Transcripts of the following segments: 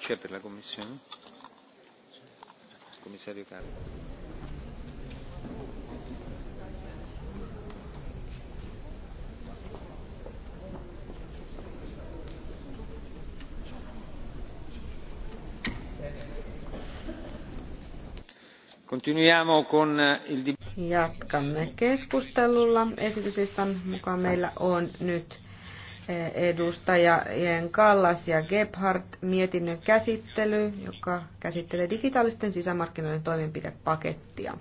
c'è eh, il Jatkamme keskustelulla. Esityslistan mukaan meillä on nyt edustajien Kallas ja Gebhardt mietinnön käsittely, joka käsittelee digitaalisten sisämarkkinoiden toimenpidepakettia.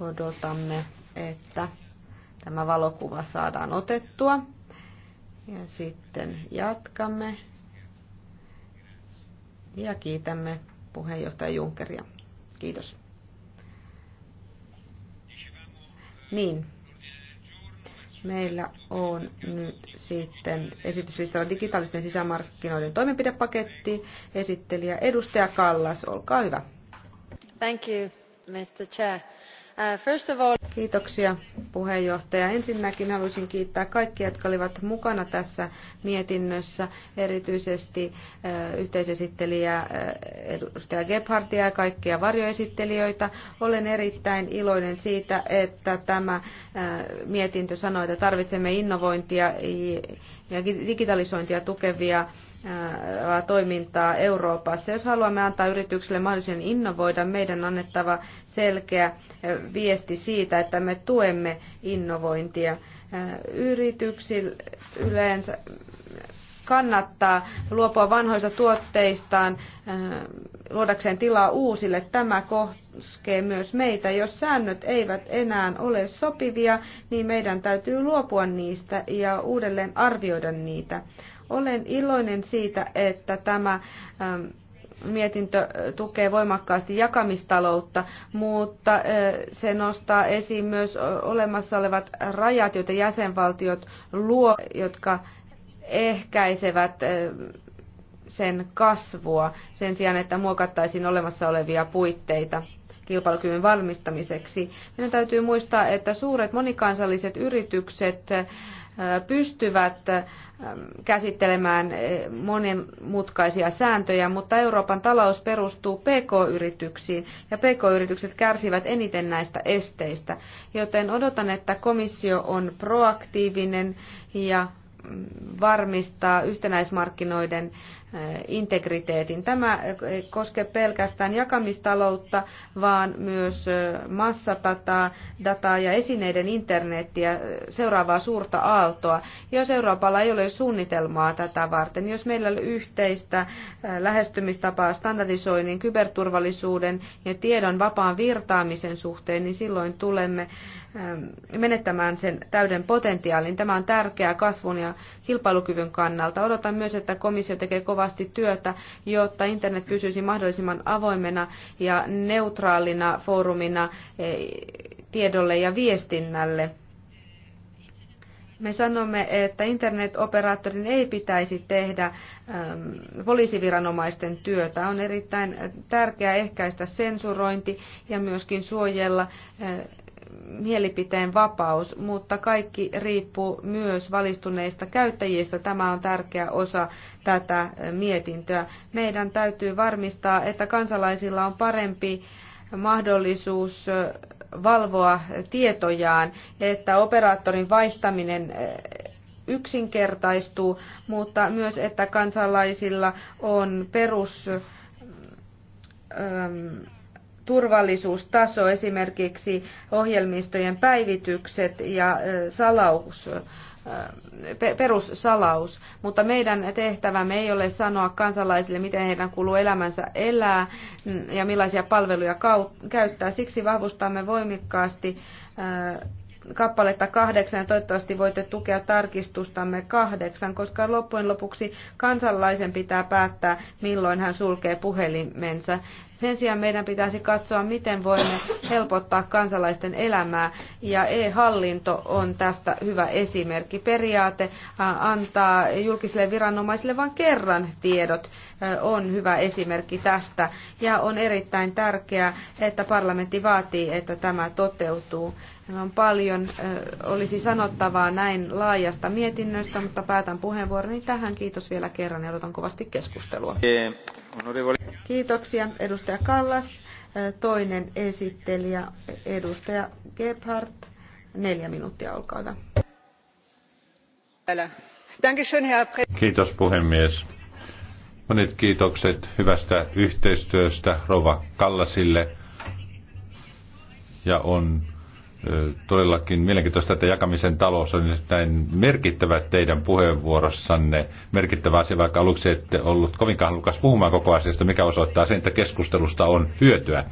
Odotamme, että tämä valokuva saadaan otettua. Ja sitten jatkamme ja kiitämme puheenjohtaja Junkeria. Kiitos. Niin. Meillä on nyt sitten esityslistalla digitaalisten sisämarkkinoiden toimenpidepaketti. Esittelijä edustaja Kallas, olkaa hyvä. Thank you, Mr. Chair. Uh, first of all... Kiitoksia puheenjohtaja. Ensinnäkin haluaisin kiittää kaikkia, jotka olivat mukana tässä mietinnössä, erityisesti yhteisesittelijä edustaja Gebhardia ja kaikkia varjoesittelijöitä. Olen erittäin iloinen siitä, että tämä mietintö sanoi, että tarvitsemme innovointia ja digitalisointia tukevia toimintaa Euroopassa. Jos haluamme antaa yrityksille mahdollisuuden innovoida, meidän on annettava selkeä viesti siitä, että me tuemme innovointia. Yrityksille yleensä kannattaa luopua vanhoista tuotteistaan luodakseen tilaa uusille. Tämä koskee myös meitä. Jos säännöt eivät enää ole sopivia, niin meidän täytyy luopua niistä ja uudelleen arvioida niitä. Olen iloinen siitä, että tämä ähm, mietintö tukee voimakkaasti jakamistaloutta, mutta äh, se nostaa esiin myös olemassa olevat rajat, joita jäsenvaltiot luo, jotka ehkäisevät äh, sen kasvua sen sijaan, että muokattaisiin olemassa olevia puitteita kilpailukyvyn valmistamiseksi. Meidän täytyy muistaa, että suuret monikansalliset yritykset pystyvät käsittelemään monenmutkaisia sääntöjä, mutta Euroopan talous perustuu PK-yrityksiin ja PK-yritykset kärsivät eniten näistä esteistä, joten odotan, että komissio on proaktiivinen ja varmistaa yhtenäismarkkinoiden eh, integriteetin. Tämä ei eh, koske pelkästään jakamistaloutta, vaan myös eh, massatataa, dataa ja esineiden internettiä seuraavaa suurta aaltoa. Jos Euroopalla ei ole suunnitelmaa tätä varten, jos meillä ei ole yhteistä lähestymistapaa standardisoinnin, kyberturvallisuuden ja tiedon vapaan virtaamisen suhteen, niin silloin tulemme Ähm, menettämään sen täyden potentiaalin. Tämä on tärkeää kasvun ja kilpailukyvyn kannalta. Odotan myös, että komissio tekee kovasti työtä, jotta internet pysyisi mahdollisimman avoimena ja neutraalina foorumina e, tiedolle ja viestinnälle. Me sanomme, että internetoperaattorin ei pitäisi tehdä ähm, poliisiviranomaisten työtä. On erittäin tärkeää ehkäistä sensurointi ja myöskin suojella äh, mielipiteen vapaus, mutta kaikki riippuu myös valistuneista käyttäjistä. Tämä on tärkeä osa tätä mietintöä. Meidän täytyy varmistaa, että kansalaisilla on parempi mahdollisuus valvoa tietojaan, että operaattorin vaihtaminen eh, yksinkertaistuu, mutta myös, että kansalaisilla on perus ehm, turvallisuustaso, esimerkiksi ohjelmistojen päivitykset ja salaus, perussalaus. Mutta meidän tehtävämme ei ole sanoa kansalaisille, miten heidän kuuluu elämänsä elää ja millaisia palveluja käyttää. Siksi vahvustamme voimikkaasti kappaletta kahdeksan ja toivottavasti voitte tukea tarkistustamme kahdeksan, koska loppujen lopuksi kansalaisen pitää päättää, milloin hän sulkee puhelimensa. Sen sijaan meidän pitäisi katsoa, miten voimme helpottaa kansalaisten elämää ja e-hallinto on tästä hyvä esimerkki. Periaate antaa julkisille viranomaisille vain kerran tiedot on hyvä esimerkki tästä ja on erittäin tärkeää, että parlamentti vaatii, että tämä toteutuu on paljon olisi sanottavaa näin laajasta mietinnöstä, mutta päätän puheenvuoroni tähän. Kiitos vielä kerran ja odotan kovasti keskustelua. Eh, Kiitoksia edustaja Kallas. Toinen esittelijä edustaja Gebhardt. Neljä minuuttia, olkaa hyvä. Kiitos puhemies. Monet kiitokset hyvästä yhteistyöstä Rova Kallasille ja on todellakin mielenkiintoista, että jakamisen talous on näin merkittävä teidän puheenvuorossanne. Merkittävä asia, vaikka aluksi ette ollut kovinkaan halukas puhumaan koko asiasta, mikä osoittaa sen, että keskustelusta on hyötyä.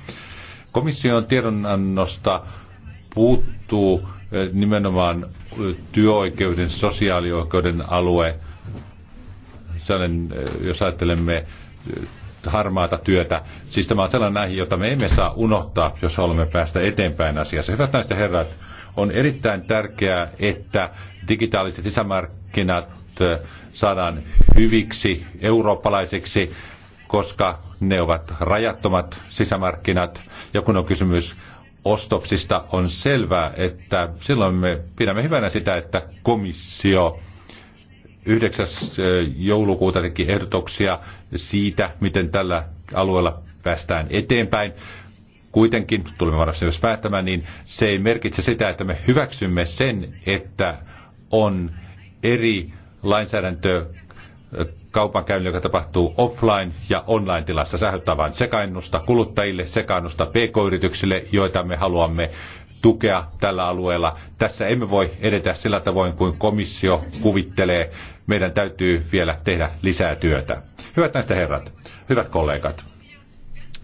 Komission tiedonannosta puuttuu nimenomaan työoikeuden, sosiaalioikeuden alue. Sellainen, jos ajattelemme harmaata työtä. Siis tämä on sellainen näihin, jota me emme saa unohtaa, jos haluamme päästä eteenpäin asiassa. Hyvät naiset ja herrat, on erittäin tärkeää, että digitaaliset sisämarkkinat äh, saadaan hyviksi, eurooppalaisiksi, koska ne ovat rajattomat sisämarkkinat. Ja kun on kysymys ostoksista, on selvää, että silloin me pidämme hyvänä sitä, että komissio 9. joulukuuta teki ehdotuksia siitä, miten tällä alueella päästään eteenpäin. Kuitenkin, tulemme varmasti myös päättämään, niin se ei merkitse sitä, että me hyväksymme sen, että on eri lainsäädäntö kaupankäynnillä, joka tapahtuu offline- ja online-tilassa, sähöttävän sekainnusta kuluttajille, sekainnusta pk-yrityksille, joita me haluamme tukea tällä alueella. Tässä emme voi edetä sillä tavoin kuin komissio kuvittelee. Meidän täytyy vielä tehdä lisää työtä. Hyvät näistä herrat, hyvät kollegat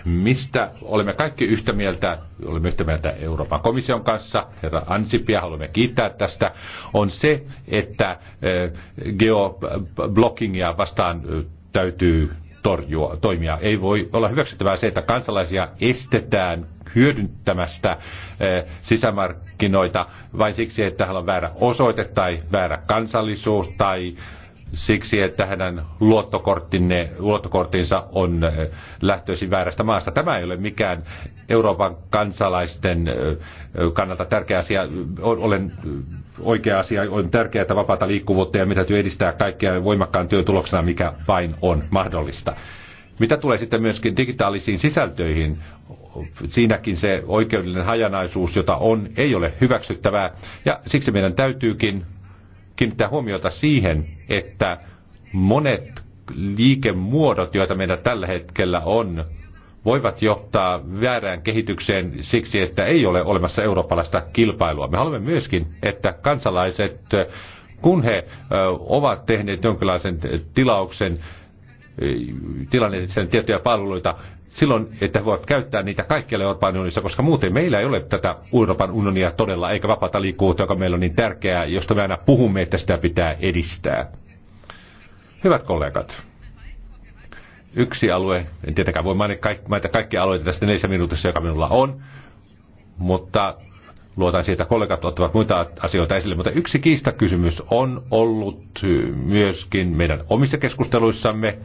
mistä olemme kaikki yhtä mieltä, olemme yhtä mieltä Euroopan komission kanssa, herra Ansipia, haluamme kiittää tästä, on se, että geoblockingia vastaan täytyy torjua, toimia. Ei voi olla hyväksyttävää se, että kansalaisia estetään hyödyntämästä eh, sisämarkkinoita vain siksi, että hän on väärä osoite tai väärä kansallisuus tai siksi, että hänen luottokorttinsa on eh, lähtöisin väärästä maasta. Tämä ei ole mikään Euroopan kansalaisten eh, kannalta tärkeä asia. Olen oikea asia. On tärkeää, että vapaata liikkuvuutta ja mitä työ edistää kaikkea voimakkaan työn tuloksena, mikä vain on mahdollista. Mitä tulee sitten myöskin digitaalisiin sisältöihin, siinäkin se oikeudellinen hajanaisuus, jota on, ei ole hyväksyttävää. Ja siksi meidän täytyykin kiinnittää huomiota siihen, että monet liikemuodot, joita meillä tällä hetkellä on, voivat johtaa väärään kehitykseen siksi, että ei ole olemassa eurooppalaista kilpailua. Me haluamme myöskin, että kansalaiset, kun he ovat tehneet jonkinlaisen tilauksen, tilanne sen tiettyjä palveluita silloin, että he voivat käyttää niitä kaikkialla Euroopan unionissa, koska muuten meillä ei ole tätä Euroopan unionia todella, eikä vapaata liikkuvuutta, joka meillä on niin tärkeää, josta me aina puhumme, että sitä pitää edistää. Hyvät kollegat, yksi alue, en tietenkään voi mainita kaikki, mainita kaikki alueita tästä neljässä minuutissa, joka minulla on, mutta luotan siitä, että kollegat ottavat muita asioita esille, mutta yksi kiistakysymys on ollut myöskin meidän omissa keskusteluissamme,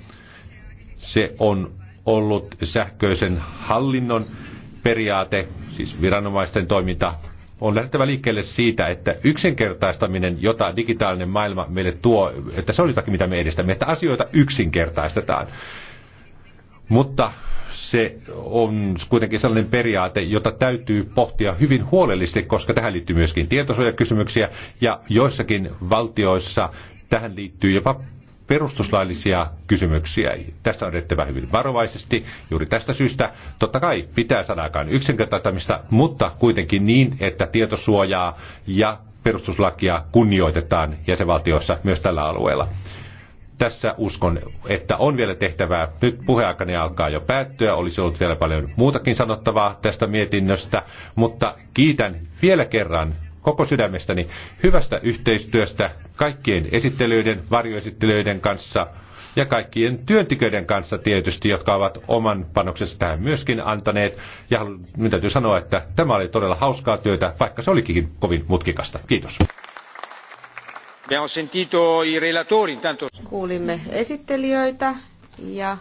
se on ollut sähköisen hallinnon periaate, siis viranomaisten toiminta, on lähdettävä liikkeelle siitä, että yksinkertaistaminen, jota digitaalinen maailma meille tuo, että se on jotakin, mitä me edistämme, että asioita yksinkertaistetaan. Mutta se on kuitenkin sellainen periaate, jota täytyy pohtia hyvin huolellisesti, koska tähän liittyy myöskin tietosuojakysymyksiä ja joissakin valtioissa tähän liittyy jopa perustuslaillisia kysymyksiä. Tästä on edettävä hyvin varovaisesti. Juuri tästä syystä totta kai pitää saada aikaan yksinkertaistamista, mutta kuitenkin niin, että tietosuojaa ja perustuslakia kunnioitetaan jäsenvaltioissa myös tällä alueella. Tässä uskon, että on vielä tehtävää. Nyt puheaikani alkaa jo päättyä. Olisi ollut vielä paljon muutakin sanottavaa tästä mietinnöstä, mutta kiitän vielä kerran koko sydämestäni hyvästä yhteistyöstä kaikkien esittelyiden, varjoesittelyiden kanssa ja kaikkien työntekijöiden kanssa tietysti, jotka ovat oman panoksensa tähän myöskin antaneet. Ja minun täytyy sanoa, että tämä oli todella hauskaa työtä, vaikka se olikin kovin mutkikasta. Kiitos. Kuulimme esittelijöitä ja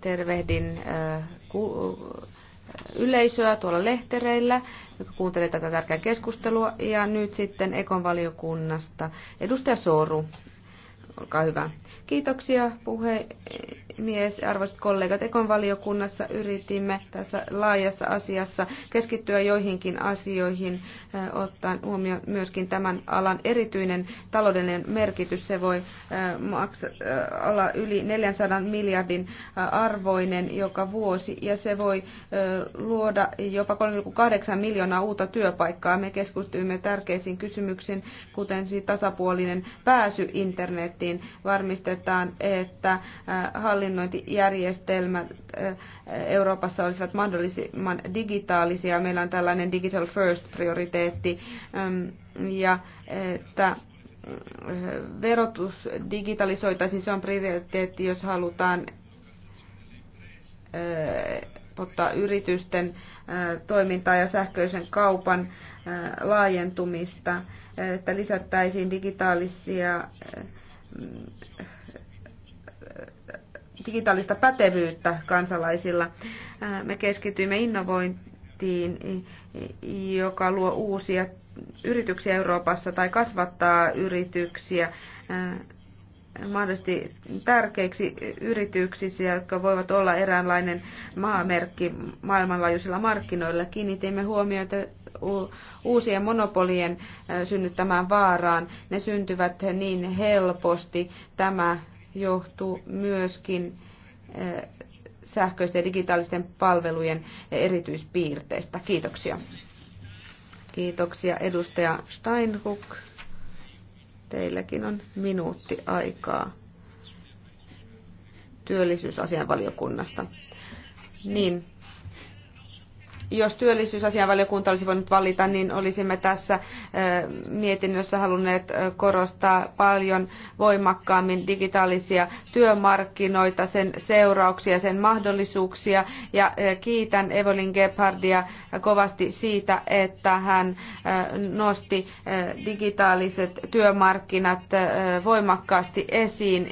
tervehdin äh, yleisöä tuolla lehtereillä, joka kuuntelee tätä tärkeää keskustelua. Ja nyt sitten Ekon valiokunnasta edustaja Soru. Olkaa hyvä. Kiitoksia puhe mies, arvoisat kollegat, Ekon valiokunnassa yritimme tässä laajassa asiassa keskittyä joihinkin asioihin, eh, ottaen huomioon myöskin tämän alan erityinen taloudellinen merkitys. Se voi eh, eh, olla yli 400 miljardin arvoinen joka vuosi, ja se voi luoda jopa 3,8 miljoonaa uutta työpaikkaa. Me keskustyimme tärkeisiin kysymyksiin, kuten siis tasapuolinen pääsy internettiin. Varmistetaan, että hallitus hallinnointijärjestelmät eh, Euroopassa olisivat mahdollisimman digitaalisia. Meillä on tällainen digital first prioriteetti mm, ja että eh, verotus digitalisoitaisiin, se on prioriteetti, jos halutaan eh, ottaa yritysten toimintaa ja sähköisen kaupan laajentumista, että lisättäisiin digitaalisia digitaalista pätevyyttä kansalaisilla. Me keskityimme innovointiin, joka luo uusia yrityksiä Euroopassa tai kasvattaa yrityksiä mahdollisesti tärkeiksi yrityksiksi, jotka voivat olla eräänlainen maamerkki maailmanlaajuisilla markkinoilla. Kiinnitimme huomiota uusien monopolien synnyttämään vaaraan. Ne syntyvät niin helposti. Tämä johtuu myöskin eh, sähköisten ja digitaalisten palvelujen erityispiirteistä. Kiitoksia. Kiitoksia edustaja Steinruck. Teilläkin on minuutti aikaa työllisyysasian valiokunnasta. Niin, jos työllisyysasianvaliokunta olisi voinut valita, niin olisimme tässä mietinnössä halunneet korostaa paljon voimakkaammin digitaalisia työmarkkinoita, sen seurauksia, sen mahdollisuuksia. Ja kiitän Evelyn Gebhardia kovasti siitä, että hän nosti digitaaliset työmarkkinat voimakkaasti esiin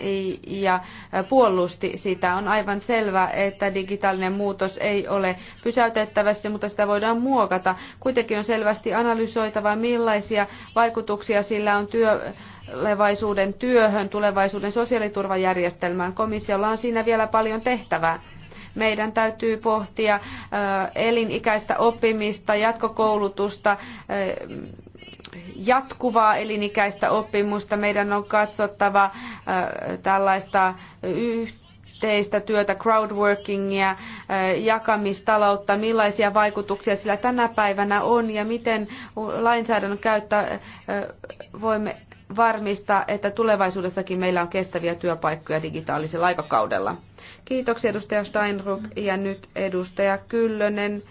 ja puolusti sitä. On aivan selvää, että digitaalinen muutos ei ole pysäytettävissä, mutta sitä voidaan muokata. Kuitenkin on selvästi analysoitava, millaisia vaikutuksia sillä on työ, tulevaisuuden työhön, tulevaisuuden sosiaaliturvajärjestelmään. Komissiolla on siinä vielä paljon tehtävää. Meidän täytyy pohtia elinikäistä oppimista, jatkokoulutusta, jatkuvaa elinikäistä oppimusta. Meidän on katsottava tällaista yhteyttä yhteistä työtä, crowdworkingia, jakamistaloutta, millaisia vaikutuksia sillä tänä päivänä on ja miten lainsäädännön käyttä voimme varmistaa, että tulevaisuudessakin meillä on kestäviä työpaikkoja digitaalisella aikakaudella. Kiitoksia edustaja Steinruck ja nyt edustaja Kyllönen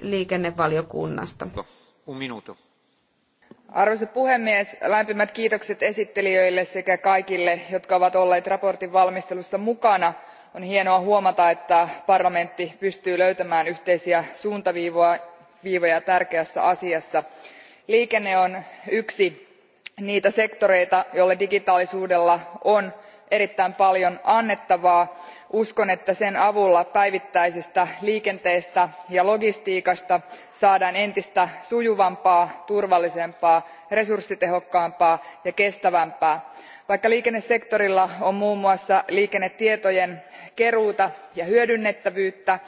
liikennevaliokunnasta. Un minuto arvoisa puhemies lämpimät kiitokset esittelijöille sekä kaikille jotka ovat olleet mietinnön valmistelussa mukana. on hienoa huomata että parlamentti pystyy löytämään yhteisiä suuntaviivoja tärkeässä asiassa. liikenne on yksi niitä sektoreita jolle digitaalisuudella on erittäin paljon annettavaa uskon että sen avulla päivittäisestä liikenteestä ja logistiikasta saadaan entistä sujuvampaa turvallisempaa resurssitehokkaampaa ja kestävämpää. vaikka liikennesektorilla on muun muassa liikennetietojen keruuta ja hyödynnettävyyttä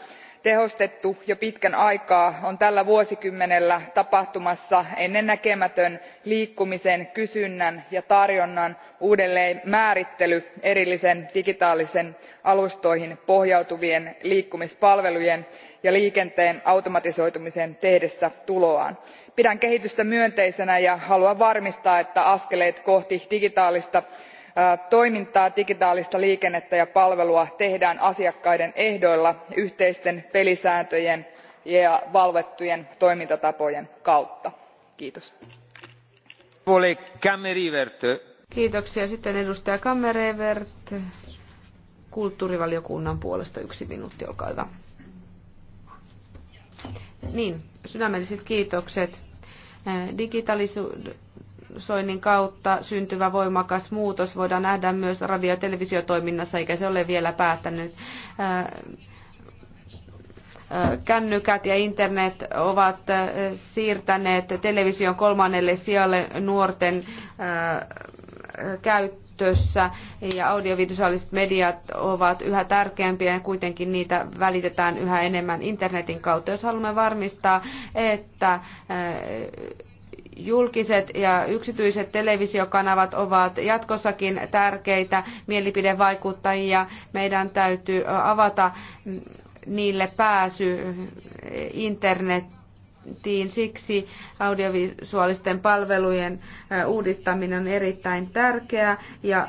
tehostettu jo pitkän aikaa on tällä vuosikymmenellä tapahtumassa ennennäkemätön liikkumisen kysynnän ja tarjonnan uudelleenmäärittely erillisten digitaalisiin alustoihin pohjautuvien liikkumispalvelujen ja liikenteen automatisoitumisen tehdessä tuloaan. pidän kehitystä myönteisenä ja haluan varmistaa että askeleet kohti digitaalista toimintaa digitaalista liikennettä ja palvelua tehdään asiakkaiden ehdoilla yhteisten pelisääntöjen ja valvottujen toimintatapojen kautta. kiitos. Kiitoksia. Sitten edustaja Kammerevert kulttuurivaliokunnan puolesta yksi minuutti, olkaa hyvä. Niin, sydämelliset kiitokset. Digitaalisuuden radikalisoinnin kautta syntyvä voimakas muutos voidaan nähdä myös radio- ja televisiotoiminnassa, eikä se ole vielä päättänyt. Äh, äh, kännykät ja internet ovat äh, siirtäneet television kolmannelle sijalle nuorten käytössä ja audiovisuaaliset mediat ovat yhä tärkeämpiä ja kuitenkin niitä välitetään yhä enemmän internetin kautta. Jos haluamme varmistaa, että Julkiset ja yksityiset televisiokanavat ovat jatkossakin tärkeitä mielipidevaikuttajia. Meidän täytyy avata niille pääsy internettiin. Siksi audiovisuaalisten palvelujen uudistaminen on erittäin tärkeää ja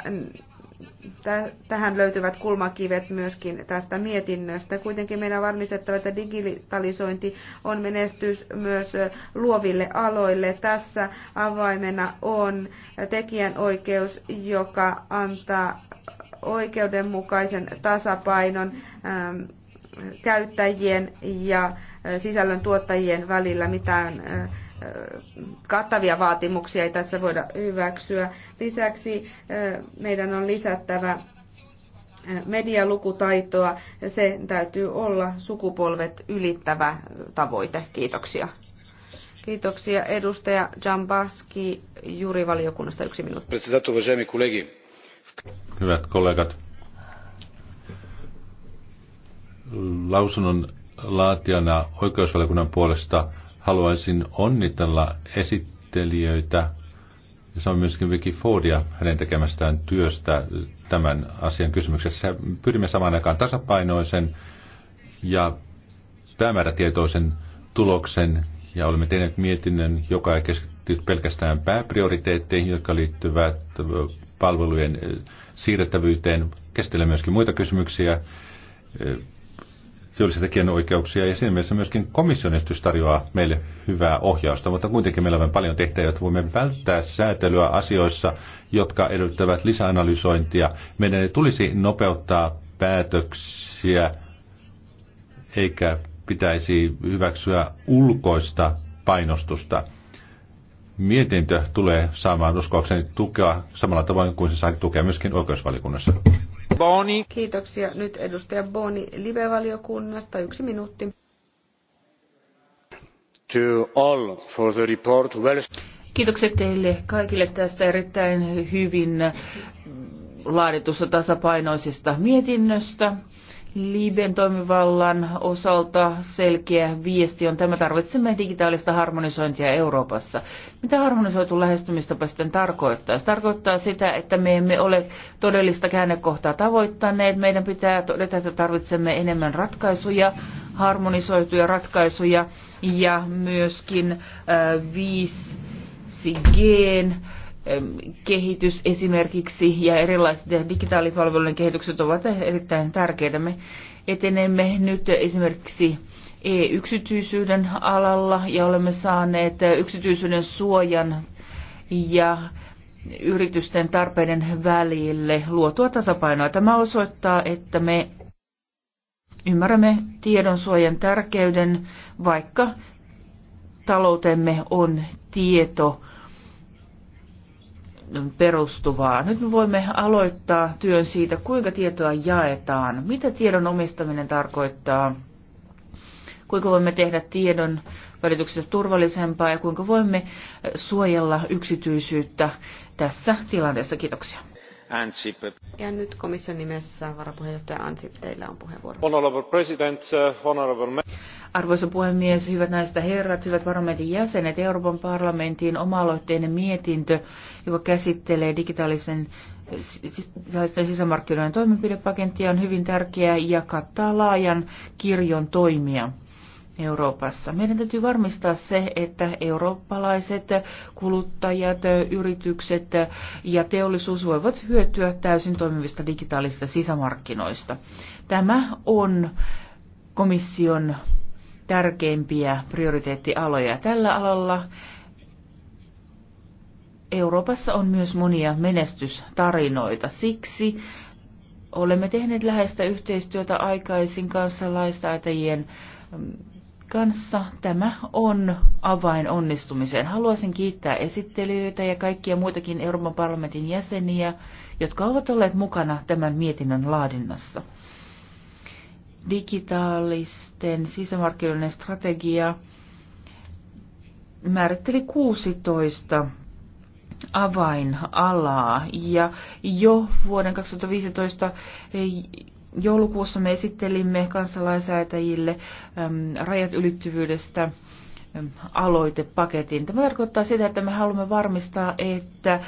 Tähän löytyvät kulmakivet myöskin tästä mietinnöstä. Kuitenkin meidän on varmistettava, että digitalisointi on menestys myös luoville aloille. Tässä avaimena on tekijänoikeus, joka antaa oikeudenmukaisen tasapainon ähm, käyttäjien ja sisällön tuottajien välillä mitään äh, kattavia vaatimuksia ei tässä voida hyväksyä. Lisäksi meidän on lisättävä medialukutaitoa. Se täytyy olla sukupolvet ylittävä tavoite. Kiitoksia. Kiitoksia edustaja Jambaski juurivaliokunnasta yksi minuutti. Hyvät kollegat, lausunnon laatijana oikeusvaliokunnan puolesta – Haluaisin onnitella esittelijöitä ja on myöskin Vicky Fordia hänen tekemästään työstä tämän asian kysymyksessä. Pyrimme samaan aikaan tasapainoisen ja päämäärätietoisen tuloksen ja olemme tehneet mietinnön, joka ei keskity pelkästään pääprioriteetteihin, jotka liittyvät palvelujen siirrettävyyteen. Käsittelemme myöskin muita kysymyksiä, teollisia tekijänoikeuksia ja siinä mielessä myöskin komission esitys tarjoaa meille hyvää ohjausta, mutta kuitenkin meillä on paljon tehtäviä, joita voimme välttää säätelyä asioissa, jotka edellyttävät lisäanalysointia. Meidän tulisi nopeuttaa päätöksiä eikä pitäisi hyväksyä ulkoista painostusta. Mietintö tulee saamaan uskoakseni tukea samalla tavoin kuin se saa tukea myöskin oikeusvalikunnassa. Boni. Kiitoksia. Nyt edustaja Boni Live-valiokunnasta. Yksi minuutti. To all for the report. Well... Kiitokset teille kaikille tästä erittäin hyvin laaditusta tasapainoisesta mietinnöstä. Liiben toimivallan osalta selkeä viesti on että me tarvitsemme digitaalista harmonisointia Euroopassa. Mitä harmonisoitu lähestymistapa sitten tarkoittaa? Se tarkoittaa sitä, että me emme ole todellista käännekohtaa tavoittaneet. Meidän pitää todeta, että tarvitsemme enemmän ratkaisuja, harmonisoituja ratkaisuja ja myöskin äh, 5G kehitys esimerkiksi ja erilaiset digitaalipalvelujen kehitykset ovat erittäin tärkeitä. Me etenemme nyt esimerkiksi e-yksityisyyden alalla ja olemme saaneet yksityisyyden suojan ja yritysten tarpeiden välille luotua tasapainoa. Tämä osoittaa, että me ymmärrämme tiedonsuojan tärkeyden, vaikka taloutemme on tieto perustuvaa. Nyt me voimme aloittaa työn siitä, kuinka tietoa jaetaan, mitä tiedon omistaminen tarkoittaa, kuinka voimme tehdä tiedon välityksestä turvallisempaa ja kuinka voimme suojella yksityisyyttä tässä tilanteessa. Kiitoksia. Ansip. Ja nyt komission nimessä varapuheenjohtaja Ansip, teillä on puheenvuoro. Honorable President, honorable Arvoisa puhemies, hyvät naiset ja herrat, hyvät parlamentin jäsenet, Euroopan parlamentin oma-aloitteinen mietintö, joka käsittelee digitaalisen sisämarkkinoiden toimenpidepakettia, on hyvin tärkeää ja kattaa laajan kirjon toimia. Euroopassa. Meidän täytyy varmistaa se, että eurooppalaiset kuluttajat, yritykset ja teollisuus voivat hyötyä täysin toimivista digitaalisista sisämarkkinoista. Tämä on komission tärkeimpiä prioriteettialoja tällä alalla. Euroopassa on myös monia menestystarinoita. Siksi olemme tehneet läheistä yhteistyötä aikaisin kansalaistaitajien mm, kanssa. Tämä on avain onnistumiseen. Haluaisin kiittää esittelijöitä ja kaikkia muitakin Euroopan parlamentin jäseniä, jotka ovat olleet mukana tämän mietinnön laadinnassa digitaalisten sisämarkkinoiden strategia määritteli 16 avainalaa ja jo vuoden 2015 eh, joulukuussa me esittelimme kansalaisäätäjille rajat ylittyvyydestä aloitepaketin. Tämä tarkoittaa sitä, että me haluamme varmistaa, että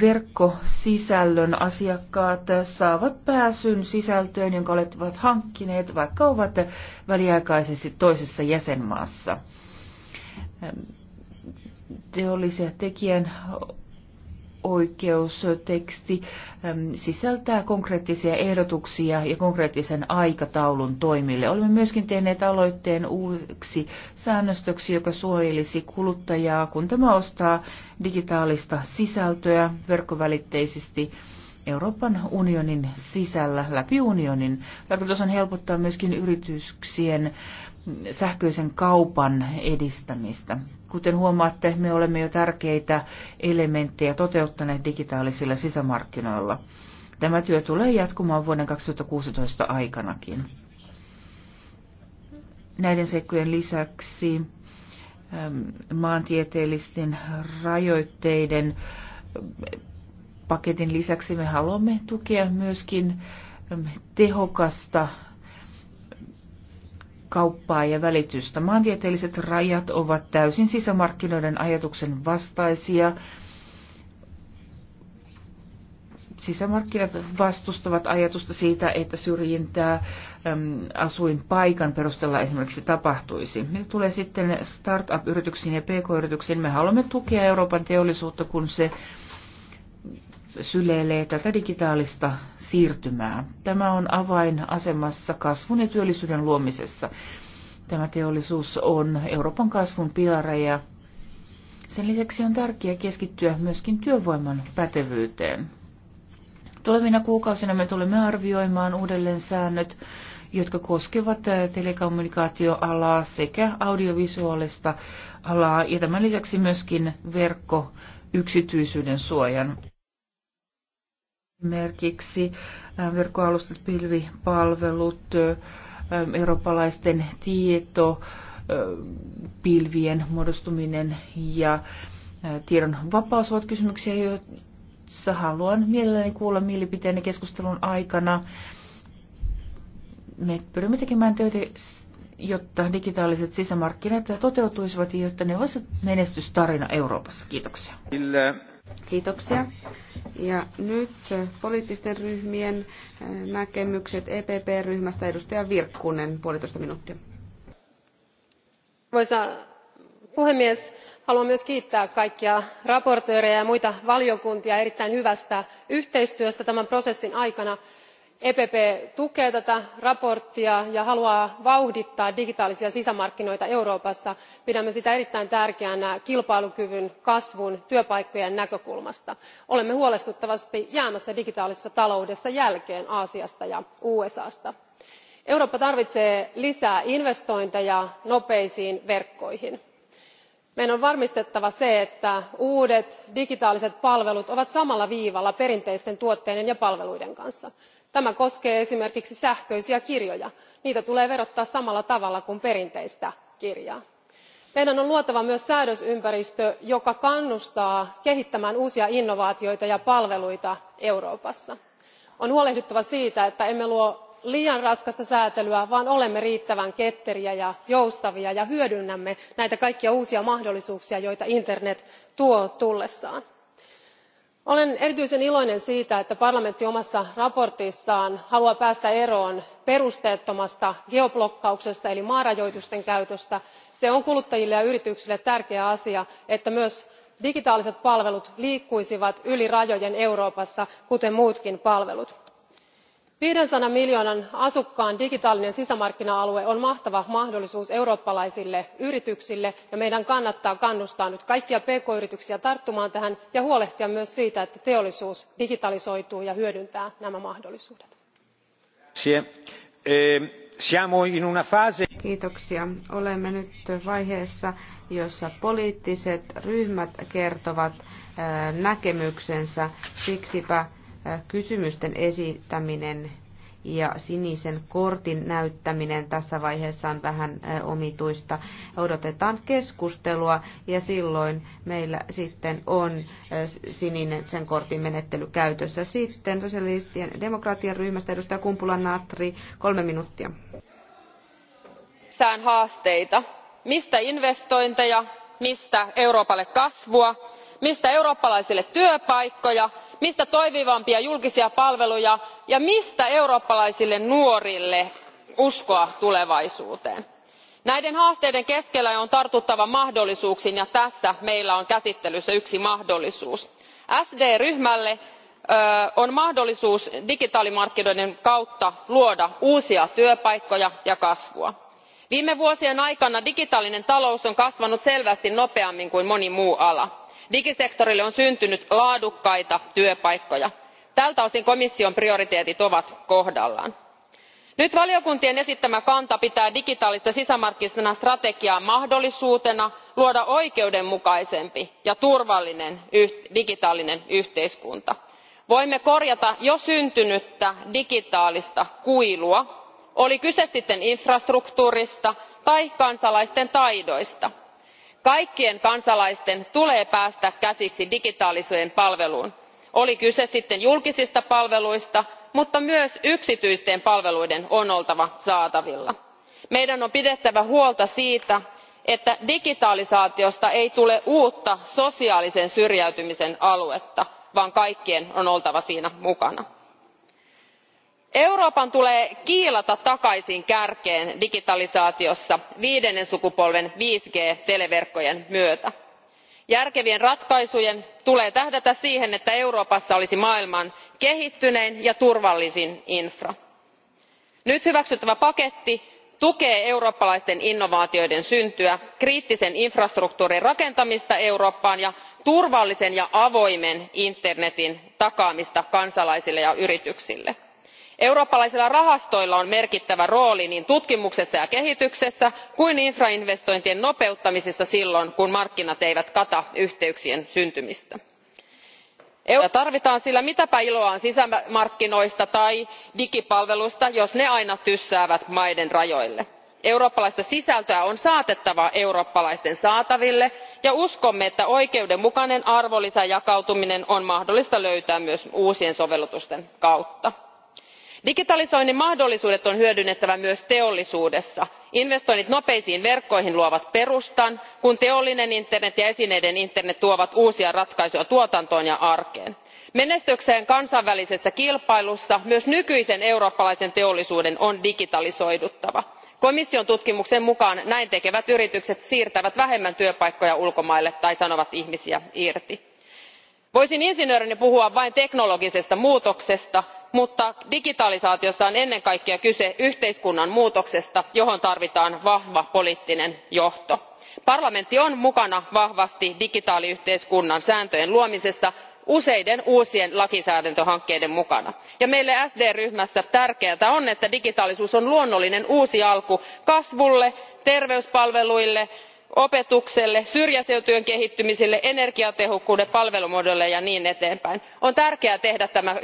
verkkosisällön asiakkaat saavat pääsyn sisältöön, jonka olevat hankkineet, vaikka ovat väliaikaisesti toisessa jäsenmaassa. Teollisia tekijän oikeusteksti sisältää konkreettisia ehdotuksia ja konkreettisen aikataulun toimille. Olemme myöskin tehneet aloitteen uusiksi säännöstöksi, joka suojelisi kuluttajaa, kun tämä ostaa digitaalista sisältöä verkkovälitteisesti Euroopan unionin sisällä läpi unionin. Tarkoitus on helpottaa myöskin yrityksien sähköisen kaupan edistämistä. Kuten huomaatte, me olemme jo tärkeitä elementtejä toteuttaneet digitaalisilla sisämarkkinoilla. Tämä työ tulee jatkumaan vuoden 2016 aikanakin. Näiden seikkojen lisäksi maantieteellisten rajoitteiden paketin lisäksi me haluamme tukea myöskin tehokasta kauppaa ja välitystä. Maantieteelliset rajat ovat täysin sisämarkkinoiden ajatuksen vastaisia. Sisämarkkinat vastustavat ajatusta siitä, että syrjintää asuinpaikan perusteella esimerkiksi tapahtuisi. Mitä tulee sitten startup-yrityksiin ja pk-yrityksiin, me haluamme tukea Euroopan teollisuutta, kun se syleilee tätä digitaalista siirtymää. Tämä on avainasemassa kasvun ja työllisyyden luomisessa. Tämä teollisuus on Euroopan kasvun pilareja. Sen lisäksi on tärkeää keskittyä myöskin työvoiman pätevyyteen. Tulevina kuukausina me tulemme arvioimaan uudelleen säännöt, jotka koskevat telekommunikaatioalaa sekä audiovisuaalista alaa ja tämän lisäksi myöskin verkko yksityisyyden suojan Esimerkiksi äh, verkkoalustat, pilvipalvelut, äh, eurooppalaisten tieto, äh, pilvien muodostuminen ja tiedon vapaus ovat kysymyksiä, joissa haluan mielelläni kuulla mielipiteeni keskustelun aikana. Me pyrimme tekemään töitä, jotta digitaaliset sisämarkkinat toteutuisivat ja jotta ne olisivat menestystarina Euroopassa. Kiitoksia. Kiitoksia. Ja nyt poliittisten ryhmien äh, näkemykset EPP-ryhmästä edustaja Virkkunen, puolitoista minuuttia. Arvoisa puhemies, haluan myös kiittää kaikkia esittelijöitä ja muita valiokuntia erittäin hyvästä yhteistyöstä tämän prosessin aikana epp tukee tätä mietintöä ja haluaa vauhdittaa digitaalisia sisämarkkinoita euroopassa. pidämme sitä erittäin tärkeänä kilpailukyvyn kasvun ja työpaikkojen näkökulmasta. olemme huolestuttavasti jäämässä digitaalisessa taloudessa jälkeen aasiasta ja usasta. eurooppa tarvitsee lisää investointeja nopeisiin verkkoihin. meidän on varmistettava se että uudet digitaaliset palvelut ovat samalla viivalla perinteisten tuotteiden ja palveluiden kanssa tämä koskee esimerkiksi sähköisiä kirjoja niitä tulee verottaa samalla tavalla kuin perinteistä kirjaa. meidän on luotava myös säädösympäristö joka kannustaa kehittämään uusia innovaatioita ja palveluita euroopassa. on huolehdittava siitä että emme luo liian raskasta säätelyä vaan olemme riittävän ketteriä ja joustavia ja hyödynnämme näitä kaikkia uusia mahdollisuuksia joita internet tuo tullessaan olen erityisen iloinen siitä että parlamentti omassa mietinnössään haluaa päästä eroon perusteettomasta geoblokkauksesta eli maarajoitusten käytöstä. se on kuluttajille ja yrityksille tärkeä asia että myös digitaaliset palvelut liikkuisivat yli rajojen euroopassa kuten muutkin palvelut viisisataa miljoonan asukkaan digitaalinen sisämarkkina alue on mahtava mahdollisuus eurooppalaisille yrityksille ja meidän kannattaa kannustaa nyt kaikkia pk yrityksiä tarttumaan tähän ja huolehtia myös siitä että teollisuus digitalisoituu ja hyödyntää nämä mahdollisuudet. Ehm, Kiitoksia. olemme nyt vaiheessa jossa poliittiset ryhmät kertovat eh, näkemyksensä siksipä kysymysten esittäminen ja sinisen kortin näyttäminen tässä vaiheessa on vähän omituista. Odotetaan keskustelua ja silloin meillä sitten on sininen sen kortin menettely käytössä. Sitten sosialistien demokratian ryhmästä edustaja Kumpula Natri, kolme minuuttia. Sään haasteita. Mistä investointeja? Mistä Euroopalle kasvua? Mistä eurooppalaisille työpaikkoja? mistä toimivampia julkisia palveluja ja mistä eurooppalaisille nuorille uskoa tulevaisuuteen? näiden haasteiden keskellä on tartuttava mahdollisuuksiin ja tässä meillä on käsittelyssä yksi mahdollisuus. sd ryhmälle on mahdollisuus digitaalimarkkinoiden kautta luoda uusia työpaikkoja ja kasvua. viime vuosien aikana digitaalinen talous on kasvanut selvästi nopeammin kuin moni muu ala digisektorille on syntynyt laadukkaita työpaikkoja. tältä osin komission prioriteetit ovat kohdallaan. nyt valiokuntien esittämä kanta pitää digitaalista sisämarkkinastrategiaa mahdollisuutena luoda oikeudenmukaisempi ja turvallinen digitaalinen yhteiskunta. voimme korjata jo syntynyttä digitaalista kuilua oli kyse sitten infrastruktuurista tai kansalaisten taidoista kaikkien kansalaisten tulee päästä käsiksi digitaaliseen palveluun oli kyse sitten julkisista palveluista mutta myös yksityisten palveluiden on oltava saatavilla. meidän on pidettävä huolta siitä että digitalisaatiosta ei tule uutta sosiaalisen syrjäytymisen aluetta vaan kaikkien on oltava siinä mukana euroopan tulee kiilata takaisin kärkeen digitalisaatiossa viidennen sukupolven viisi g televerkkojen myötä. järkevien ratkaisujen tulee tähdätä siihen että euroopassa olisi maailman kehittynein ja turvallisin infra. nyt hyväksyttävä paketti tukee eurooppalaisten innovaatioiden syntyä kriittisen infrastruktuurin rakentamista eurooppaan ja turvallisen ja avoimen internetin takaamista kansalaisille ja yrityksille eurooppalaisilla rahastoilla on merkittävä rooli niin tutkimuksessa ja kehityksessä kuin infrainvestointien nopeuttamisessa silloin kun markkinat eivät kata yhteyksien syntymistä. euroopassa tarvitaan sillä mitäpä iloa on sisämarkkinoista tai digipalveluista jos ne aina tyssäävät maiden rajoille. eurooppalaista sisältöä on saatettava eurooppalaisten saataville ja uskomme että oikeudenmukainen arvonlisäjakautuminen on mahdollista löytää myös uusien sovellutusten kautta digitalisoinnin mahdollisuudet on hyödynnettävä myös teollisuudessa. investoinnit nopeisiin verkkoihin luovat perustan kun teollinen internet ja esineiden internet tuovat uusia ratkaisuja tuotantoon ja arkeen. menestyäkseen kansainvälisessä kilpailussa myös nykyisen eurooppalaisen teollisuuden on digitalisoiduttava. komission tutkimuksen mukaan näin tekevät yritykset siirtävät vähemmän työpaikkoja ulkomaille tai sanovat ihmisiä irti voisin insinöörinä puhua vain teknologisesta muutoksesta mutta digitalisaatiossa on ennen kaikkea kyse yhteiskunnan muutoksesta johon tarvitaan vahva poliittinen johto. parlamentti on mukana vahvasti digitaaliyhteiskunnan sääntöjen luomisessa useiden uusien lainsäädäntöhankkeiden mukana ja meille sd ryhmässä tärkeää on että digitaalisuus on luonnollinen uusi alku kasvulle terveyspalveluille opetukselle syrjäseutujen kehittymiselle energiatehokkuuden palvelumuodoille ja niin edelleen. on tärkeää tehdä tämä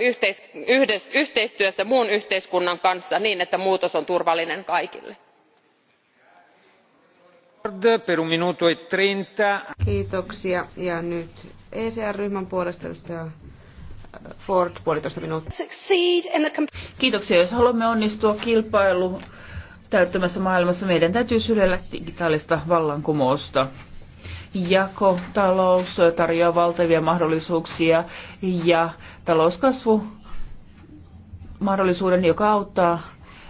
yhteistyössä muun yhteiskunnan kanssa niin että muutos on turvallinen kaikille. E Kiitoksia. Ja nyt e äh, puolitoista minuuttia. Kiitoksia. Jos haluamme onnistua kilpailu täyttämässä maailmassa meidän täytyy sydellä digitaalista vallankumousta. Jakotalous tarjoaa valtavia mahdollisuuksia ja talouskasvu mahdollisuuden, joka auttaa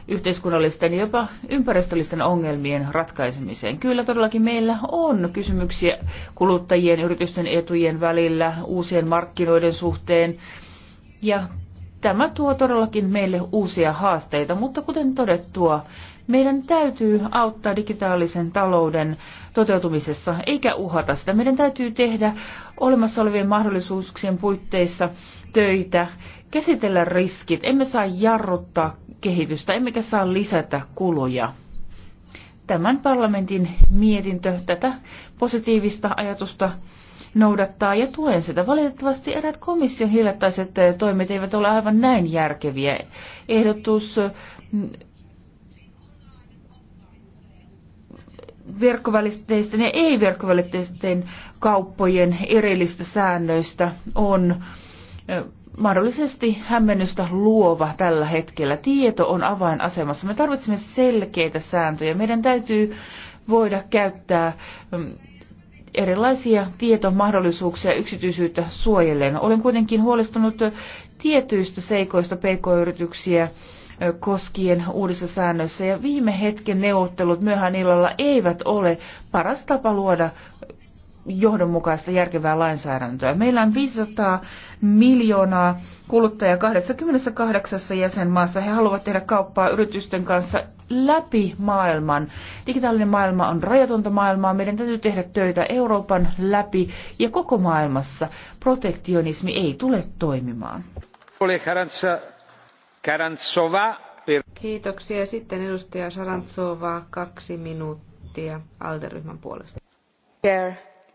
yhteiskunnallisten ja jopa ympäristöllisten ongelmien ratkaisemiseen. Kyllä todellakin meillä on kysymyksiä kuluttajien, yritysten etujen välillä, uusien markkinoiden suhteen ja tämä tuo todellakin meille uusia haasteita, mutta kuten todettua, meidän täytyy auttaa digitaalisen talouden toteutumisessa, eikä uhata sitä. Meidän täytyy tehdä olemassa olevien mahdollisuuksien puitteissa töitä, käsitellä riskit. Emme saa jarruttaa kehitystä, emmekä saa lisätä kuluja. Tämän parlamentin mietintö tätä positiivista ajatusta noudattaa ja tuen sitä. Valitettavasti erät komission hiljattaiset toimet eivät ole aivan näin järkeviä. Ehdotus verkkovälitteisten ja ei-verkkovälitteisten kauppojen erillistä säännöistä on mahdollisesti hämmennystä luova tällä hetkellä. Tieto on avainasemassa. Me tarvitsemme selkeitä sääntöjä. Meidän täytyy voida käyttää erilaisia tietomahdollisuuksia yksityisyyttä suojelleen. Olen kuitenkin huolestunut tietyistä seikoista pk-yrityksiä koskien uudessa säännössä. Ja viime hetken neuvottelut myöhään illalla eivät ole paras tapa luoda johdonmukaista järkevää lainsäädäntöä. Meillä on 500 miljoonaa kuluttajaa 28 jäsenmaassa. He haluavat tehdä kauppaa yritysten kanssa läpi maailman. Digitaalinen maailma on rajatonta maailmaa. Meidän täytyy tehdä töitä Euroopan läpi ja koko maailmassa. Protektionismi ei tule toimimaan. Ole Karantsova. Per... Kiitoksia. Sitten edustaja Sarantsova, kaksi minuuttia Alderyhmän puolesta. Chair.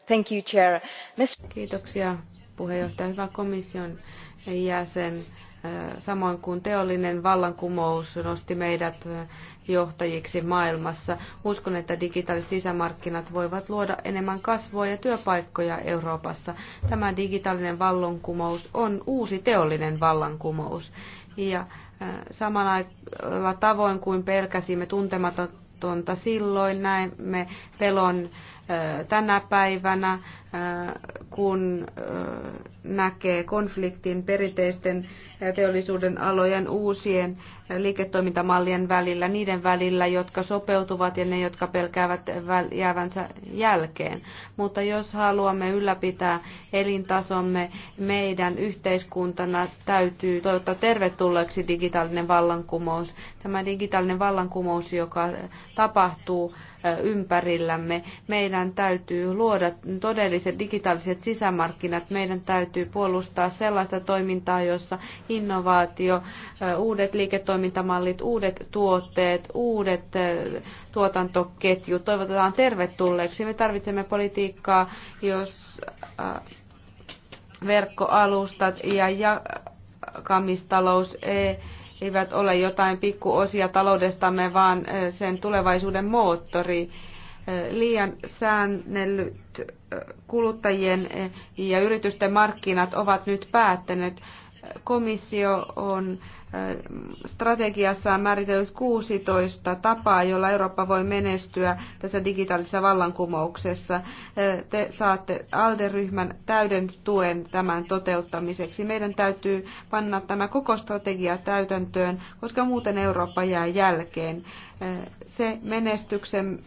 Thank you, Chair. Mr. Kiitoksia puheenjohtaja. Hyvä komission jäsen. Äh, samoin kuin teollinen vallankumous nosti meidät äh, johtajiksi maailmassa. Uskon, että digitaaliset sisämarkkinat voivat luoda enemmän kasvua ja työpaikkoja Euroopassa. Tämä digitaalinen vallankumous on uusi teollinen vallankumous. Ja äh, samalla tavoin kuin pelkäsimme tuntematonta silloin, näemme pelon tänä päivänä, kun näkee konfliktin perinteisten teollisuuden alojen uusien liiketoimintamallien välillä, niiden välillä, jotka sopeutuvat ja ne, jotka pelkäävät jäävänsä jälkeen. Mutta jos haluamme ylläpitää elintasomme, meidän yhteiskuntana täytyy toivottaa tervetulleeksi digitaalinen vallankumous. Tämä digitaalinen vallankumous, joka tapahtuu, ympärillämme. Meidän täytyy luoda todelliset digitaaliset sisämarkkinat. Meidän täytyy puolustaa sellaista toimintaa, jossa innovaatio, uudet liiketoimintamallit, uudet tuotteet, uudet tuotantoketjut toivotetaan tervetulleeksi. Me tarvitsemme politiikkaa, jos verkkoalustat ja jakamistalous e- eivät ole jotain pikkuosia taloudestamme, vaan sen tulevaisuuden moottori. Liian säännellyt kuluttajien ja yritysten markkinat ovat nyt päättäneet. Komissio on Strategiassa on määritellyt 16 tapaa, jolla Eurooppa voi menestyä tässä digitaalisessa vallankumouksessa. Te saatte ALDE-ryhmän täyden tuen tämän toteuttamiseksi. Meidän täytyy panna tämä koko strategia täytäntöön, koska muuten Eurooppa jää jälkeen. Se menestyksen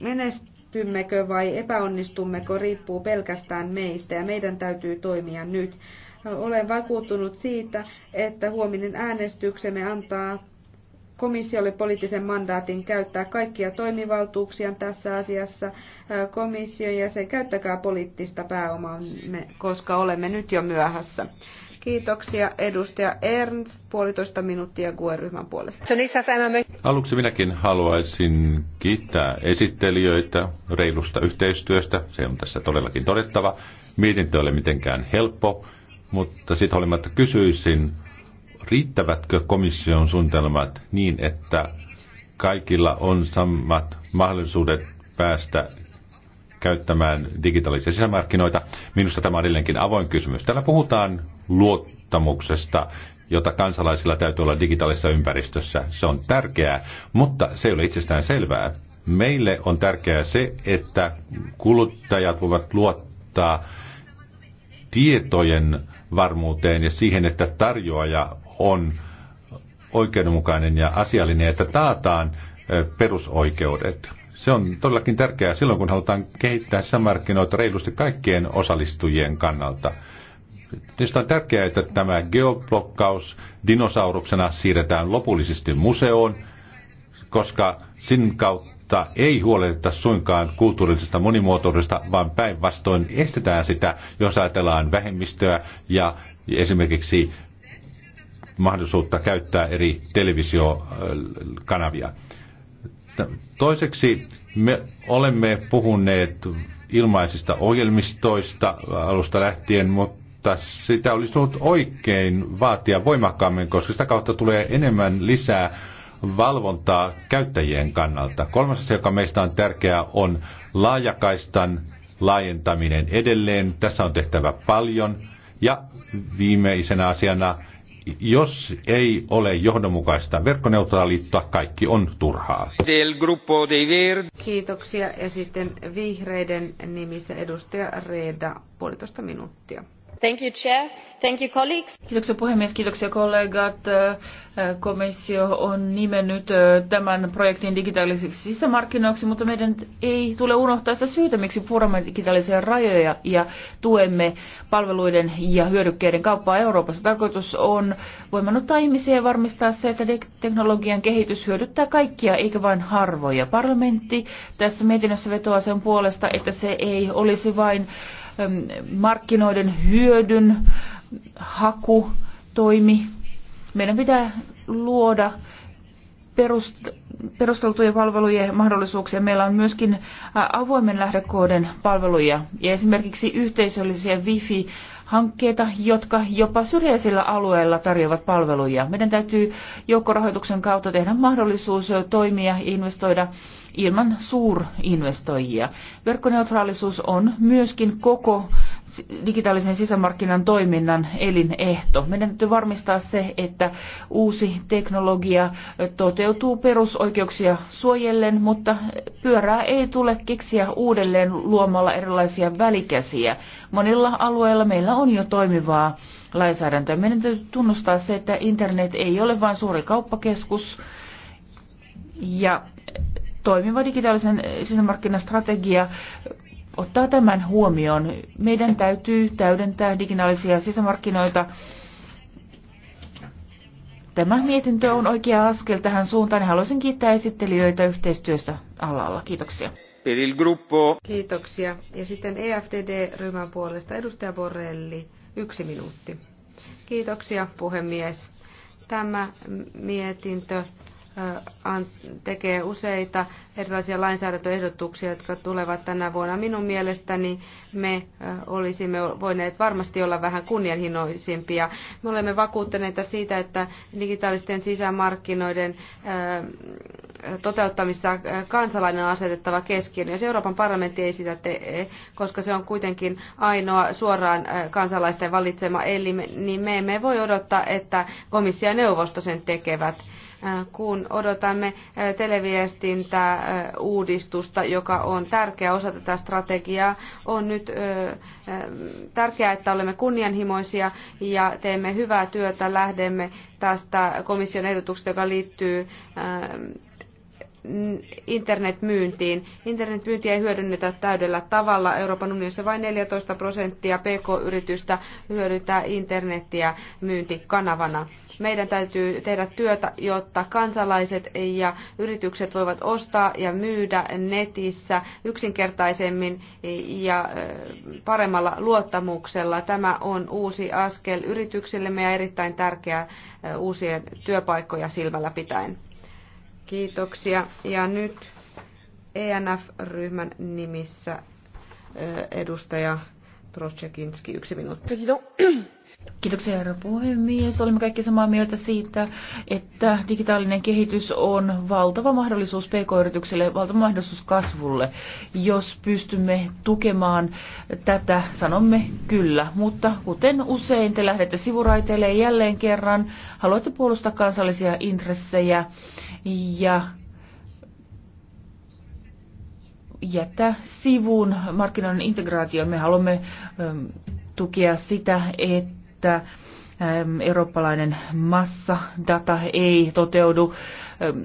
menestymmekö vai epäonnistummeko riippuu pelkästään meistä ja meidän täytyy toimia nyt. Olen vakuuttunut siitä, että huominen äänestyksemme antaa komissiolle poliittisen mandaatin käyttää kaikkia toimivaltuuksia tässä asiassa. komissio ja se käyttäkää poliittista pääomaa, koska olemme nyt jo myöhässä. Kiitoksia edustaja Ernst, puolitoista minuuttia QE-ryhmän puolesta. Aluksi minäkin haluaisin kiittää esittelijöitä reilusta yhteistyöstä. Se on tässä todellakin todettava. Mietintö ei ole mitenkään helppo mutta siitä huolimatta kysyisin, riittävätkö komission suunnitelmat niin, että kaikilla on samat mahdollisuudet päästä käyttämään digitaalisia sisämarkkinoita. Minusta tämä on edelleenkin avoin kysymys. Täällä puhutaan luottamuksesta, jota kansalaisilla täytyy olla digitaalisessa ympäristössä. Se on tärkeää, mutta se ei ole itsestään selvää. Meille on tärkeää se, että kuluttajat voivat luottaa tietojen varmuuteen ja siihen, että tarjoaja on oikeudenmukainen ja asiallinen, että taataan perusoikeudet. Se on todellakin tärkeää silloin, kun halutaan kehittää sisämarkkinoita reilusti kaikkien osallistujien kannalta. Tietysti on tärkeää, että tämä geoblokkaus dinosauruksena siirretään lopullisesti museoon, koska sin kautta mutta ei huolehdita suinkaan kulttuurisesta monimuotoisuudesta, vaan päinvastoin estetään sitä, jos ajatellaan vähemmistöä ja esimerkiksi mahdollisuutta käyttää eri televisiokanavia. Toiseksi me olemme puhuneet ilmaisista ohjelmistoista alusta lähtien, mutta sitä olisi ollut oikein vaatia voimakkaammin, koska sitä kautta tulee enemmän lisää valvontaa käyttäjien kannalta. Kolmas asia, joka meistä on tärkeää, on laajakaistan laajentaminen edelleen. Tässä on tehtävä paljon. Ja viimeisenä asiana, jos ei ole johdonmukaista verkkoneutraaliutta, kaikki on turhaa. Kiitoksia. Ja sitten vihreiden nimissä edustaja Reeda, puolitoista minuuttia. Thank you, Chair. Thank you, colleagues. Kiitoksia puhemies, kiitoksia kollegat. Komissio on nimennyt tämän projektin digitaaliseksi sisämarkkinoiksi, mutta meidän ei tule unohtaa sitä syytä, miksi puramme digitaalisia rajoja ja tuemme palveluiden ja hyödykkeiden kauppaa Euroopassa. Tarkoitus on voimannuttaa ihmisiä ja varmistaa se, että teknologian kehitys hyödyttää kaikkia eikä vain harvoja. Parlamentti tässä mietinnössä vetoaa sen puolesta, että se ei olisi vain markkinoiden hyödyn haku toimi. Meidän pitää luoda perusteltuja palveluja mahdollisuuksia. Meillä on myöskin avoimen lähdekoodin palveluja ja esimerkiksi yhteisöllisiä wifi hankkeita, jotka jopa syrjäisillä alueilla tarjoavat palveluja. Meidän täytyy joukkorahoituksen kautta tehdä mahdollisuus toimia ja investoida ilman suurinvestoijia. Verkkoneutraalisuus on myöskin koko digitaalisen sisämarkkinan toiminnan elinehto. Meidän täytyy varmistaa se, että uusi teknologia toteutuu perusoikeuksia suojellen, mutta pyörää ei tule keksiä uudelleen luomalla erilaisia välikäsiä. Monilla alueilla meillä on jo toimivaa lainsäädäntöä. Meidän täytyy tunnustaa se, että internet ei ole vain suuri kauppakeskus ja toimiva digitaalisen sisämarkkinastrategia ottaa tämän huomioon. Meidän täytyy täydentää digitaalisia sisämarkkinoita. Tämä mietintö on oikea askel tähän suuntaan. Haluaisin kiittää esittelijöitä yhteistyöstä alalla. Kiitoksia. Kiitoksia. Ja sitten EFDD-ryhmän puolesta edustaja Borrelli, yksi minuutti. Kiitoksia, puhemies. Tämä mietintö tekee useita erilaisia lainsäädäntöehdotuksia, jotka tulevat tänä vuonna. Minun mielestäni me olisimme voineet varmasti olla vähän kunnianhimoisimpia. Me olemme vakuuttuneita siitä, että digitaalisten sisämarkkinoiden toteuttamista kansalainen on asetettava keskiöön. Jos Euroopan parlamentti ei sitä tee, koska se on kuitenkin ainoa suoraan kansalaisten valitsema elin, niin me emme voi odottaa, että komissio ja neuvosto sen tekevät Äh, kun odotamme äh, televiestintää äh, uudistusta, joka on tärkeä osa tätä strategiaa. On nyt tärkeää, että olemme kunnianhimoisia ja teemme hyvää työtä. Lähdemme tästä komission ehdotuksesta, joka liittyy internetmyyntiin. Internetmyyntiä ei hyödynnetä täydellä tavalla. Euroopan unionissa vain 14 prosenttia pk-yritystä hyödyntää internetiä myyntikanavana. Meidän täytyy tehdä työtä, jotta kansalaiset ja yritykset voivat ostaa ja myydä netissä yksinkertaisemmin ja paremmalla luottamuksella. Tämä on uusi askel yrityksillemme ja erittäin tärkeä uusien työpaikkoja silmällä pitäen. Kiitoksia. Ja nyt ENF-ryhmän nimissä edustaja Trotsekinski, yksi minuutti. President. Kiitoksia herra puhemies. Olemme kaikki samaa mieltä siitä, että digitaalinen kehitys on valtava mahdollisuus pk-yritykselle, valtava mahdollisuus kasvulle. Jos pystymme tukemaan tätä, sanomme kyllä. Mutta kuten usein te lähdette sivuraiteille jälleen kerran, haluatte puolustaa kansallisia intressejä ja jättää sivuun markkinoiden integraatio. Me haluamme tukea sitä, että että ähm, eurooppalainen massadata ei toteudu ähm,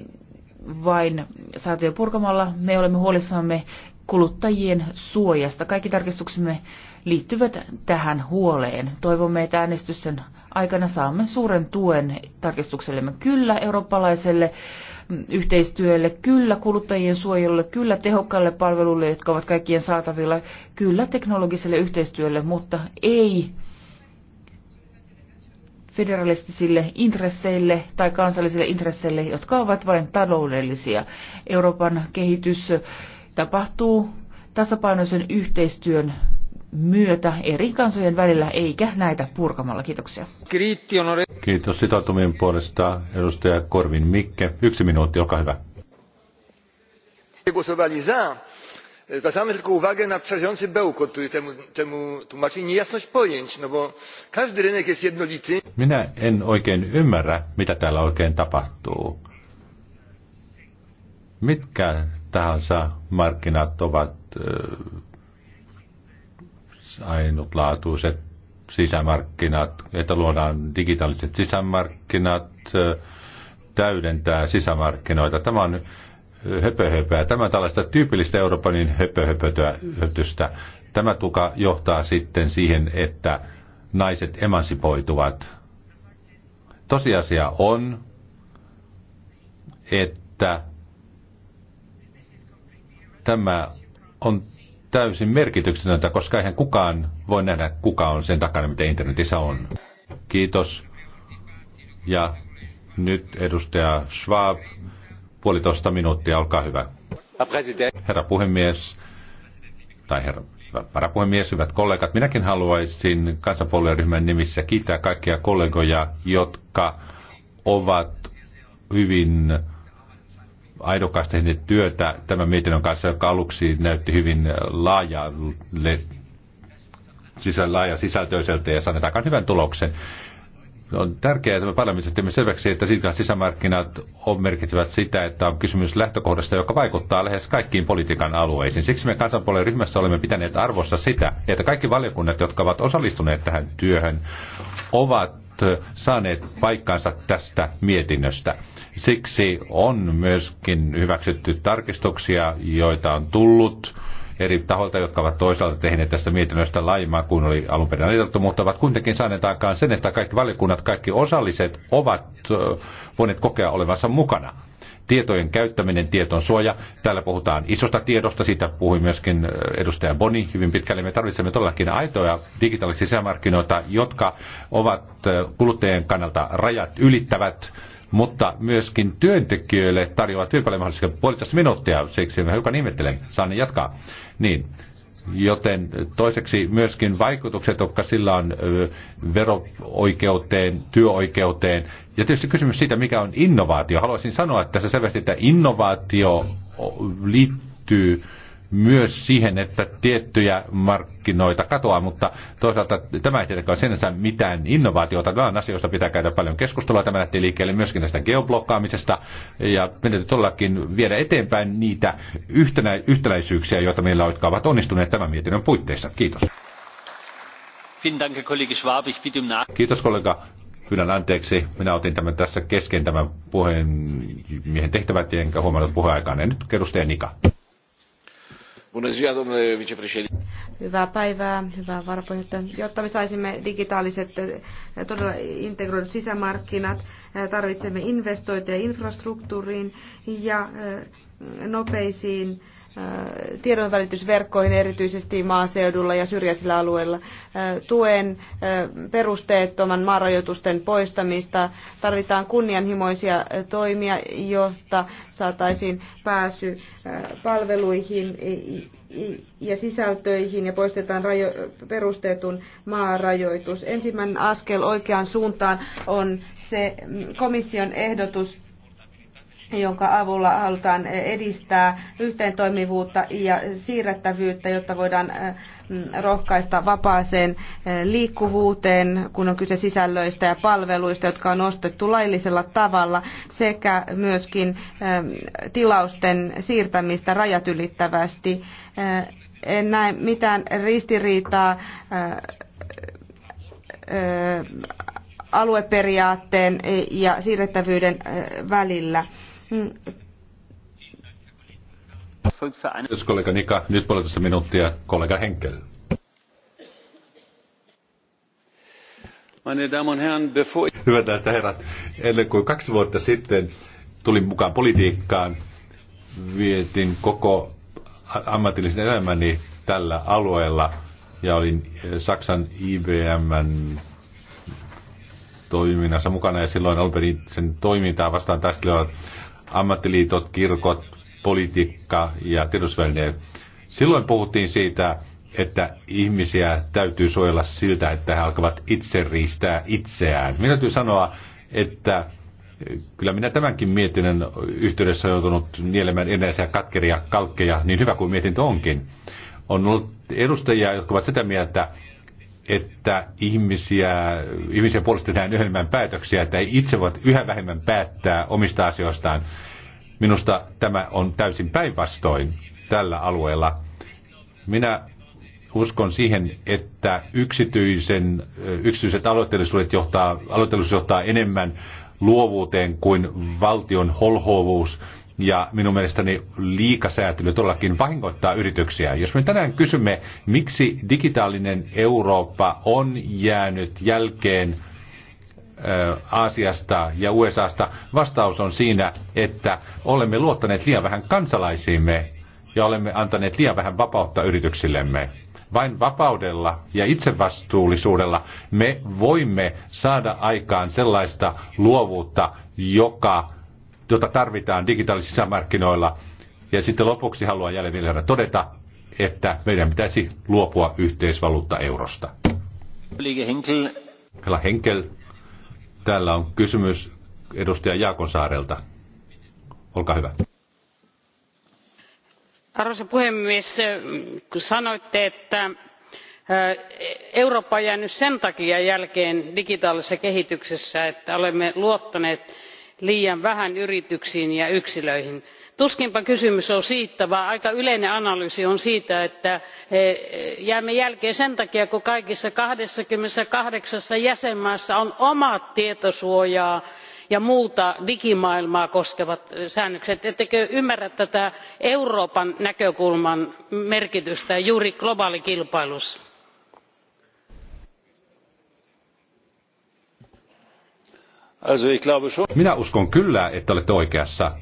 vain säätöjä purkamalla. Me olemme huolissamme kuluttajien suojasta. Kaikki tarkistuksemme liittyvät tähän huoleen. Toivomme, että äänestysten aikana saamme suuren tuen tarkistuksellemme kyllä eurooppalaiselle mm, yhteistyölle, kyllä kuluttajien suojelulle, kyllä tehokkaille palveluille, jotka ovat kaikkien saatavilla, kyllä teknologiselle yhteistyölle, mutta ei federalistisille intresseille tai kansallisille intresseille, jotka ovat vain taloudellisia. Euroopan kehitys tapahtuu tasapainoisen yhteistyön myötä eri kansojen välillä, eikä näitä purkamalla. Kiitoksia. Kiitos sitoutumien puolesta edustaja Korvin Mikke. Yksi minuutti, olkaa hyvä zwracamy tylko uwagę na przerażający bełkot który temu tłumaczy i niejasność pojęć no bo każdy rynek jest jednolity. Minä en oikein ymmärrä, mitä täällä oikein tapahtuu. Mitkä tahansa markkinat ovat äh, ainutlaatuiset sisämarkkinat, että luodaan digitaaliset sisämarkkinat, äh, täydentää sisämarkkinoita. Tämä on höpöhöpöä. Tämä on tällaista tyypillistä Euroopanin niin höpöhöpötystä. Tämä tuka johtaa sitten siihen, että naiset emansipoituvat. Tosiasia on, että tämä on täysin merkityksetöntä, koska eihän kukaan voi nähdä, kuka on sen takana, mitä internetissä on. Kiitos. Ja nyt edustaja Schwab Puolitoista minuuttia, olkaa hyvä. Herra puhemies, tai herra varapuhemies, hyvät kollegat, minäkin haluaisin kansanpuolueryhmän nimissä kiittää kaikkia kollegoja, jotka ovat hyvin aidokkaasti tehneet työtä tämän mietinnön kanssa, joka aluksi näytti hyvin laajalle sisä, laaja sisältöiseltä ja sanotaan hyvän tuloksen on tärkeää, että me parlamentissa teemme selväksi, että sitkan sisämarkkinat on merkitsevät sitä, että on kysymys lähtökohdasta, joka vaikuttaa lähes kaikkiin politiikan alueisiin. Siksi me kansanpuolen ryhmässä olemme pitäneet arvossa sitä, että kaikki valiokunnat, jotka ovat osallistuneet tähän työhön, ovat saaneet paikkansa tästä mietinnöstä. Siksi on myöskin hyväksytty tarkistuksia, joita on tullut eri tahoilta, jotka ovat toisaalta tehneet tästä mietinnöstä laimaa kuin oli alun perin ajateltu, mutta ovat kuitenkin saaneet aikaan sen, että kaikki valiokunnat, kaikki osalliset ovat voineet kokea olevansa mukana tietojen käyttäminen, tieton suoja. Täällä puhutaan isosta tiedosta, siitä puhui myöskin edustaja Boni hyvin pitkälle. Me tarvitsemme todellakin aitoja digitaalisia sisämarkkinoita, jotka ovat kuluttajien kannalta rajat ylittävät mutta myöskin työntekijöille tarjoavat hyvin paljon mahdollisuuksia. Puolitoista minuuttia, siksi mä hiukan ihmettelen. Saan jatkaa. Niin. Joten toiseksi myöskin vaikutukset, jotka sillä on vero-oikeuteen, työoikeuteen. Ja tietysti kysymys siitä, mikä on innovaatio. Haluaisin sanoa että tässä selvästi, että innovaatio liittyy myös siihen, että tiettyjä markkinoita katoaa, mutta toisaalta tämä ei tietenkään sen sinänsä mitään innovaatiota, vaan asioista pitää käydä paljon keskustelua. Tämä lähtee liikkeelle myöskin tästä geoblokkaamisesta ja meidän todellakin viedä eteenpäin niitä yhtenä, yhtäläisyyksiä, joita meillä on, jotka ovat onnistuneet tämän mietinnön puitteissa. Kiitos. Um Kiitos kollega pyydän anteeksi. Minä otin tämän tässä kesken tämän puheenmiehen tehtävät, enkä huomannut puheaikaan. En nyt edustaja Nika. Bună ziua, domnule vicepreședinte. Hyvää päivää, hyvää varapuheenjohtaja. Jotta me saisimme digitaaliset eh, todella integroidut sisämarkkinat, eh, tarvitsemme investointeja infrastruktuuriin ja eh, nopeisiin tiedonvälitysverkkoihin erityisesti maaseudulla ja syrjäisillä alueilla. Tuen perusteettoman maarajoitusten poistamista. Tarvitaan kunnianhimoisia toimia, jotta saataisiin pääsy palveluihin ja sisältöihin ja poistetaan rajo- perustetun maarajoitus. Ensimmäinen askel oikeaan suuntaan on se mm, komission ehdotus jonka avulla halutaan edistää yhteentoimivuutta ja siirrettävyyttä, jotta voidaan äh, mm, rohkaista vapaaseen äh, liikkuvuuteen, kun on kyse sisällöistä ja palveluista, jotka on ostettu laillisella tavalla, sekä myöskin ähm, tilausten siirtämistä rajat ylittävästi. Äh, en näe mitään ristiriitaa alueperiaatteen ja siirrettävyyden välillä kollega Nika. Nyt puolitoista minuuttia kollega Henkel. Hyvät näistä herrat, ennen kuin kaksi vuotta sitten tulin mukaan politiikkaan, vietin koko ammatillisen elämäni tällä alueella ja olin eh, Saksan IBMn toiminnassa mukana ja silloin Albertin sen toimintaa vastaan taistelivat ammattiliitot, kirkot, politiikka ja tiedotusvälineet. Silloin puhuttiin siitä, että ihmisiä täytyy suojella siltä, että he alkavat itse riistää itseään. Minä täytyy sanoa, että kyllä minä tämänkin mietinnön yhteydessä on joutunut nielemään erinäisiä katkeria kalkkeja, niin hyvä kuin mietintö onkin. On ollut edustajia, jotka ovat sitä mieltä, että ihmisiä, ihmisiä puolustetaan yhä enemmän päätöksiä, että he itse voivat yhä vähemmän päättää omista asioistaan. Minusta tämä on täysin päinvastoin tällä alueella. Minä uskon siihen, että yksityisen, yksityiset aloitteellisuudet johtaa, aloitteellisuus johtaa enemmän luovuuteen kuin valtion holhovuus. Ja minun mielestäni liikasäätely todellakin vahingoittaa yrityksiä. Jos me tänään kysymme, miksi digitaalinen Eurooppa on jäänyt jälkeen Aasiasta ja USAsta, vastaus on siinä, että olemme luottaneet liian vähän kansalaisiimme ja olemme antaneet liian vähän vapautta yrityksillemme. Vain vapaudella ja itsevastuullisuudella me voimme saada aikaan sellaista luovuutta, joka jota tarvitaan digitaalisilla sisämarkkinoilla. Ja sitten lopuksi haluan jälleen vielä todeta, että meidän pitäisi luopua yhteisvaluutta eurosta. Henkel. Hela Henkel. Täällä on kysymys edustaja Jaakonsaarelta. Olkaa hyvä. Arvoisa puhemies, kun sanoitte, että Eurooppa on jäänyt sen takia jälkeen digitaalisessa kehityksessä, että olemme luottaneet liian vähän yrityksiin ja yksilöihin. tuskinpa kysymys on siitä vaan aika yleinen analyysi on siitä että eh, jäämme jälkeen sen takia kun kaikissa kaksikymmentäkahdeksan jäsenvaltiossa on omat tietosuojaa ja muuta digimaailmaa koskevat eh, säännökset. ettekö ymmärrä tätä euroopan näkökulman merkitystä juuri globaalikilpailussa? Minä uskon kyllä, että olette oikeassa,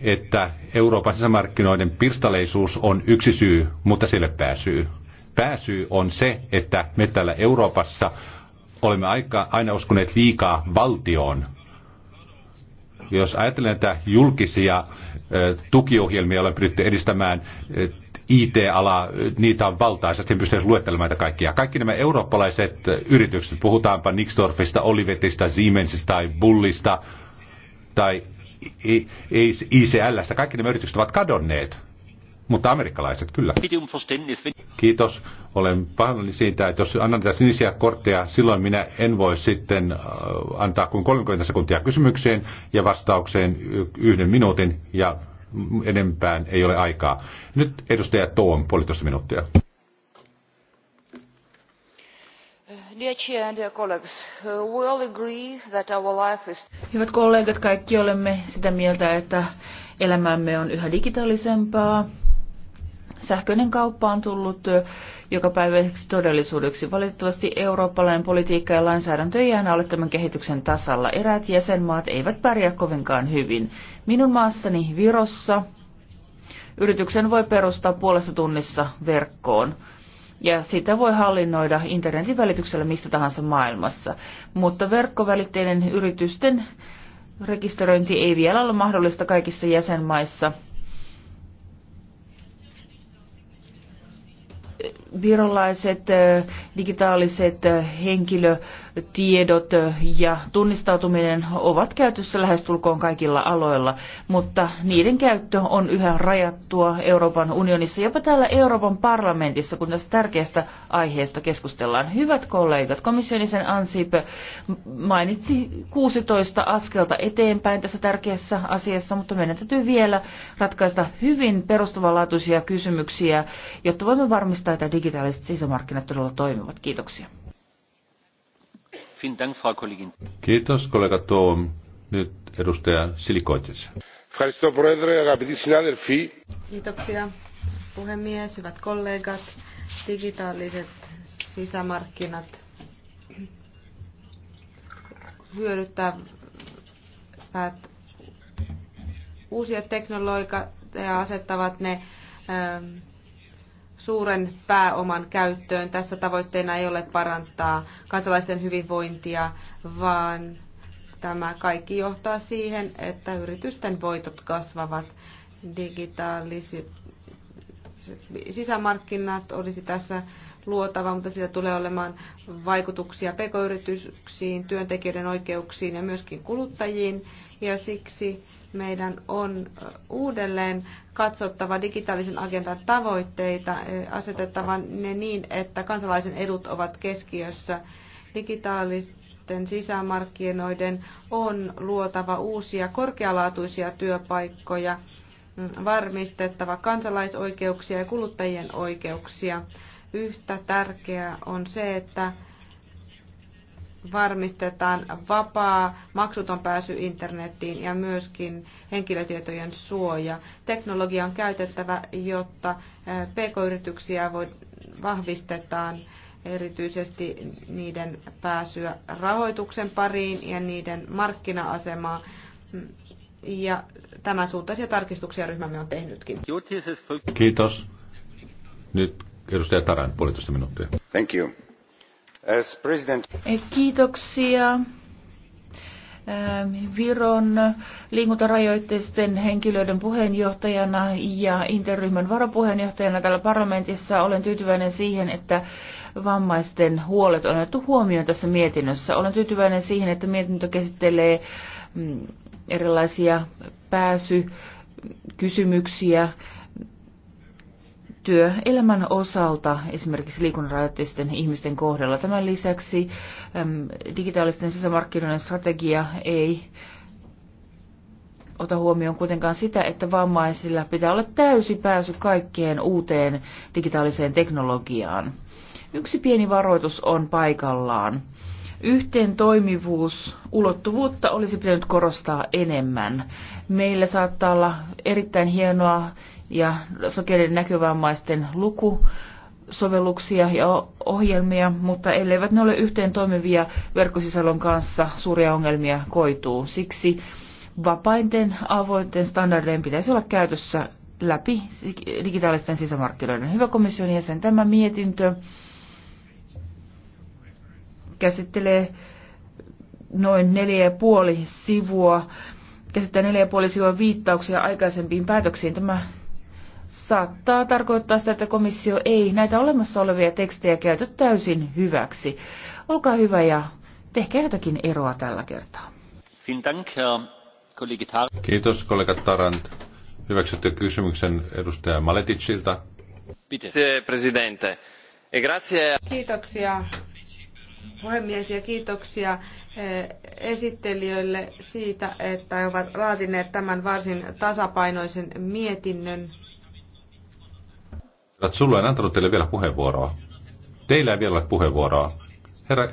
että Euroopan sisämarkkinoiden pirstaleisuus on yksi syy, mutta sille pääsyy. Pääsyy on se, että me täällä Euroopassa olemme aika, aina uskoneet liikaa valtioon. Jos ajatellaan näitä julkisia tukiohjelmia, joilla on pyritty edistämään IT-ala, niitä on valtaisa, en pystyy luettelemaan näitä kaikkia. Kaikki nämä eurooppalaiset yritykset, puhutaanpa Nixdorfista, Olivetista, Siemensistä tai Bullista tai ICLstä, kaikki nämä yritykset ovat kadonneet. Mutta amerikkalaiset kyllä. Kiitos. Olen pahoillani siitä, että jos annan tätä sinisiä kortteja, silloin minä en voi sitten äh, antaa kuin 30 sekuntia kysymykseen ja vastaukseen yhden minuutin. Ja enempään ei ole aikaa. Nyt edustaja Toom, puolitoista minuuttia. Hyvät kollegat, kaikki olemme sitä mieltä, että elämämme on yhä digitaalisempaa. Sähköinen kauppa on tullut joka päiväiseksi todellisuudeksi. Valitettavasti eurooppalainen politiikka ja lainsäädäntö ei aina ole tämän kehityksen tasalla. Eräät jäsenmaat eivät pärjää kovinkaan hyvin. Minun maassani Virossa yrityksen voi perustaa puolessa tunnissa verkkoon ja sitä voi hallinnoida internetin välityksellä missä tahansa maailmassa. Mutta verkkovälitteinen yritysten rekisteröinti ei vielä ole mahdollista kaikissa jäsenmaissa – virolaiset digitaaliset henkilötiedot ja tunnistautuminen ovat käytössä lähestulkoon kaikilla aloilla, mutta niiden käyttö on yhä rajattua Euroopan unionissa, jopa täällä Euroopan parlamentissa, kun tästä tärkeästä aiheesta keskustellaan. Hyvät kollegat, komissionisen Ansip mainitsi 16 askelta eteenpäin tässä tärkeässä asiassa, mutta meidän täytyy vielä ratkaista hyvin perustavanlaatuisia kysymyksiä, jotta voimme varmistaa, että digitaaliset sisämarkkinat todella toimivat. Kiitoksia. Kiitos kollega Toom, Nyt edustaja Silikoitis. Kiitoksia puhemies, hyvät kollegat, digitaaliset sisämarkkinat hyödyttävät uusia teknologioita ja asettavat ne ähm, suuren pääoman käyttöön. Tässä tavoitteena ei ole parantaa kansalaisten hyvinvointia, vaan tämä kaikki johtaa siihen, että yritysten voitot kasvavat. Digitaaliset sisämarkkinat olisi tässä luotava, mutta sillä tulee olemaan vaikutuksia pk-yrityksiin, työntekijöiden oikeuksiin ja myöskin kuluttajiin. Ja siksi meidän on uudelleen katsottava digitaalisen agendan tavoitteita, asetettava ne niin, että kansalaisen edut ovat keskiössä. Digitaalisten sisämarkkinoiden on luotava uusia korkealaatuisia työpaikkoja, mm, varmistettava kansalaisoikeuksia ja kuluttajien oikeuksia. Yhtä tärkeää on se, että varmistetaan vapaa, maksuton pääsy internettiin ja myöskin henkilötietojen suoja. Teknologia on käytettävä, jotta pk-yrityksiä vahvistetaan erityisesti niiden pääsyä rahoituksen pariin ja niiden markkina-asemaa. Ja tämän suuntaisia tarkistuksia ryhmämme on tehnytkin. Kiitos. Nyt edustaja Taran, puolitoista minuuttia. Thank you. As president... Eh, kiitoksia. Eh, Viron liikuntarajoitteisten henkilöiden puheenjohtajana ja interryhmän varapuheenjohtajana täällä parlamentissa olen tyytyväinen siihen, että vammaisten huolet on otettu huomioon tässä mietinnössä. Olen tyytyväinen siihen, että mietintö käsittelee mm, erilaisia pääsykysymyksiä työelämän osalta, esimerkiksi liikunnanrajoitteisten ihmisten kohdalla. Tämän lisäksi digitaalisten sisämarkkinoiden strategia ei ota huomioon kuitenkaan sitä, että vammaisilla pitää olla täysi pääsy kaikkeen uuteen digitaaliseen teknologiaan. Yksi pieni varoitus on paikallaan. Yhteen toimivuus ulottuvuutta olisi pitänyt korostaa enemmän. Meillä saattaa olla erittäin hienoa ja sokeiden näkövammaisten luku sovelluksia ja ohjelmia, mutta elleivät ne ole yhteen toimivia verkkosisällön kanssa, suuria ongelmia koituu. Siksi vapainten avointen standardien pitäisi olla käytössä läpi digitaalisten sisämarkkinoiden. Hyvä komission jäsen, tämä mietintö käsittelee noin neljä puoli sivua, käsittää neljä puoli sivua viittauksia aikaisempiin päätöksiin. Tämä saattaa tarkoittaa sitä, että komissio ei näitä olemassa olevia tekstejä käytä täysin hyväksi. Olkaa hyvä ja tehkää jotakin eroa tällä kertaa. Kiitos kollega Tarant. Hyväksytte kysymyksen edustaja Maleticilta. E kiitoksia puhemies ja kiitoksia e, esittelijöille siitä, että he ovat laatineet tämän varsin tasapainoisen mietinnön. Sulla en antanut teille vielä puheenvuoroa. Teillä ei vielä ole puheenvuoroa. Herra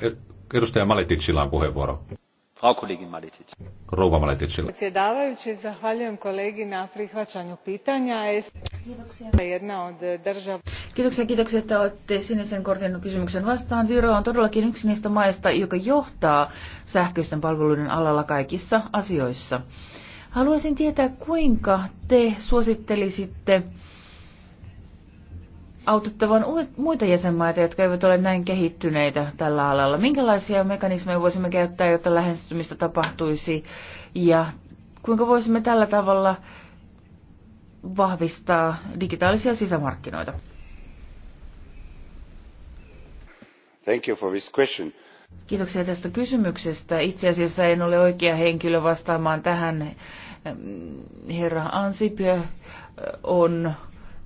edustaja Maletitsilla on puheenvuoro. Rouva Maletitsilla. Predsjedavajući, zahvaljujem kolegi na prihvaćanju pitanja. Kiitoksia. Kiitoksia, kiitoksia, että olette sinisen kortin kysymyksen vastaan. Viro on todellakin yksi niistä maista, joka johtaa sähköisten palveluiden alalla kaikissa asioissa. Haluaisin tietää, kuinka te suosittelisitte autettavan muita jäsenmaita, jotka eivät ole näin kehittyneitä tällä alalla? Minkälaisia mekanismeja voisimme käyttää, jotta lähestymistä tapahtuisi? Ja kuinka voisimme tällä tavalla vahvistaa digitaalisia sisämarkkinoita? Thank you for this question. Kiitoksia tästä kysymyksestä. Itse asiassa en ole oikea henkilö vastaamaan tähän. Herra Ansipö on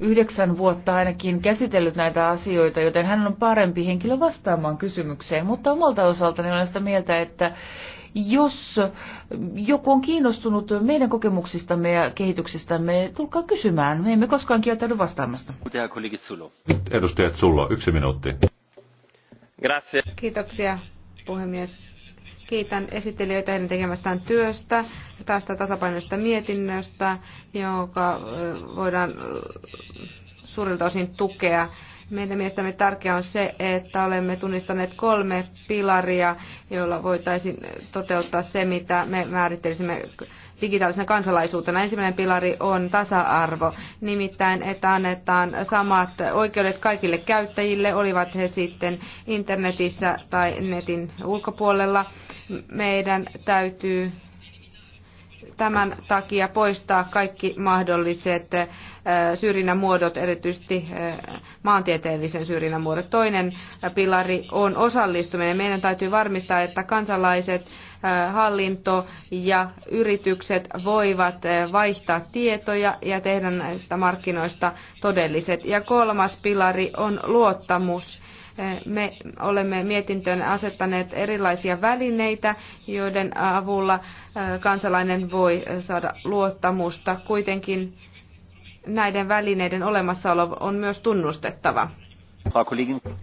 yhdeksän vuotta ainakin käsitellyt näitä asioita, joten hän on parempi henkilö vastaamaan kysymykseen. Mutta omalta osaltani olen sitä mieltä, että jos joku on kiinnostunut meidän kokemuksistamme ja kehityksistämme, tulkaa kysymään. Me emme koskaan kieltäydy vastaamasta. Edustajat Sullo, yksi minuutti. Grazie. Kiitoksia, puhemies Kiitän esittelijöitä heidän tekemästään työstä, tästä tasapainoista mietinnöstä, joka voidaan suurilta osin tukea. Meidän mielestämme tärkeää on se, että olemme tunnistaneet kolme pilaria, joilla voitaisiin toteuttaa se, mitä me määrittelisimme digitaalisena kansalaisuutena. Ensimmäinen pilari on tasa-arvo, nimittäin että annetaan samat oikeudet kaikille käyttäjille, olivat he sitten internetissä tai netin ulkopuolella meidän täytyy tämän takia poistaa kaikki mahdolliset syrjinnän muodot, erityisesti maantieteellisen syrjinnän muodot. Toinen pilari on osallistuminen. Meidän täytyy varmistaa, että kansalaiset, hallinto ja yritykset voivat vaihtaa tietoja ja tehdä näistä markkinoista todelliset. Ja kolmas pilari on luottamus me olemme mietintöön asettaneet erilaisia välineitä, joiden avulla kansalainen voi saada luottamusta. Kuitenkin näiden välineiden olemassaolo on myös tunnustettava.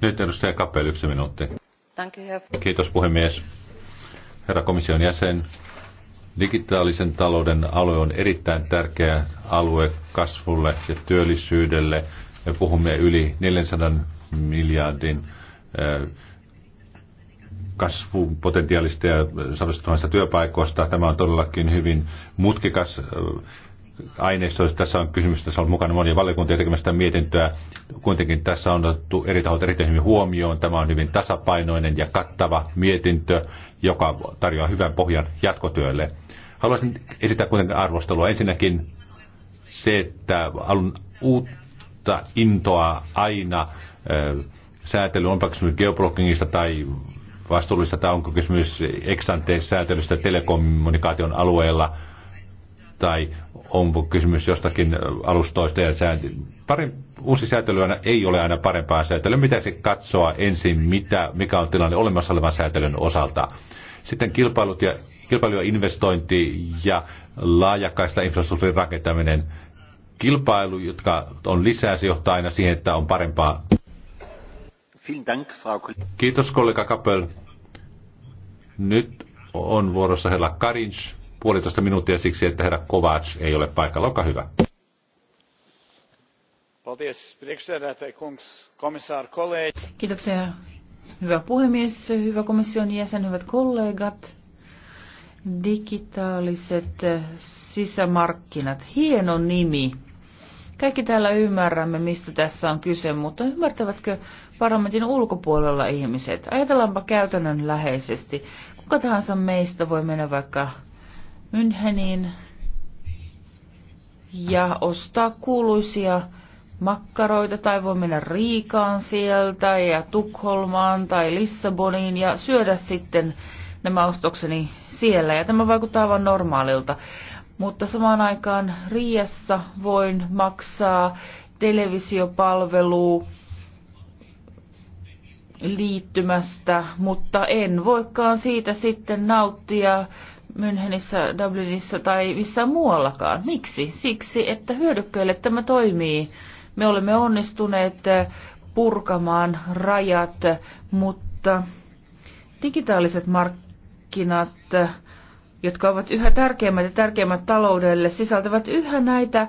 Nyt edustaja Kappel, yksi minuutti. Kiitos puhemies. Herra komission jäsen, digitaalisen talouden alue on erittäin tärkeä alue kasvulle ja työllisyydelle. Me puhumme yli 400 miljardin kasvupotentiaalista ja 100 000 työpaikoista. Tämä on todellakin hyvin mutkikas aineisto. Tässä on kysymys, tässä on mukana monia valiokuntia tekemästä mietintöä. Kuitenkin tässä on otettu eri tahot erittäin hyvin huomioon. Tämä on hyvin tasapainoinen ja kattava mietintö, joka tarjoaa hyvän pohjan jatkotyölle. Haluaisin esittää kuitenkin arvostelua. Ensinnäkin se, että alun uutta intoa aina säätely, onpa kysymys geoblockingista tai vastuullista, tai onko kysymys exante säätelystä telekommunikaation alueella, tai onko kysymys jostakin alustoista. Ja sääntely. Pari, uusi säätely aina, ei ole aina parempaa säätelyä. Mitä se katsoa ensin, mitä, mikä on tilanne olemassa olevan säätelyn osalta. Sitten kilpailut ja, kilpailu ja investointi ja laajakaista infrastruktuurin rakentaminen. Kilpailu, jotka on lisää, se johtaa aina siihen, että on parempaa Kiitos kollega Kapel. Nyt on vuorossa herra Karins puolitoista minuuttia siksi, että herra Kovac ei ole paikalla. Olkaa hyvä. Kiitoksia, hyvä puhemies, hyvä komission jäsen, hyvät kollegat. Digitaaliset sisämarkkinat, hieno nimi. Kaikki täällä ymmärrämme, mistä tässä on kyse, mutta ymmärtävätkö parlamentin ulkopuolella ihmiset? Ajatellaanpa käytännön läheisesti. Kuka tahansa meistä voi mennä vaikka Müncheniin ja ostaa kuuluisia makkaroita tai voi mennä Riikaan sieltä ja Tukholmaan tai Lissaboniin ja syödä sitten nämä ostokseni siellä. Ja tämä vaikuttaa aivan normaalilta mutta samaan aikaan Riassa voin maksaa televisiopalvelu liittymästä, mutta en voikaan siitä sitten nauttia Münchenissä, Dublinissa tai missään muuallakaan. Miksi? Siksi, että hyödykkeille tämä toimii. Me olemme onnistuneet purkamaan rajat, mutta digitaaliset markkinat jotka ovat yhä tärkeimmät ja tärkeimmät taloudelle, sisältävät yhä näitä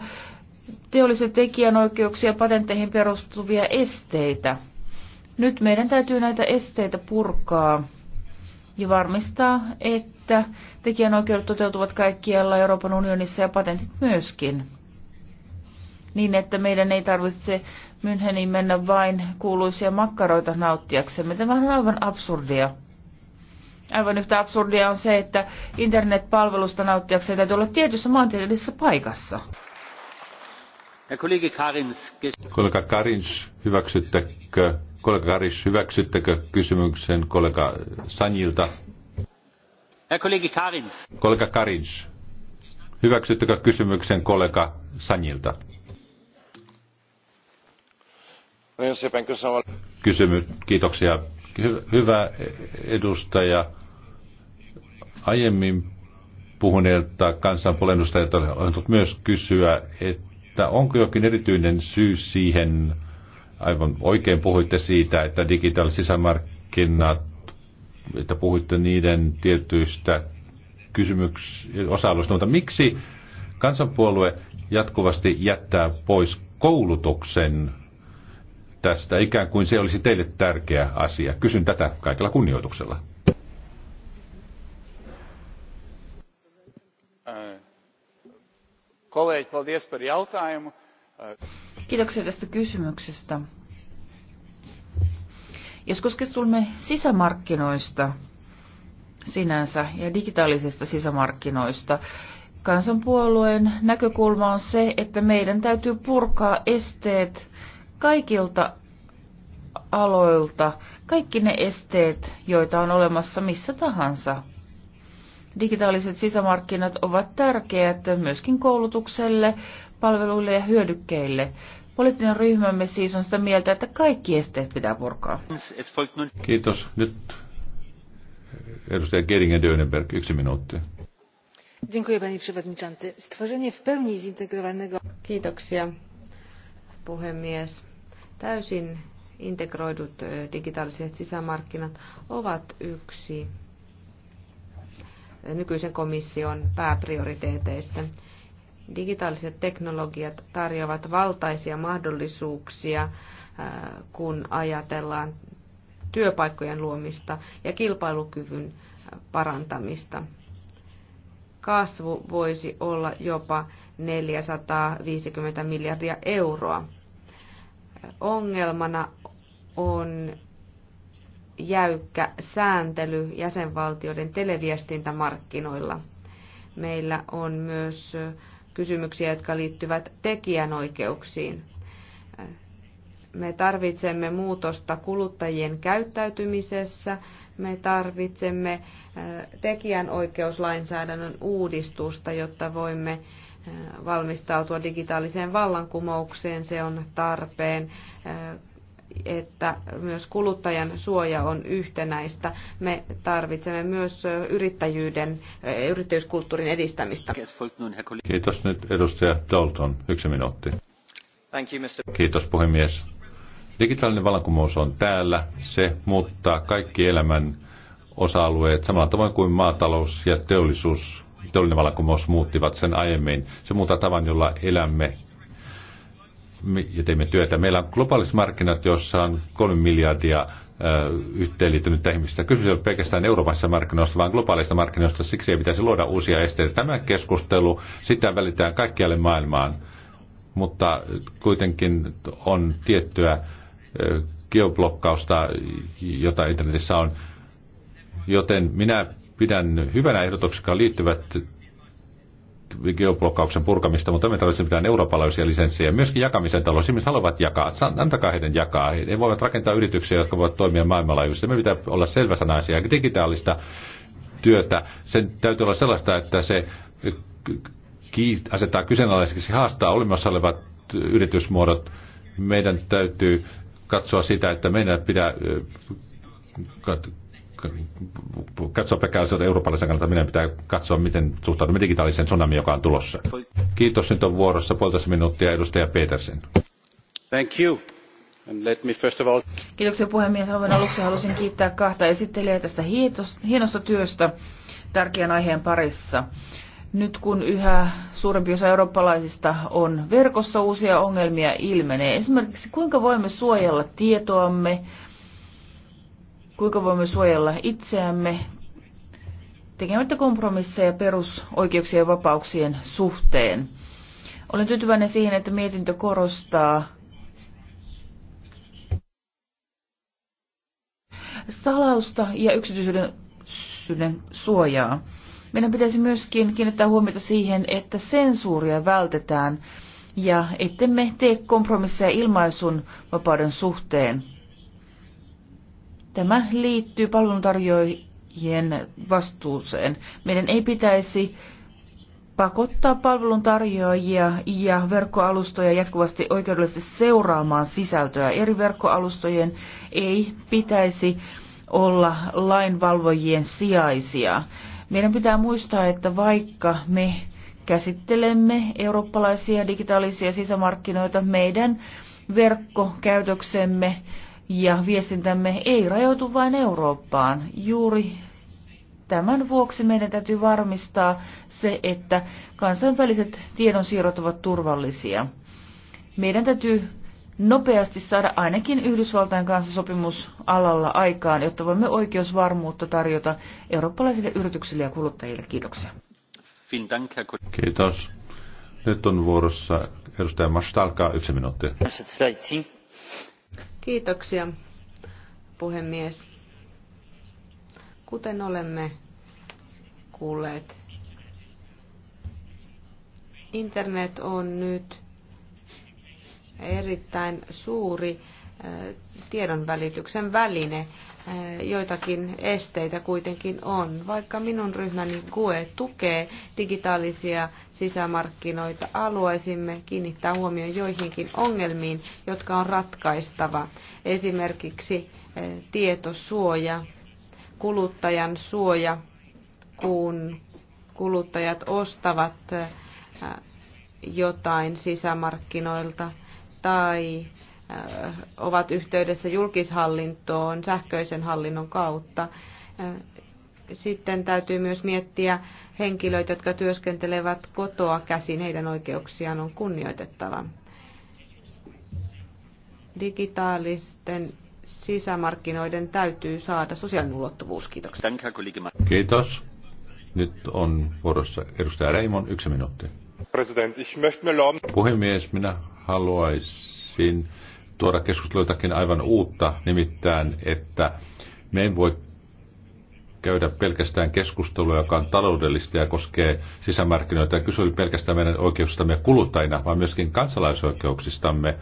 teollisen tekijänoikeuksia patentteihin perustuvia esteitä. Nyt meidän täytyy näitä esteitä purkaa ja varmistaa, että tekijänoikeudet toteutuvat kaikkialla Euroopan unionissa ja patentit myöskin. Niin, että meidän ei tarvitse Müncheniin mennä vain kuuluisia makkaroita nauttiaksemme. Tämä on aivan absurdia. Aivan yhtä absurdia on se, että internetpalvelusta nauttiakseen täytyy olla tietyssä maantieteellisessä paikassa. Kollega Karins, hyväksyttekö, kollega Karins, hyväksyttekö kysymyksen kollega Sanjilta? Kollega Karins. Kollega Karins, hyväksyttekö kysymyksen kollega Sanjilta? Kysymys, kiitoksia. Hyvä edustaja aiemmin puhuneelta kansanpuolennustajilta että olen myös kysyä, että onko jokin erityinen syy siihen, aivan oikein puhuitte siitä, että digitaaliset sisämarkkinat, että puhuitte niiden tietyistä kysymyksistä, osa-alueista, mutta miksi kansanpuolue jatkuvasti jättää pois koulutuksen tästä, ikään kuin se olisi teille tärkeä asia. Kysyn tätä kaikella kunnioituksella. Kolēģi, paldies par jautājumu. Kiitoksia tästä kysymyksestä. Joskus keskustelemme sisämarkkinoista sinänsä ja digitaalisista sisämarkkinoista. Kansanpuolueen näkökulma on se, että meidän täytyy purkaa esteet kaikilta aloilta, kaikki ne esteet, joita on olemassa missä tahansa Digitaaliset sisämarkkinat ovat tärkeät myöskin koulutukselle, palveluille ja hyödykkeille. Poliittinen ryhmämme siis on sitä mieltä, että kaikki esteet pitää purkaa. Kiitos. Nyt edustaja Geringen Dönenberg, yksi minuutti. kiitoksia puhemies täysin integroidut e, digitaaliset sisämarkkinat ovat yksi nykyisen komission pääprioriteeteista. Digitaaliset teknologiat tarjoavat valtaisia mahdollisuuksia, äh, kun ajatellaan työpaikkojen luomista ja kilpailukyvyn parantamista. Kasvu voisi olla jopa 450 miljardia euroa. Ongelmana on jäykkä sääntely jäsenvaltioiden televiestintämarkkinoilla. Meillä on myös kysymyksiä, jotka liittyvät tekijänoikeuksiin. Me tarvitsemme muutosta kuluttajien käyttäytymisessä, me tarvitsemme tekijänoikeuslainsäädännön uudistusta, jotta voimme valmistautua digitaaliseen vallankumoukseen. Se on tarpeen että myös kuluttajan suoja on yhtenäistä. Me tarvitsemme myös yrittäjyyden, eh, yrittäjyyskulttuurin edistämistä. Kiitos nyt edustaja Dalton. Yksi minuutti. Kiitos puhemies. Digitaalinen vallankumous on täällä. Se muuttaa kaikki elämän osa-alueet samalla tavoin kuin maatalous ja teollisuus. Teollinen vallankumous muuttivat sen aiemmin. Se muuttaa tavan, jolla elämme ja teemme työtä. Meillä on globaaliset markkinat, joissa on kolme miljardia yhteenliittynyttä ihmistä. Kysymys ei ole pelkästään Euroopassa markkinoista, vaan globaalista markkinoista. Siksi ei pitäisi luoda uusia esteitä. Tämä keskustelu, sitä välitään kaikkialle maailmaan. Mutta kuitenkin on tiettyä geoblokkausta, jota internetissä on. Joten minä pidän hyvänä ehdotuksia, jotka liittyvät geoblokkauksen purkamista, mutta me tarvitsemme mitään eurooppalaisia lisenssejä. Myöskin jakamisen talous, ihmiset haluavat jakaa, antakaa heidän jakaa. He voivat rakentaa yrityksiä, jotka voivat toimia maailmanlaajuisesti. Me pitää olla selväsanaisia digitaalista työtä. Sen täytyy olla sellaista, että se asettaa kyseenalaiseksi, haastaa olemassa olevat yritysmuodot. Meidän täytyy katsoa sitä, että meidän pitää katsoa asioita eurooppalaisen kannalta, meidän pitää katsoa, miten suhtaudumme digitaaliseen tsunami, joka on tulossa. Kiitos, nyt on vuorossa puolitoista minuuttia edustaja Petersen. Thank you. And let me first of all... Kiitoksia puhemies. Aivan aluksi halusin kiittää kahta esittelijää tästä hienosta työstä tärkeän aiheen parissa. Nyt kun yhä suurempi osa eurooppalaisista on verkossa, uusia ongelmia ilmenee. Esimerkiksi kuinka voimme suojella tietoamme, kuinka voimme suojella itseämme tekemättä kompromisseja perusoikeuksien ja vapauksien suhteen. Olen tyytyväinen siihen, että mietintö korostaa salausta ja yksityisyyden suojaa. Meidän pitäisi myöskin kiinnittää huomiota siihen, että sensuuria vältetään ja ettemme tee kompromisseja ilmaisun vapauden suhteen. Tämä liittyy palveluntarjoajien vastuuseen. Meidän ei pitäisi pakottaa palveluntarjoajia ja verkkoalustoja jatkuvasti oikeudellisesti seuraamaan sisältöä. Eri verkkoalustojen ei pitäisi olla lainvalvojien sijaisia. Meidän pitää muistaa, että vaikka me käsittelemme eurooppalaisia digitaalisia sisämarkkinoita, meidän verkkokäytöksemme ja viestintämme ei rajoitu vain Eurooppaan. Juuri tämän vuoksi meidän täytyy varmistaa se, että kansainväliset tiedonsiirrot ovat turvallisia. Meidän täytyy nopeasti saada ainakin Yhdysvaltain kanssa sopimus alalla aikaan, jotta voimme oikeusvarmuutta tarjota eurooppalaisille yrityksille ja kuluttajille. Kiitoksia. Kiitos. Nyt on vuorossa edustaja Mastalka, yksi minuutti. Kiitoksia, puhemies. Kuten olemme kuulleet, internet on nyt erittäin suuri eh, tiedonvälityksen väline Eh, joitakin esteitä kuitenkin on. Vaikka minun ryhmäni GUE tukee digitaalisia sisämarkkinoita, haluaisimme kiinnittää huomioon joihinkin ongelmiin, jotka on ratkaistava. Esimerkiksi eh, tietosuoja, kuluttajan suoja, kun kuluttajat ostavat eh, jotain sisämarkkinoilta tai ovat yhteydessä julkishallintoon sähköisen hallinnon kautta. Sitten täytyy myös miettiä henkilöitä, jotka työskentelevät kotoa käsin. Heidän oikeuksiaan on kunnioitettava. Digitaalisten sisämarkkinoiden täytyy saada sosiaalinen ulottuvuus. Kiitoksia. Kiitos. Nyt on vuorossa edustaja Reimon yksi minuutti. Puhemies, minä haluaisin tuoda jotakin aivan uutta, nimittäin, että me ei voi käydä pelkästään keskustelua, joka on taloudellista ja koskee sisämarkkinoita. Ja kysyä pelkästään meidän oikeuksistamme kuluttajina, vaan myöskin kansalaisoikeuksistamme.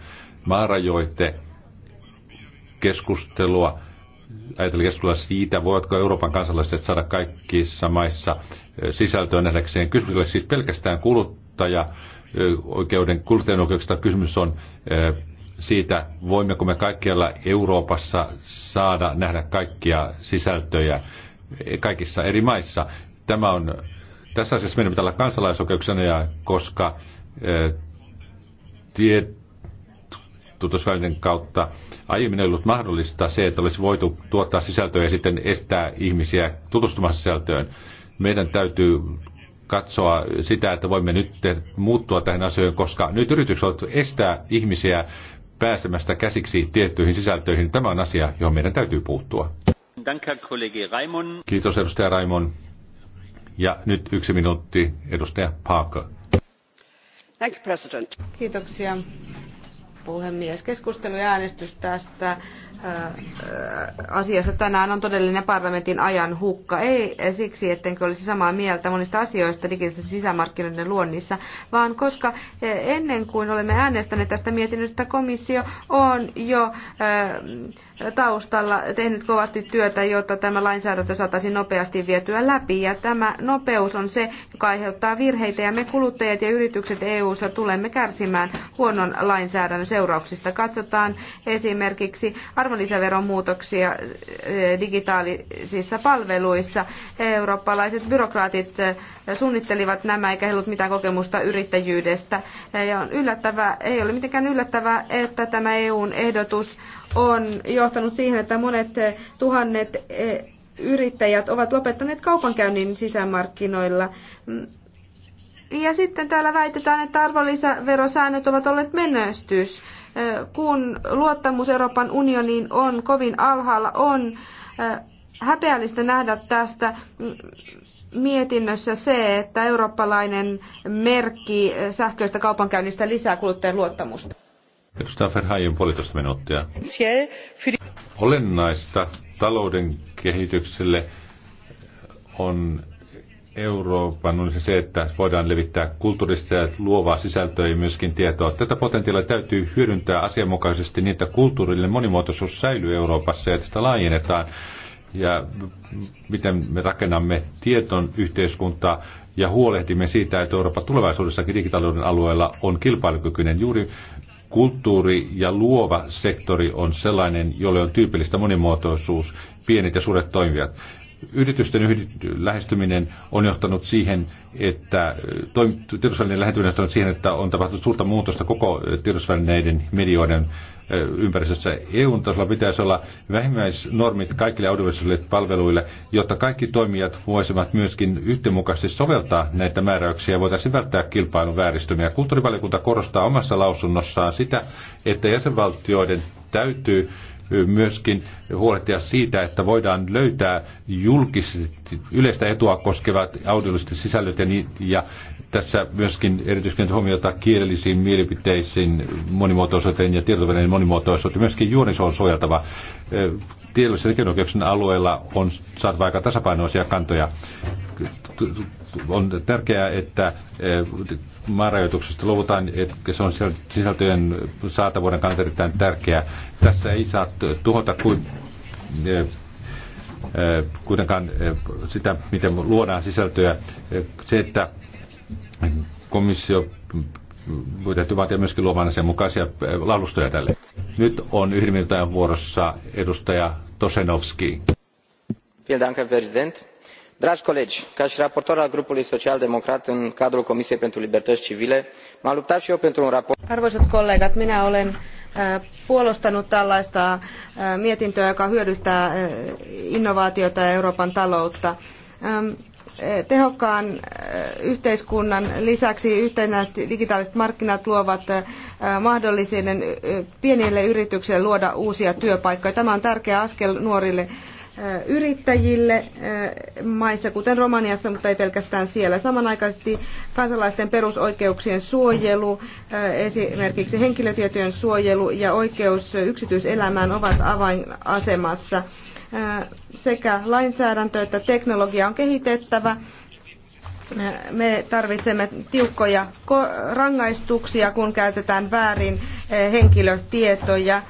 Maarajoite keskustelua, ajatella keskustella siitä, voivatko Euroopan kansalaiset saada kaikissa maissa sisältöä nähdäkseen. Kysymys siis pelkästään kuluttaja, oikeuden, kuluttajan oikeuksista kysymys on siitä, voimmeko me kaikkialla Euroopassa saada nähdä kaikkia sisältöjä kaikissa eri maissa. Tämä on, tässä asiassa meidän pitää olla kansalaisoikeuksena, koska eh, tiedotusvälineiden kautta aiemmin ei ollut mahdollista se, että olisi voitu tuottaa sisältöä ja sitten estää ihmisiä tutustumassa sisältöön. Meidän täytyy katsoa sitä, että voimme nyt muuttua tähän asioihin, koska nyt yritykset estää ihmisiä pääsemästä käsiksi tiettyihin sisältöihin. Tämä on asia, johon meidän täytyy puuttua. Kiitos edustaja Raimon. Ja nyt yksi minuutti edustaja Parker. Thank you, President. Kiitoksia puhemies. Keskustelu ja äänestys tästä äh, äh, asiasta tänään on todellinen parlamentin ajan hukka. Ei siksi, ettenkö olisi samaa mieltä monista asioista digitaalisten sisämarkkinoiden luonnissa, vaan koska äh, ennen kuin olemme äänestäneet tästä mietinnöstä, komissio on jo taustalla tehnyt kovasti työtä, jotta tämä lainsäädäntö saataisiin nopeasti vietyä läpi. Ja tämä nopeus on se, joka aiheuttaa virheitä, ja me kuluttajat ja yritykset EU-ssa tulemme kärsimään huonon lainsäädännön seurauksista. Katsotaan esimerkiksi arvonlisäveron muutoksia eh, digitaalisissa palveluissa. Eurooppalaiset byrokraatit eh, suunnittelivat nämä eikä heillä ollut mitään kokemusta yrittäjyydestä. Eh, ja on yllättävää, ei ole mitenkään yllättävää, että tämä EUn ehdotus on johtanut siihen, että monet tuhannet yrittäjät ovat lopettaneet kaupankäynnin sisämarkkinoilla. Mm, ja sitten täällä väitetään, että arvonlisäverosäännöt ovat olleet menestys. Kun luottamus Euroopan unioniin on kovin alhaalla, on häpeällistä nähdä tästä mietinnössä se, että eurooppalainen merkki sähköistä kaupankäynnistä lisää kuluttajan luottamusta. Edustaja Verhaajan puolitoista minuuttia. Olennaista talouden kehitykselle on Euroopan on se, että voidaan levittää kulttuurista ja luovaa sisältöä ja myöskin tietoa. Tätä potentiaalia täytyy hyödyntää asianmukaisesti niin, että kulttuurillinen monimuotoisuus säilyy Euroopassa ja tästä laajennetaan. Ja miten me rakennamme tieton yhteiskuntaa ja huolehdimme siitä, että Eurooppa tulevaisuudessakin digitaalisuuden alueella on kilpailukykyinen. Juuri kulttuuri ja luova sektori on sellainen, jolle on tyypillistä monimuotoisuus, pienet ja suuret toimijat yritysten yhdy- lähestyminen on johtanut siihen, että tiedotusvälineiden lähestyminen on johtanut siihen, että on tapahtunut suurta muutosta koko tiedotusvälineiden medioiden ympäristössä. EUn tasolla pitäisi olla vähimmäisnormit kaikille audiovisuaalisille palveluille, jotta kaikki toimijat voisivat myöskin yhdenmukaisesti soveltaa näitä määräyksiä ja voitaisiin välttää kilpailun vääristymiä. Kulttuurivaliokunta korostaa omassa lausunnossaan sitä, että jäsenvaltioiden täytyy myöskin huolehtia siitä, että voidaan löytää julkisesti yleistä etua koskevat audiolliset sisällöt ja, ja tässä myöskin erityisesti huomiota kielellisiin mielipiteisiin, monimuotoisuuteen ja tietovälineen monimuotoisuuteen. Myöskin juuri on suojeltava tietyllä tekijänoikeuksien alueella on saatava aika tasapainoisia kantoja. On tärkeää, että e, maanrajoituksesta luvutaan, että se on sisältöjen saatavuuden kannalta erittäin tärkeää. Tässä ei saa tuhota kuin e, e, kuitenkaan sitä, miten luodaan sisältöä. Se, että komissio voi täytyy vaatia myöskin luomaan sen mukaisia laulustoja tälle. Nyt on yhden vuorossa edustaja Tosenovski. Dragi colegi, ca și raportor al grupului social democrat în cadrul Comisiei pentru Libertăți Civile, m-am luptat și eu pentru un raport. Arvoisat kollegat, minä olen äh, puolustanut tällaista äh, mietintöä, joka hyödyttää äh, innovaatiota ja Euroopan taloutta. Ähm, tehokkaan äh, yhteiskunnan lisäksi yhtenäiset digitaaliset markkinat luovat äh, mahdollisuuden äh, pienille yrityksille luoda uusia työpaikkoja. Tämä on tärkeä askel nuorille yrittäjille maissa, kuten Romaniassa, mutta ei pelkästään siellä. Samanaikaisesti kansalaisten perusoikeuksien suojelu, esimerkiksi henkilötietojen suojelu ja oikeus yksityiselämään ovat avainasemassa. Sekä lainsäädäntö että teknologia on kehitettävä me tarvitsemme tiukkoja rangaistuksia, kun käytetään väärin henkilötietoja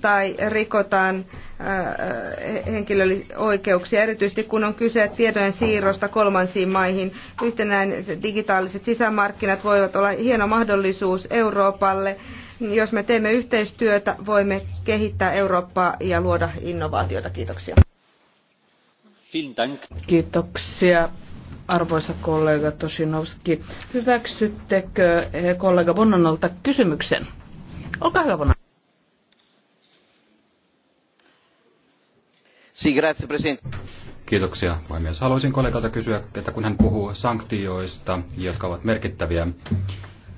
tai rikotaan äh, äh, henkilöoikeuksia, erityisesti kun on kyse tietojen siirrosta kolmansiin maihin. Yhtenäiset digitaaliset sisämarkkinat voivat olla hieno mahdollisuus Euroopalle. Jos me teemme yhteistyötä, voimme kehittää Eurooppaa ja luoda innovaatioita. Kiitoksia. Kiitoksia arvoisa kollega Tosinovski. Hyväksyttekö eh, kollega Bonnanolta kysymyksen? Olkaa hyvä, Bonnan. Kiitoksia, puhemies. Haluaisin kollegalta kysyä, että kun hän puhuu sanktioista, jotka ovat merkittäviä,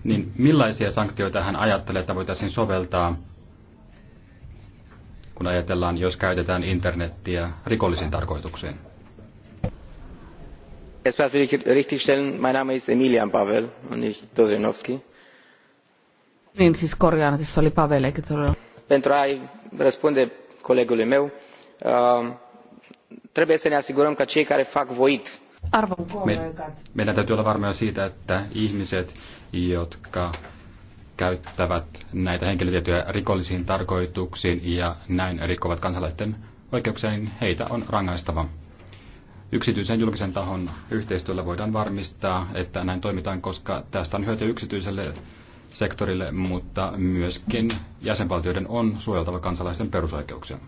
niin millaisia sanktioita hän ajattelee, että voitaisiin soveltaa, kun ajatellaan, jos käytetään internettiä rikollisiin tarkoituksiin? Erstmal will ich richtigstellen, mein Name ist Emilian Pavel und nicht Dozenovski. Niin, siis korjaan, että se oli Pavel, eikä todella. Pentru a răspunde colegului meu, Um, trebuie să ne asigurăm că cei care fac voit me, meidän täytyy olla varmoja siitä, että ihmiset, jotka käyttävät näitä henkilötietoja rikollisiin tarkoituksiin ja näin rikkovat kansalaisten oikeuksia, niin heitä on rangaistava. Yksityisen julkisen tahon yhteistyöllä voidaan varmistaa, että näin toimitaan, koska tästä on hyötyä yksityiselle sektorille, mutta myöskin jäsenvaltioiden on suojeltava kansalaisten perusoikeuksia.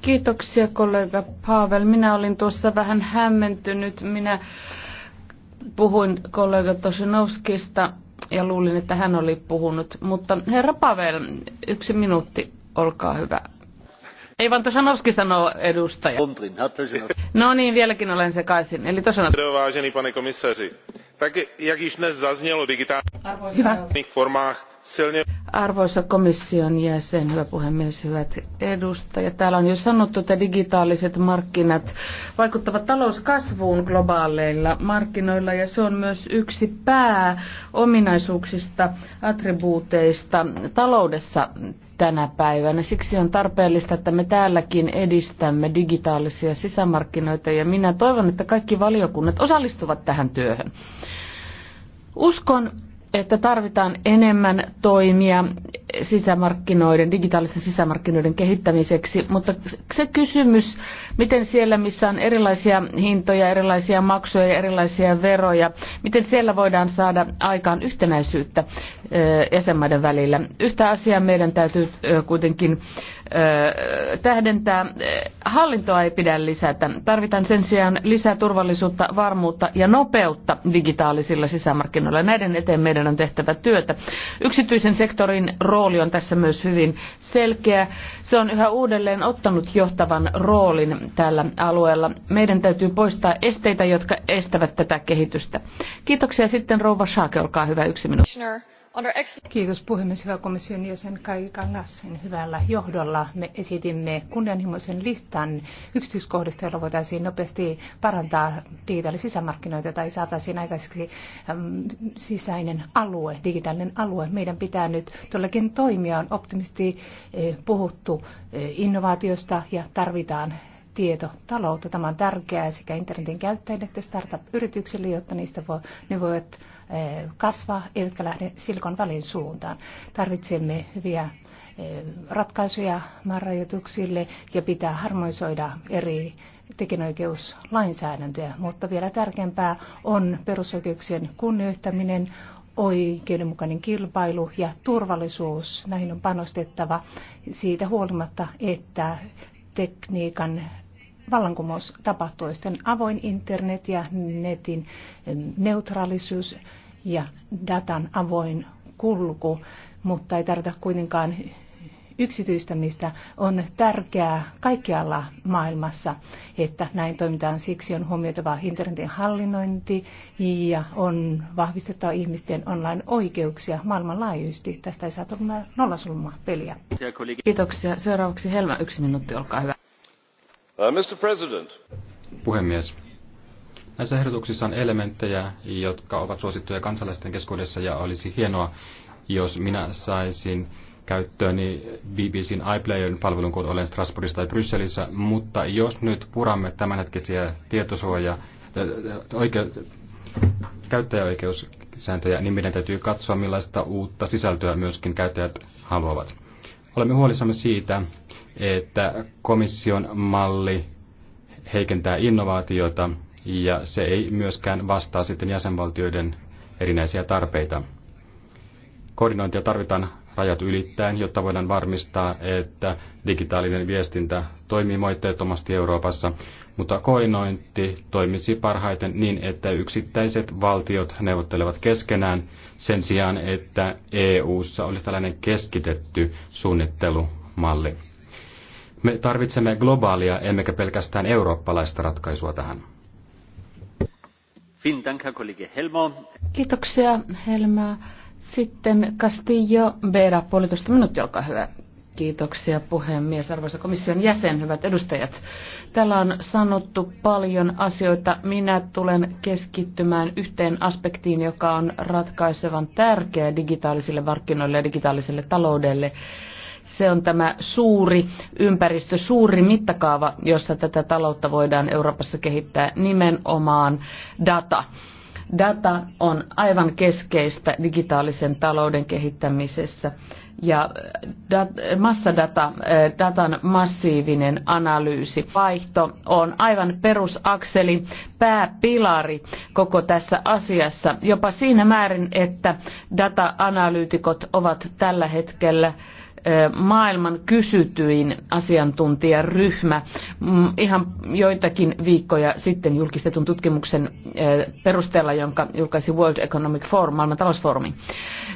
Kiitoksia kollega Pavel. Minä olin tuossa vähän hämmentynyt. Minä puhuin kollega Tosinovskista ja luulin, että hän oli puhunut. Mutta herra Pavel, yksi minuutti, olkaa hyvä. Ei vaan Tosanovski sanoo edustaja. No niin, vieläkin olen sekaisin. Eli Tosanovski. pane tak jak již dnes zaznělo digitálních formách silně... Arvoisa komission jäsen, hyvä puhemies, hyvät edustajat. Täällä on jo sanottu, että digitaaliset markkinat vaikuttavat talouskasvuun globaaleilla markkinoilla ja se on myös yksi pääominaisuuksista, attribuuteista taloudessa tänä päivänä. Siksi on tarpeellista, että me täälläkin edistämme digitaalisia sisämarkkinoita ja minä toivon, että kaikki valiokunnat osallistuvat tähän työhön. Uskon, että tarvitaan enemmän toimia sisämarkkinoiden, digitaalisten sisämarkkinoiden kehittämiseksi, mutta se kysymys, miten siellä, missä on erilaisia hintoja, erilaisia maksuja ja erilaisia veroja, miten siellä voidaan saada aikaan yhtenäisyyttä jäsenmaiden välillä. Yhtä asiaa meidän täytyy kuitenkin tähdentää. Hallintoa ei pidä lisätä. Tarvitaan sen sijaan lisää turvallisuutta, varmuutta ja nopeutta digitaalisilla sisämarkkinoilla. Näiden eteen meidän on tehtävä työtä. Yksityisen sektorin rooli on tässä myös hyvin selkeä. Se on yhä uudelleen ottanut johtavan roolin tällä alueella. Meidän täytyy poistaa esteitä, jotka estävät tätä kehitystä. Kiitoksia sitten rouva Schaake, olkaa hyvä yksi minuutti. Kiitos puhemies, hyvä komission jäsen Kai Kangassen hyvällä johdolla. Me esitimme kunnianhimoisen listan yksityiskohdista, joilla voitaisiin nopeasti parantaa digitaalisia sisämarkkinoita tai saataisiin aikaiseksi sisäinen alue, digitaalinen alue. Meidän pitää nyt todellakin toimia, on optimisti puhuttu innovaatiosta ja tarvitaan tietotaloutta. Tämä on tärkeää sekä internetin käyttäjille että startup-yrityksille, jotta niistä voi, ne voivat Eh, kasva, eivätkä lähde silkon välin suuntaan. Tarvitsemme hyviä eh, ratkaisuja maanrajoituksille ja pitää harmonisoida eri tekijänoikeuslainsäädäntöjä, mutta vielä tärkeämpää on perusoikeuksien kunnioittaminen, oikeudenmukainen kilpailu ja turvallisuus. Näihin on panostettava siitä huolimatta, että tekniikan vallankumous tapahtui. Sitten avoin internet ja netin neutraalisuus ja datan avoin kulku, mutta ei tarvita kuitenkaan yksityistämistä on tärkeää kaikkialla maailmassa, että näin toimitaan. Siksi on huomioitava internetin hallinnointi ja on vahvistettava ihmisten online-oikeuksia maailmanlaajuisesti. Tästä ei saa tulla nollasulmaa peliä. Kiitoksia. Seuraavaksi Helma, yksi minuutti, olkaa hyvä. Uh, Puhemies. Näissä ehdotuksissa on elementtejä, jotka ovat suosittuja kansalaisten keskuudessa ja olisi hienoa, jos minä saisin käyttööni BBCn iPlayerin palvelun, kun olen Strasbourgissa tai Brysselissä, mutta jos nyt puramme tämänhetkisiä tietosuoja, äh, äh, käyttäjäoikeussääntöjä, niin meidän täytyy katsoa, millaista uutta sisältöä myöskin käyttäjät haluavat. Olemme huolissamme siitä, että komission malli heikentää innovaatiota ja se ei myöskään vastaa sitten jäsenvaltioiden erinäisiä tarpeita. Koordinointia tarvitaan rajat ylittäen, jotta voidaan varmistaa, että digitaalinen viestintä toimii moitteettomasti Euroopassa, mutta koinointi toimisi parhaiten niin, että yksittäiset valtiot neuvottelevat keskenään sen sijaan, että EU:ssa olisi tällainen keskitetty suunnittelumalli. Me tarvitsemme globaalia, emmekä pelkästään eurooppalaista ratkaisua tähän. Kiitoksia Helma. Sitten Castillo Beera, puolitoista minuuttia, olkaa hyvä. Kiitoksia puhemies, arvoisa komission jäsen, hyvät edustajat. Täällä on sanottu paljon asioita. Minä tulen keskittymään yhteen aspektiin, joka on ratkaisevan tärkeä digitaalisille markkinoille ja digitaaliselle taloudelle. Se on tämä suuri ympäristö, suuri mittakaava, jossa tätä taloutta voidaan Euroopassa kehittää nimenomaan data Data on aivan keskeistä digitaalisen talouden kehittämisessä ja äh, dat, massadata, äh, datan massiivinen analyysi, vaihto on aivan perusakseli, pääpilari koko tässä asiassa, jopa siinä määrin, että data-analyytikot ovat tällä hetkellä maailman kysytyin asiantuntijaryhmä mm, ihan joitakin viikkoja sitten julkistetun tutkimuksen perusteella, jonka julkaisi World Economic Forum, maailman talousfoorumi.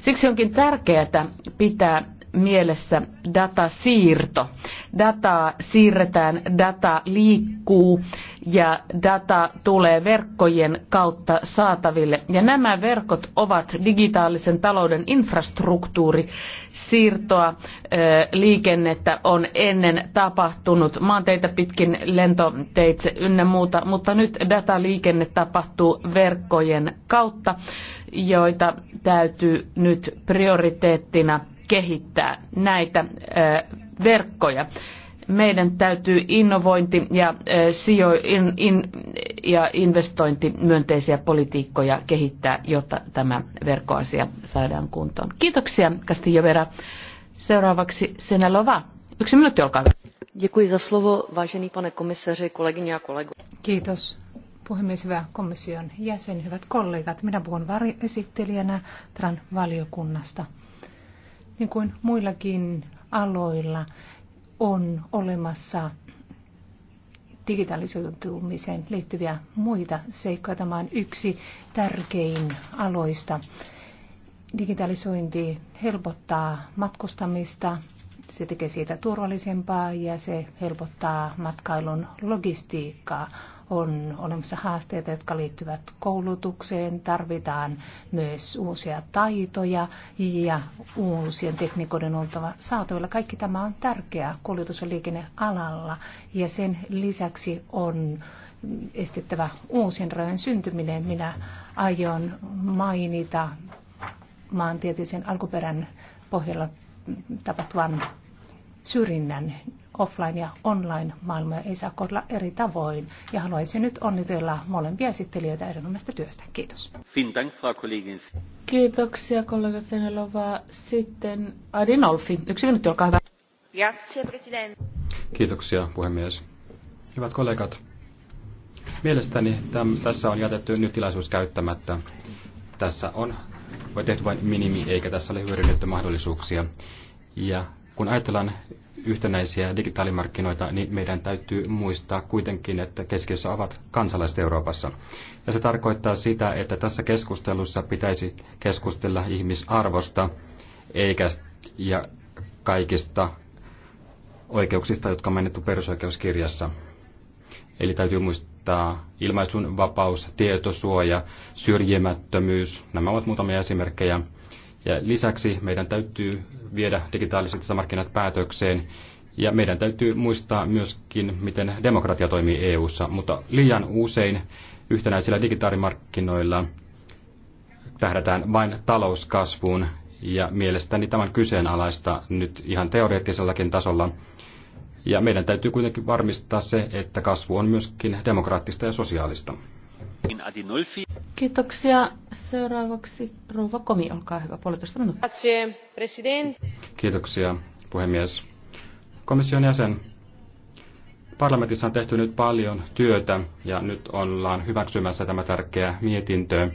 Siksi onkin tärkeää pitää mielessä datasiirto. Dataa siirretään, data liikkuu ja data tulee verkkojen kautta saataville. Ja nämä verkot ovat digitaalisen talouden infrastruktuuri. Siirtoa, liikennettä on ennen tapahtunut maanteitä pitkin lentoteitse ynnä muuta, mutta nyt dataliikenne tapahtuu verkkojen kautta, joita täytyy nyt prioriteettina kehittää näitä verkkoja. Meidän täytyy innovointi- ja, sijo- in, in, ja investointimyönteisiä politiikkoja kehittää, jotta tämä verkkoasia saadaan kuntoon. Kiitoksia, Castillo Vera. Seuraavaksi Senelova. Yksi minuutti, olkaa hyvä. Děkuji za slovo, vážený pane komisaři, kolegyně a kolego. Kiitos, puhemies, hyvä komission jäsen, hyvät kollegat. Minä puhun esittelijänä TRAN valiokunnasta niin kuin muillakin aloilla, on olemassa digitalisoitumiseen liittyviä muita seikkoja. Tämä on yksi tärkein aloista. Digitalisointi helpottaa matkustamista, se tekee siitä turvallisempaa ja se helpottaa matkailun logistiikkaa on olemassa haasteita, jotka liittyvät koulutukseen, tarvitaan myös uusia taitoja ja uusien tekniikoiden oltava saatavilla. Kaikki tämä on tärkeää kuljetus- ja liikennealalla ja sen lisäksi on estettävä uusien rajojen syntyminen. Minä aion mainita maantieteisen alkuperän pohjalla tapahtuvan syrjinnän offline- ja online-maailmoja ei saa kohdella eri tavoin. Ja haluaisin nyt onnitella molempia esittelijöitä erinomaisesta työstä. Kiitos. Kiitoksia kollega Senelova. Sitten Adinolfi. Yksi minuutti, olkaa hyvä. Kiitoksia puhemies. Hyvät kollegat, mielestäni täm, tässä on jätetty nyt tilaisuus käyttämättä. Tässä on tehty vain minimi, eikä tässä ole hyödynnetty mahdollisuuksia. Ja kun ajatellaan yhtenäisiä digitaalimarkkinoita, niin meidän täytyy muistaa kuitenkin, että keskiössä ovat kansalaiset Euroopassa. Ja se tarkoittaa sitä, että tässä keskustelussa pitäisi keskustella ihmisarvosta eikä ja kaikista oikeuksista, jotka on mainittu perusoikeuskirjassa. Eli täytyy muistaa ilmaisun vapaus, tietosuoja, syrjimättömyys. Nämä ovat muutamia esimerkkejä. Ja lisäksi meidän täytyy viedä digitaaliset sisämarkkinat päätökseen. Ja meidän täytyy muistaa myöskin, miten demokratia toimii EU:ssa, mutta liian usein yhtenäisillä digitaalimarkkinoilla tähdätään vain talouskasvuun ja mielestäni tämän kyseenalaista nyt ihan teoreettisellakin tasolla. Ja meidän täytyy kuitenkin varmistaa se, että kasvu on myöskin demokraattista ja sosiaalista. Kiitoksia. Seuraavaksi Rouva Komi, olkaa hyvä, puolitoista minuuttia. Kiitoksia, puhemies. Komission jäsen, parlamentissa on tehty nyt paljon työtä ja nyt ollaan hyväksymässä tämä tärkeä mietintö,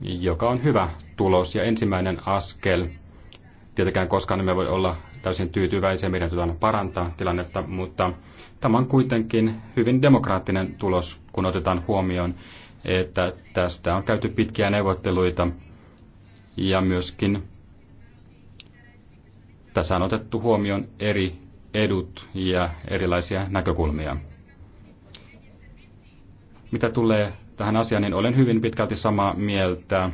joka on hyvä tulos ja ensimmäinen askel. Tietenkään koskaan emme voi olla täysin tyytyväisiä, meidän tuota parantaa tilannetta, mutta tämä on kuitenkin hyvin demokraattinen tulos kun otetaan huomioon, että tästä on käyty pitkiä neuvotteluita ja myöskin tässä on otettu huomioon eri edut ja erilaisia näkökulmia. Mitä tulee tähän asiaan, niin olen hyvin pitkälti samaa mieltä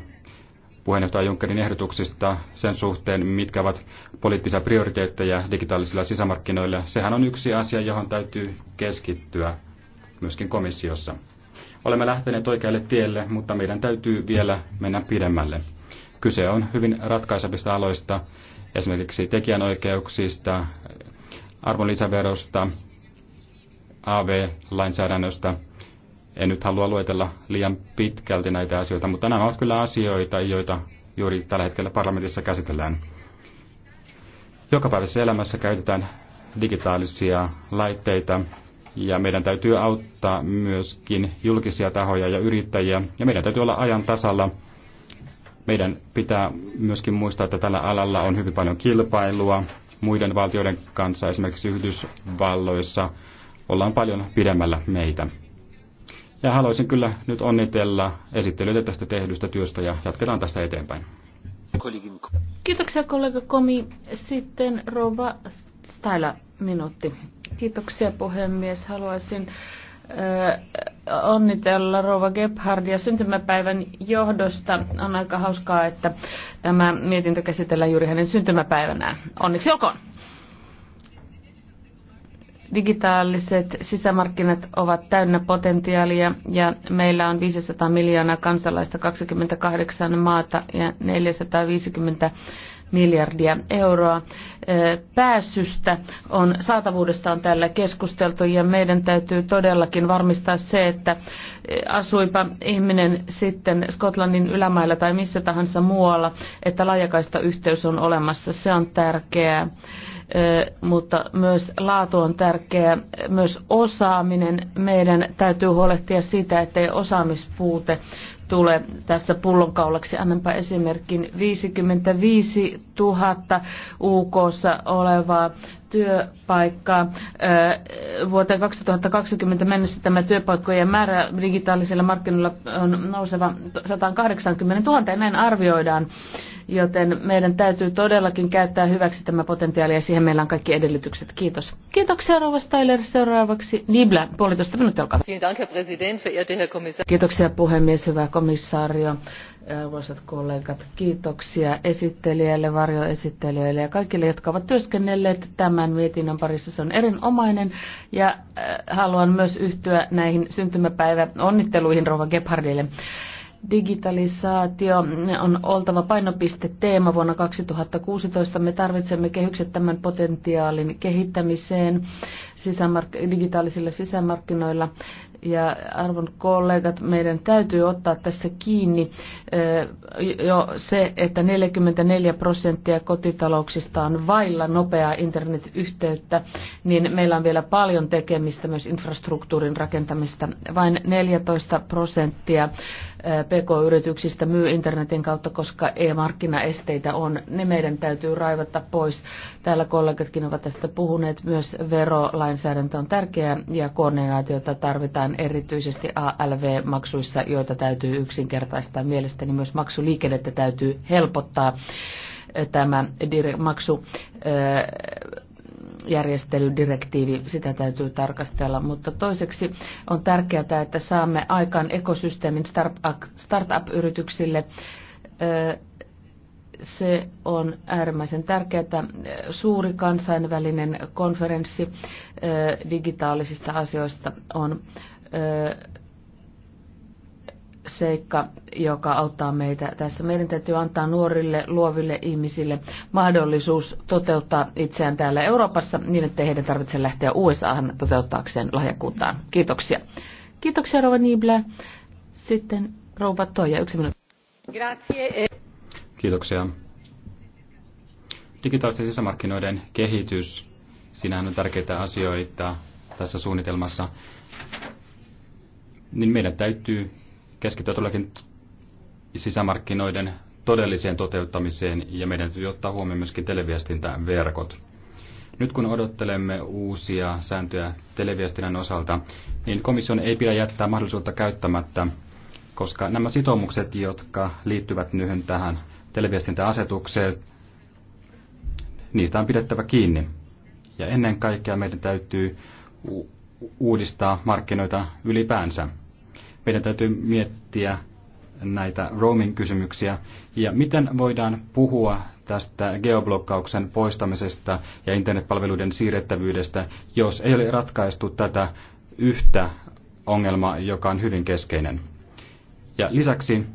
puheenjohtaja Junckerin ehdotuksista sen suhteen, mitkä ovat poliittisia prioriteetteja digitaalisilla sisämarkkinoilla. Sehän on yksi asia, johon täytyy keskittyä myöskin komissiossa. Olemme lähteneet oikealle tielle, mutta meidän täytyy vielä mennä pidemmälle. Kyse on hyvin ratkaisevista aloista, esimerkiksi tekijänoikeuksista, arvonlisäverosta, AV-lainsäädännöstä. En nyt halua luetella liian pitkälti näitä asioita, mutta nämä ovat kyllä asioita, joita juuri tällä hetkellä parlamentissa käsitellään. Jokapäiväisessä elämässä käytetään digitaalisia laitteita ja meidän täytyy auttaa myöskin julkisia tahoja ja yrittäjiä. Ja meidän täytyy olla ajan tasalla. Meidän pitää myöskin muistaa, että tällä alalla on hyvin paljon kilpailua muiden valtioiden kanssa, esimerkiksi Yhdysvalloissa. Ollaan paljon pidemmällä meitä. Ja haluaisin kyllä nyt onnitella esittelyitä tästä tehdystä työstä ja jatketaan tästä eteenpäin. Kiitoksia kollega Komi. Sitten Rova Staila minuutti. Kiitoksia puhemies. Haluaisin äh, onnitella Rova Gebhardia syntymäpäivän johdosta. On aika hauskaa, että tämä mietintö käsitellään juuri hänen syntymäpäivänään. Onneksi olkoon! Digitaaliset sisämarkkinat ovat täynnä potentiaalia ja meillä on 500 miljoonaa kansalaista, 28 maata ja 450 miljardia euroa. Pääsystä on, saatavuudesta on täällä keskusteltu ja meidän täytyy todellakin varmistaa se, että asuipa ihminen sitten Skotlannin ylämailla tai missä tahansa muualla, että laajakaista yhteys on olemassa. Se on tärkeää mutta myös laatu on tärkeää, myös osaaminen. Meidän täytyy huolehtia siitä, ettei osaamispuute tule tässä pullonkaulaksi. Annanpa esimerkin 55 000 UK olevaa työpaikkaa. Vuoteen 2020 mennessä tämä työpaikkojen määrä digitaalisilla markkinoilla on nouseva 180 000, näin arvioidaan joten meidän täytyy todellakin käyttää hyväksi tämä potentiaali ja siihen meillä on kaikki edellytykset. Kiitos. Kiitoksia Rova Styler. Seuraavaksi Nibla, puolitoista minuuttia olkaa. Kiitoksia puhemies, hyvä komissaario, arvoisat kollegat. Kiitoksia esittelijälle, varjoesittelijöille ja kaikille, jotka ovat työskennelleet tämän mietinnön parissa. Se on erinomainen ja äh, haluan myös yhtyä näihin syntymäpäivä onnitteluihin Rova Gebhardille. Digitalisaatio on oltava painopiste teema vuonna 2016. Me tarvitsemme kehykset tämän potentiaalin kehittämiseen sisämark- digitaalisilla sisämarkkinoilla. Ja arvon kollegat, meidän täytyy ottaa tässä kiinni jo se, että 44 prosenttia kotitalouksista on vailla nopeaa internetyhteyttä, niin meillä on vielä paljon tekemistä myös infrastruktuurin rakentamista. Vain 14 prosenttia PK-yrityksistä myy internetin kautta, koska e-markkinaesteitä on, ne niin meidän täytyy raivata pois. Täällä kollegatkin ovat tästä puhuneet. Myös verolainsäädäntö on tärkeää ja koordinaatiota tarvitaan erityisesti ALV-maksuissa, joita täytyy yksinkertaistaa. Mielestäni myös maksuliikennettä täytyy helpottaa eh, tämä maksu eh, järjestelydirektiivi, sitä täytyy tarkastella. Mutta toiseksi on tärkeää, että saamme aikaan ekosysteemin startup-yrityksille. Se on äärimmäisen tärkeää. Suuri kansainvälinen konferenssi digitaalisista asioista on seikka, joka auttaa meitä tässä. Meidän täytyy antaa nuorille, luoville ihmisille mahdollisuus toteuttaa itseään täällä Euroopassa niin, että heidän tarvitse lähteä USAhan toteuttaakseen lahjakuntaan. Kiitoksia. Kiitoksia Rova Niiblä. Sitten Rouva Toija, yksi minuutti. Kiitoksia. Digitaalisten sisämarkkinoiden kehitys, siinähän on tärkeitä asioita tässä suunnitelmassa. Niin meidän täytyy keskittyä todellakin sisämarkkinoiden todelliseen toteuttamiseen ja meidän täytyy ottaa huomioon myöskin televiestintäverkot. Nyt kun odottelemme uusia sääntöjä televiestinnän osalta, niin komission ei pidä jättää mahdollisuutta käyttämättä, koska nämä sitoumukset, jotka liittyvät nyhyn tähän televiestintäasetukseen, niistä on pidettävä kiinni. Ja ennen kaikkea meidän täytyy uudistaa markkinoita ylipäänsä. Meidän täytyy miettiä näitä roaming-kysymyksiä ja miten voidaan puhua tästä geoblokkauksen poistamisesta ja internetpalveluiden siirrettävyydestä, jos ei ole ratkaistu tätä yhtä ongelmaa, joka on hyvin keskeinen. Ja lisäksi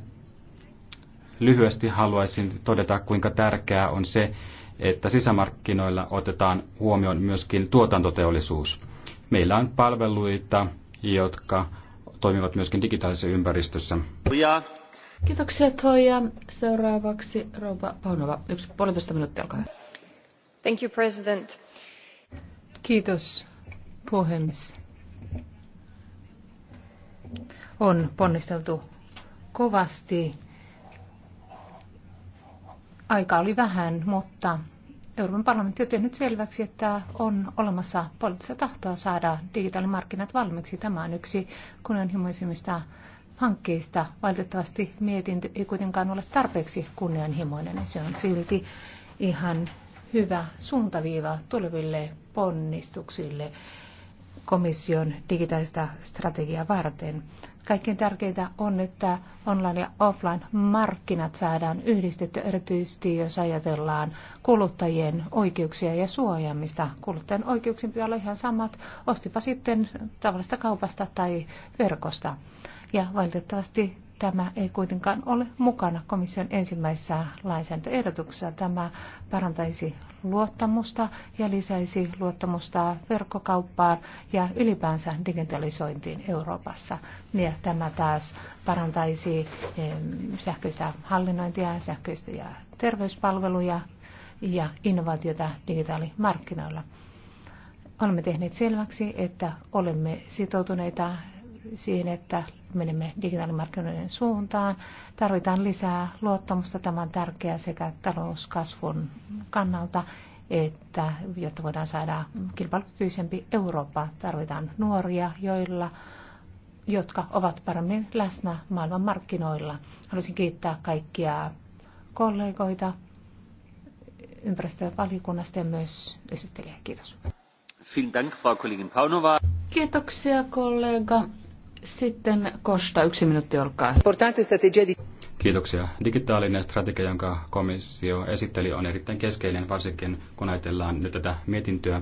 lyhyesti haluaisin todeta, kuinka tärkeää on se, että sisämarkkinoilla otetaan huomioon myöskin tuotantoteollisuus. Meillä on palveluita, jotka toimivat myöskin digitaalisessa ympäristössä. Kiitoksia Toija. Seuraavaksi Rouva Paunova. Yksi puolitoista minuuttia, olkaa hyvä. Thank you, President. Kiitos, puhemies. On ponnisteltu kovasti. Aika oli vähän, mutta Euroopan parlamentti on tehnyt selväksi, että on olemassa poliittista tahtoa saada digitaalimarkkinat valmiiksi. Tämä on yksi kunnianhimoisimmista hankkeista. Valitettavasti mietintö ei kuitenkaan ole tarpeeksi kunnianhimoinen. Se on silti ihan hyvä suuntaviiva tuleville ponnistuksille komission digitaalista strategiaa varten. Kaikkein tärkeintä on, että online- ja offline-markkinat saadaan yhdistetty erityisesti, jos ajatellaan kuluttajien oikeuksia ja suojaamista. Kuluttajan oikeuksien pitää olla ihan samat, ostipa sitten tavallista kaupasta tai verkosta. Ja valitettavasti Tämä ei kuitenkaan ole mukana komission ensimmäisessä lainsäädäntöehdotuksessa. Tämä parantaisi luottamusta ja lisäisi luottamusta verkkokauppaan ja ylipäänsä digitalisointiin Euroopassa. Ja tämä taas parantaisi sähköistä hallinnointia, sähköistä terveyspalveluja ja innovaatiota digitaalimarkkinoilla. Olemme tehneet selväksi, että olemme sitoutuneita siihen, että menemme digitaalimarkkinoiden suuntaan. Tarvitaan lisää luottamusta. Tämä on tärkeää sekä talouskasvun kannalta että jotta voidaan saada kilpailukykyisempi Eurooppa, tarvitaan nuoria, joilla jotka ovat paremmin läsnä maailman markkinoilla. Haluaisin kiittää kaikkia kollegoita ympäristövaliokunnasta ja myös esittelijä. Kiitos. Kiitoksia kollega. Sitten Kosta, yksi minuutti, olkaa Kiitoksia. Digitaalinen strategia, jonka komissio esitteli, on erittäin keskeinen, varsinkin kun ajatellaan nyt tätä mietintöä.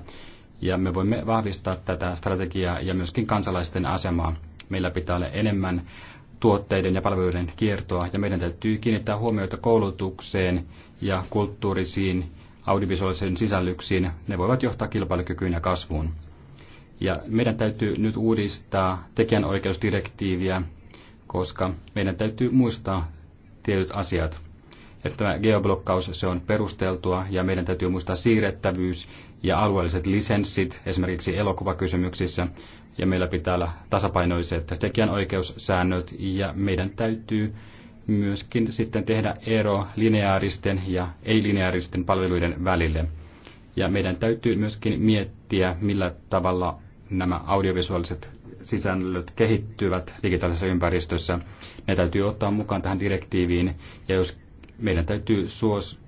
Ja me voimme vahvistaa tätä strategiaa ja myöskin kansalaisten asemaa. Meillä pitää olla enemmän tuotteiden ja palveluiden kiertoa, ja meidän täytyy kiinnittää huomiota koulutukseen ja kulttuurisiin audiovisuaalisiin sisällyksiin. Ne voivat johtaa kilpailukykyyn ja kasvuun. Ja meidän täytyy nyt uudistaa tekijänoikeusdirektiiviä, koska meidän täytyy muistaa tietyt asiat. Että tämä geoblokkaus se on perusteltua ja meidän täytyy muistaa siirrettävyys ja alueelliset lisenssit esimerkiksi elokuvakysymyksissä. Ja meillä pitää olla tasapainoiset tekijänoikeussäännöt ja meidän täytyy myöskin sitten tehdä ero lineaaristen ja ei-lineaaristen palveluiden välille. Ja meidän täytyy myöskin miettiä, millä tavalla nämä audiovisuaaliset sisällöt kehittyvät digitaalisessa ympäristössä. Ne täytyy ottaa mukaan tähän direktiiviin ja jos meidän täytyy suos,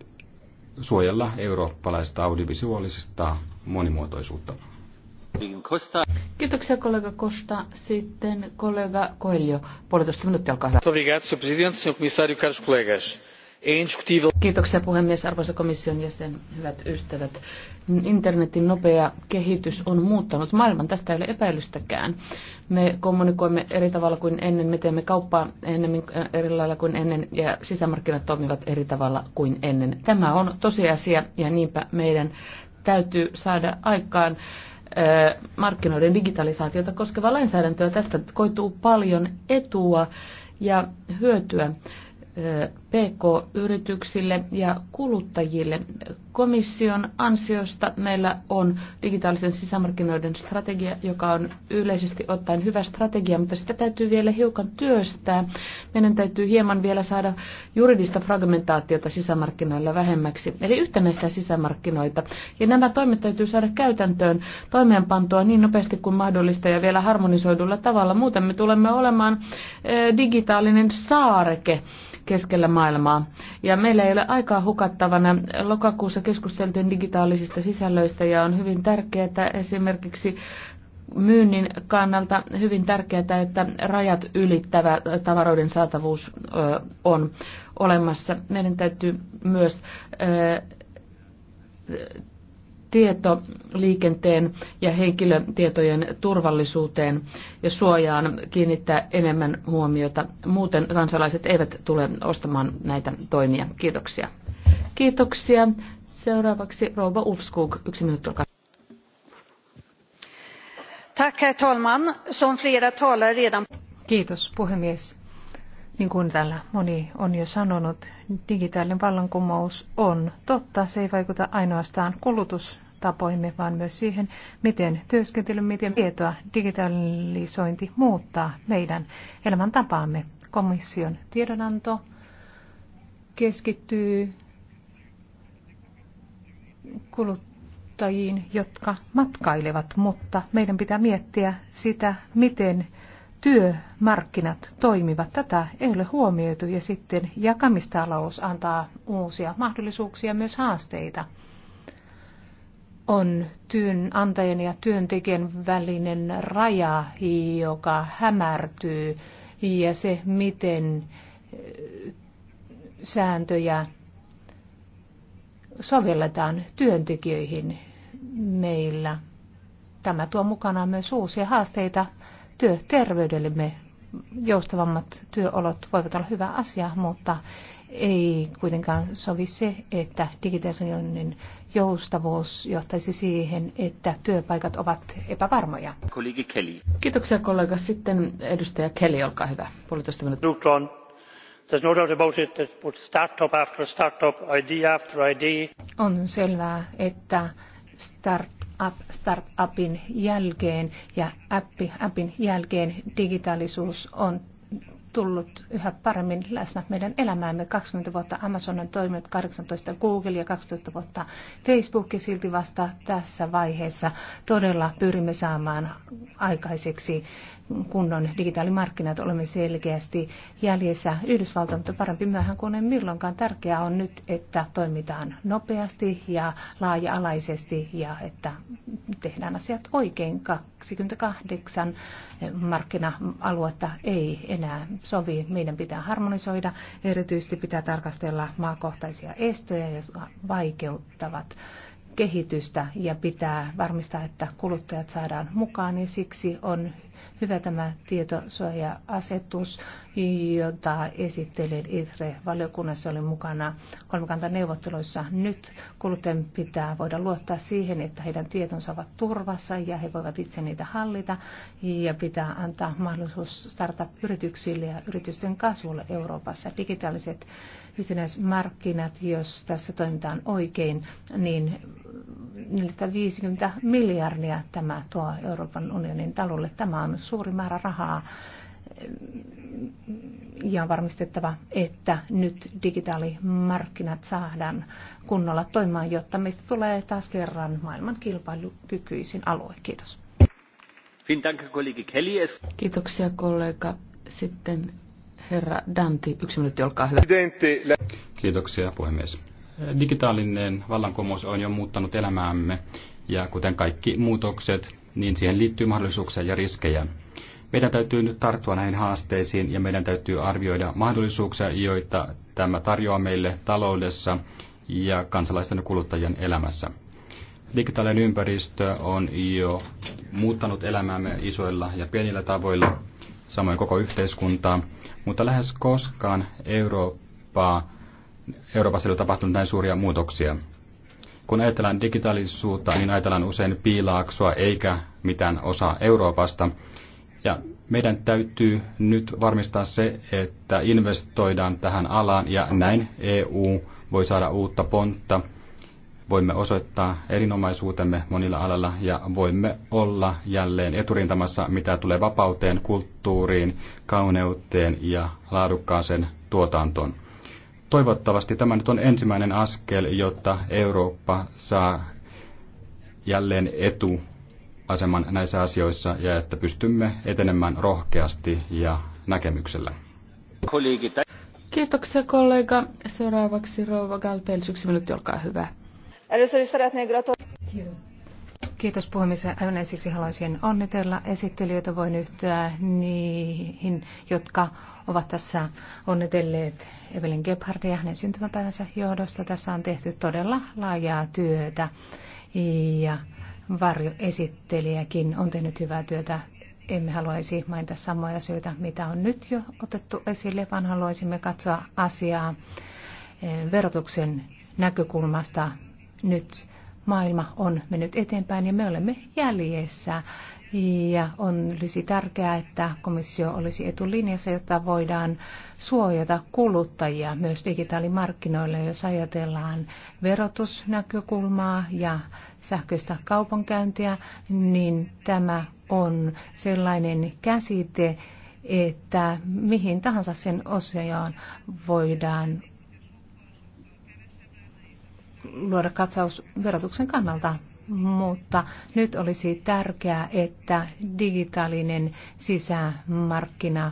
suojella eurooppalaista audiovisuaalisista monimuotoisuutta. Kiitoksia kollega Kosta. Sitten kollega Coelho. Puolitoista minuuttia, olkaa hyvä. Obrigado, senhor presidente, senhor comissário, caros colegas. Kiitoksia puhemies, arvoisa komission jäsen, hyvät ystävät. Internetin nopea kehitys on muuttanut maailman, tästä ei ole epäilystäkään. Me kommunikoimme eri tavalla kuin ennen, me teemme kauppaa ennemmin, äh, eri lailla kuin ennen ja sisämarkkinat toimivat eri tavalla kuin ennen. Tämä on tosiasia ja niinpä meidän täytyy saada aikaan äh, markkinoiden digitalisaatiota koskeva lainsäädäntöä. Tästä koituu paljon etua ja hyötyä äh, PK-yrityksille ja kuluttajille. Komission ansiosta meillä on digitaalisen sisämarkkinoiden strategia, joka on yleisesti ottaen hyvä strategia, mutta sitä täytyy vielä hiukan työstää. Meidän täytyy hieman vielä saada juridista fragmentaatiota sisämarkkinoilla vähemmäksi, eli yhtenäistä sisämarkkinoita. Ja nämä toimet täytyy saada käytäntöön toimeenpantoa niin nopeasti kuin mahdollista ja vielä harmonisoidulla tavalla. Muuten me tulemme olemaan eh, digitaalinen saareke keskellä maailmaa maailmaa. Ja meillä ei ole aikaa hukattavana. Lokakuussa keskusteltiin digitaalisista sisällöistä ja on hyvin tärkeää, että esimerkiksi myynnin kannalta hyvin tärkeää, että rajat ylittävä tavaroiden saatavuus on olemassa. Meidän täytyy myös tietoliikenteen ja henkilötietojen turvallisuuteen ja suojaan kiinnittää enemmän huomiota. Muuten kansalaiset eivät tule ostamaan näitä toimia. Kiitoksia. Kiitoksia. Seuraavaksi Rouva Ufskog, yksi minuutti olkaa. Tack, herr talman. Som flera talare redan... Kiitos, puhemies. Niin kuin täällä moni on jo sanonut, digitaalinen vallankumous on totta. Se ei vaikuta ainoastaan kulutus tapoimme, vaan myös siihen, miten työskentely, miten tietoa, digitalisointi muuttaa meidän elämäntapaamme. Komission tiedonanto keskittyy kuluttajiin, jotka matkailevat, mutta meidän pitää miettiä sitä, miten työmarkkinat toimivat. Tätä ei ole huomioitu ja sitten jakamistalous antaa uusia mahdollisuuksia myös haasteita on työnantajan ja työntekijän välinen raja, joka hämärtyy ja se, miten eh, sääntöjä sovelletaan työntekijöihin meillä. Tämä tuo mukanaan myös uusia haasteita työterveydellemme. Joustavammat työolot voivat olla hyvä asia, mutta ei kuitenkaan sovi se, että digitalisoinnin joustavuus johtaisi siihen, että työpaikat ovat epävarmoja. Kollegi Kelly. Kiitoksia kollega. Sitten edustaja Kelly, olkaa hyvä. Puolitoista minuuttia. There's no doubt about it that startup after startup, idea after idea. On selvää, että startup startupin jälkeen ja appi appin jälkeen digitaalisuus on tullut yhä paremmin läsnä meidän elämäämme. 20 vuotta Amazon on toiminut, 18 Google ja 12 vuotta Facebook ja silti vasta tässä vaiheessa todella pyrimme saamaan aikaiseksi kunnon digitaalimarkkinat, olemme selkeästi jäljessä Yhdysvaltoon, mutta parempi myöhään kuin en milloinkaan. Tärkeää on nyt, että toimitaan nopeasti ja laaja-alaisesti ja että tehdään asiat oikein. 28 markkina-aluetta ei enää sovi. Meidän pitää harmonisoida. Erityisesti pitää tarkastella maakohtaisia estoja, jotka vaikeuttavat kehitystä ja pitää varmistaa, että kuluttajat saadaan mukaan, niin siksi on hyvä tämä tietosuoja-asetus, jota esittelen ITRE. Valiokunnassa oli mukana kolmikantaneuvotteluissa. Nyt kuluttajien pitää voida luottaa siihen, että heidän tietonsa ovat turvassa ja he voivat itse niitä hallita ja pitää antaa mahdollisuus startup-yrityksille ja yritysten kasvulle Euroopassa. Digitaaliset yhtenäismarkkinat, jos tässä toimitaan oikein, niin 450 miljardia tämä tuo Euroopan unionin talulle. Tämä on suuri määrä rahaa ja on varmistettava, että nyt digitaalimarkkinat saadaan kunnolla toimimaan, jotta meistä tulee taas kerran maailman kilpailukykyisin alue. Kiitos. Kiitoksia kollega. Sitten Herra Danti, yksi minuutti, olkaa hyvä. Kiitoksia, puhemies. Digitaalinen vallankumous on jo muuttanut elämäämme, ja kuten kaikki muutokset, niin siihen liittyy mahdollisuuksia ja riskejä. Meidän täytyy nyt tarttua näihin haasteisiin ja meidän täytyy arvioida mahdollisuuksia, joita tämä tarjoaa meille taloudessa ja kansalaisten ja kuluttajien elämässä. Digitaalinen ympäristö on jo muuttanut elämäämme isoilla ja pienillä tavoilla, samoin koko yhteiskuntaa. Mutta lähes koskaan Eurooppaa, Euroopassa ei ole tapahtunut näin suuria muutoksia. Kun ajatellaan digitaalisuutta, niin ajatellaan usein piilaaksoa eikä mitään osaa Euroopasta. Ja meidän täytyy nyt varmistaa se, että investoidaan tähän alaan ja näin EU voi saada uutta pontta – voimme osoittaa erinomaisuutemme monilla alalla ja voimme olla jälleen eturintamassa, mitä tulee vapauteen, kulttuuriin, kauneuteen ja laadukkaaseen tuotantoon. Toivottavasti tämä nyt on ensimmäinen askel, jotta Eurooppa saa jälleen etuaseman näissä asioissa ja että pystymme etenemään rohkeasti ja näkemyksellä. Kiitoksia kollega. Seuraavaksi Rouva Galpel, yksi minuutti, olkaa hyvä. Először is szeretnék gratulálni. Kiitos puhemies. Aivan ensiksi haluaisin onnitella esittelijöitä. Voin yhtyä niihin, jotka ovat tässä onnitelleet Evelyn Gebhardia hänen syntymäpäivänsä johdosta. Tässä on tehty todella laajaa työtä ja varjoesittelijäkin on tehnyt hyvää työtä. Emme haluaisi mainita samoja syitä, mitä on nyt jo otettu esille, vaan haluaisimme katsoa asiaa eh, verotuksen näkökulmasta nyt maailma on mennyt eteenpäin ja me olemme jäljessä. Ja on olisi tärkeää, että komissio olisi etulinjassa, jotta voidaan suojata kuluttajia myös digitaalimarkkinoilla, jos ajatellaan verotusnäkökulmaa ja sähköistä kaupankäyntiä, niin tämä on sellainen käsite, että mihin tahansa sen osiaan voidaan luoda katsaus verotuksen kannalta, mutta nyt olisi tärkeää, että digitaalinen sisämarkkina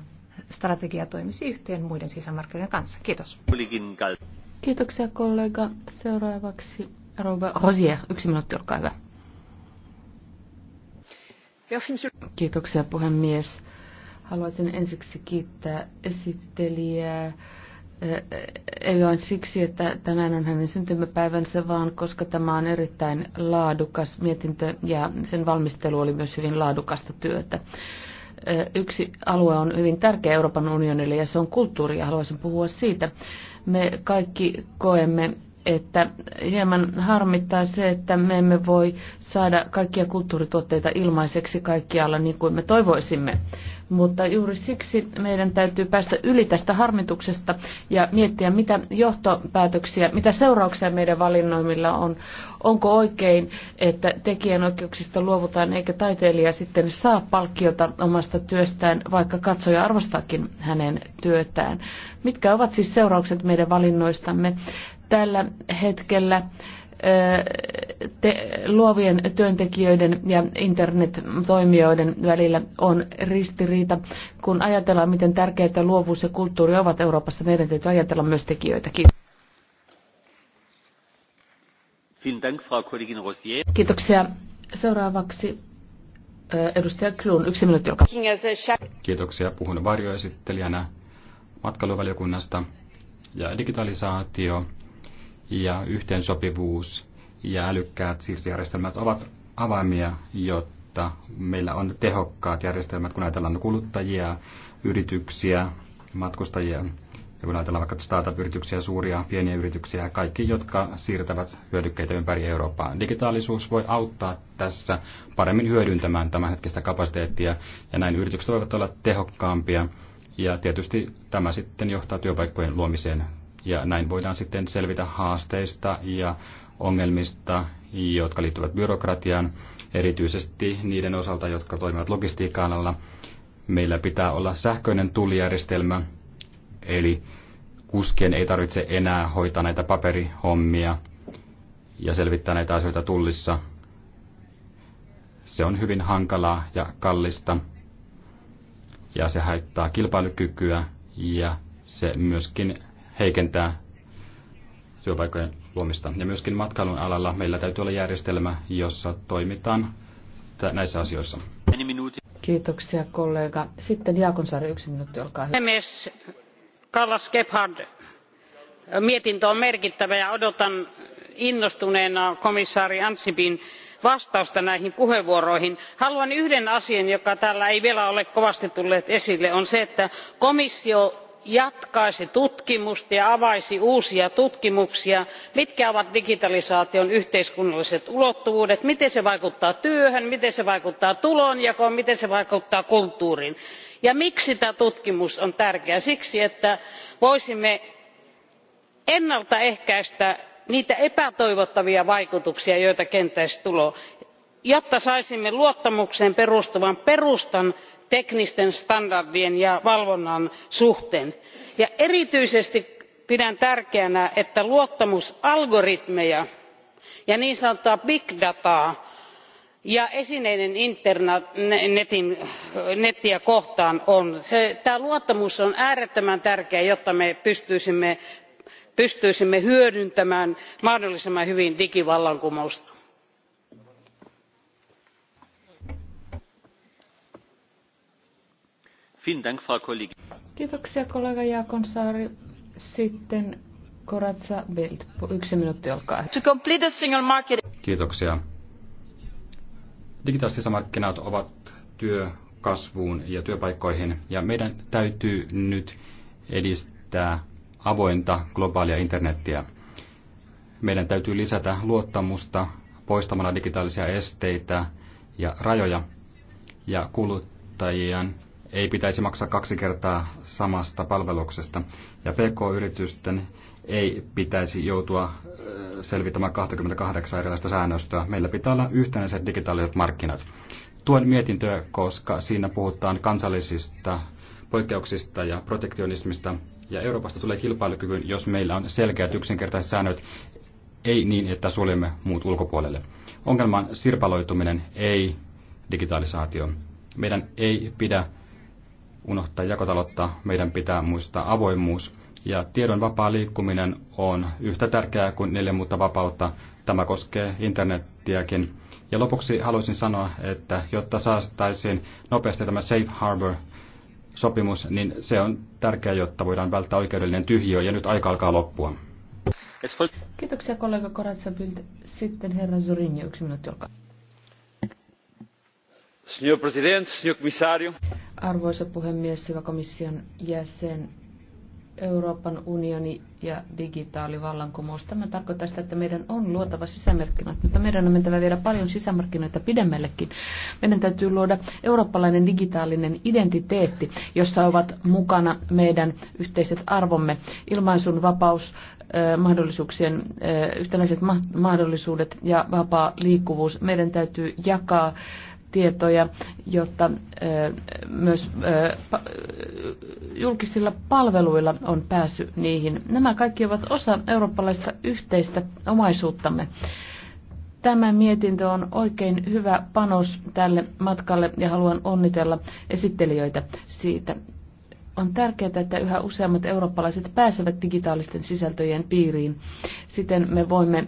strategia toimisi yhteen muiden sisämarkkinoiden kanssa. Kiitos. Kiitoksia kollega. Seuraavaksi Robert Rosier. Yksi minuutti, olkaa hyvä. Kiitoksia puhemies. Haluaisin ensiksi kiittää esittelijää ei vain siksi, että tänään on hänen syntymäpäivänsä, vaan koska tämä on erittäin laadukas mietintö ja sen valmistelu oli myös hyvin laadukasta työtä. Yksi alue on hyvin tärkeä Euroopan unionille ja se on kulttuuri ja haluaisin puhua siitä. Me kaikki koemme että hieman harmittaa se, että me emme voi saada kaikkia kulttuurituotteita ilmaiseksi kaikkialla niin kuin me toivoisimme mutta juuri siksi meidän täytyy päästä yli tästä harmituksesta ja miettiä, mitä johtopäätöksiä, mitä seurauksia meidän valinnoimilla on. Onko oikein, että tekijänoikeuksista luovutaan eikä taiteilija sitten saa palkkiota omasta työstään, vaikka katsoja arvostaakin hänen työtään. Mitkä ovat siis seuraukset meidän valinnoistamme tällä hetkellä? te, luovien työntekijöiden ja internettoimijoiden välillä on ristiriita. Kun ajatellaan, miten tärkeitä luovuus ja kulttuuri ovat Euroopassa, meidän täytyy ajatella myös tekijöitäkin. Kiitoksia. Seuraavaksi edustaja Kluun, yksi minuutti, Kiitoksia. Puhun varjoesittelijänä matkailuvaliokunnasta ja digitalisaatio ja yhteensopivuus ja älykkäät siirtojärjestelmät ovat avaimia, jotta meillä on tehokkaat järjestelmät, kun ajatellaan kuluttajia, yrityksiä, matkustajia ja kun ajatellaan vaikka startup-yrityksiä, suuria, pieniä yrityksiä, kaikki, jotka siirtävät hyödykkeitä ympäri Eurooppaa. Digitaalisuus voi auttaa tässä paremmin hyödyntämään tämänhetkistä kapasiteettia, ja näin yritykset voivat olla tehokkaampia, ja tietysti tämä sitten johtaa työpaikkojen luomiseen ja näin voidaan sitten selvitä haasteista ja ongelmista, jotka liittyvät byrokratiaan, erityisesti niiden osalta, jotka toimivat logistiikka Meillä pitää olla sähköinen tulijärjestelmä, eli kuskien ei tarvitse enää hoitaa näitä paperihommia ja selvittää näitä asioita tullissa. Se on hyvin hankalaa ja kallista ja se haittaa kilpailukykyä ja se myöskin heikentää työpaikkojen luomista. Ja myöskin matkailun alalla meillä täytyy olla järjestelmä, jossa toimitaan näissä asioissa. Kiitoksia kollega. Sitten Jaakonsaari, yksi minuutti, olkaa hyvä. Mies Kallas Gebhard, mietintö on merkittävä ja odotan innostuneena komissaari Ansipin vastausta näihin puheenvuoroihin. haluan yhden asian joka täällä ei vielä ole kovasti tulleet esille on se että komissio jatkaisi tutkimusta ja avaisi uusia tutkimuksia mitkä ovat digitalisaation yhteiskunnalliset ulottuvuudet miten se vaikuttaa työhön miten se vaikuttaa tulonjakoon miten se vaikuttaa kulttuuriin. ja miksi tämä tutkimus on tärkeää? siksi että voisimme ennalta ehkäistä niitä epätoivottavia vaikutuksia joita kenties tulee jotta saisimme luottamukseen perustuvan perustan teknisten standardien ja valvonnan suhteen. erityisesti pidän tärkeänä että luottamusalgoritmeja ja niin sanottua big dataa ja esineiden internetiä kohtaan on. tämä luottamus on äärettömän tärkeää jotta me pystyisimme hyödyntämään mahdollisimman hyvin digivallankumousta. Kiitoksia kollega Jaakonsaari. Sitten Koratsa Bild. Yksi minuutti, olkaa hyvä. To complete the single market. Kiitoksia. Digitaaliset sisämarkkinat ovat työkasvuun ja työpaikkoihin, ja meidän täytyy nyt edistää avointa globaalia internettiä. Meidän täytyy lisätä luottamusta poistamalla digitaalisia esteitä ja rajoja, ja kuluttajien ei pitäisi maksaa kaksi kertaa samasta palveluksesta. Ja PK-yritysten ei pitäisi joutua selvittämään 28 erilaista säännöstöä. Meillä pitää olla yhtenäiset digitaaliset markkinat. Tuen mietintöä, koska siinä puhutaan kansallisista poikkeuksista ja protektionismista. Ja Euroopasta tulee kilpailukyvyn, jos meillä on selkeät yksinkertaiset säännöt, ei niin, että suljemme muut ulkopuolelle. Ongelman sirpaloituminen, ei digitalisaatio. Meidän ei pidä unohtaa jakotaloutta, meidän pitää muistaa avoimuus. Ja tiedon vapaa liikkuminen on yhtä tärkeää kuin neljä muuta vapautta. Tämä koskee internettiäkin. Ja lopuksi haluaisin sanoa, että jotta saastaisiin nopeasti tämä Safe Harbor sopimus, niin se on tärkeää, jotta voidaan välttää oikeudellinen tyhjiö, ja nyt aika alkaa loppua. Kiitoksia kollega Koratsa Sitten herra Zorin yksi minuutti, olkaa. Signor signor Commissario. Arvoisa puhemies, hyvä komission jäsen. Euroopan unioni ja digitaalivallankumous. Tämä tarkoittaa sitä, että meidän on luotava sisämarkkinat, mutta meidän on mentävä vielä paljon sisämarkkinoita pidemmällekin. Meidän täytyy luoda eurooppalainen digitaalinen identiteetti, jossa ovat mukana meidän yhteiset arvomme, ilmaisun vapaus, mahdollisuuksien, yhtäläiset mahdollisuudet ja vapaa liikkuvuus. Meidän täytyy jakaa tietoja, jotta myös julkisilla palveluilla on pääsy niihin. Nämä kaikki ovat osa eurooppalaista yhteistä omaisuuttamme. Tämä mietintö on oikein hyvä panos tälle matkalle ja haluan onnitella esittelijöitä siitä. On tärkeää, että yhä useammat eurooppalaiset pääsevät digitaalisten sisältöjen piiriin. Siten me voimme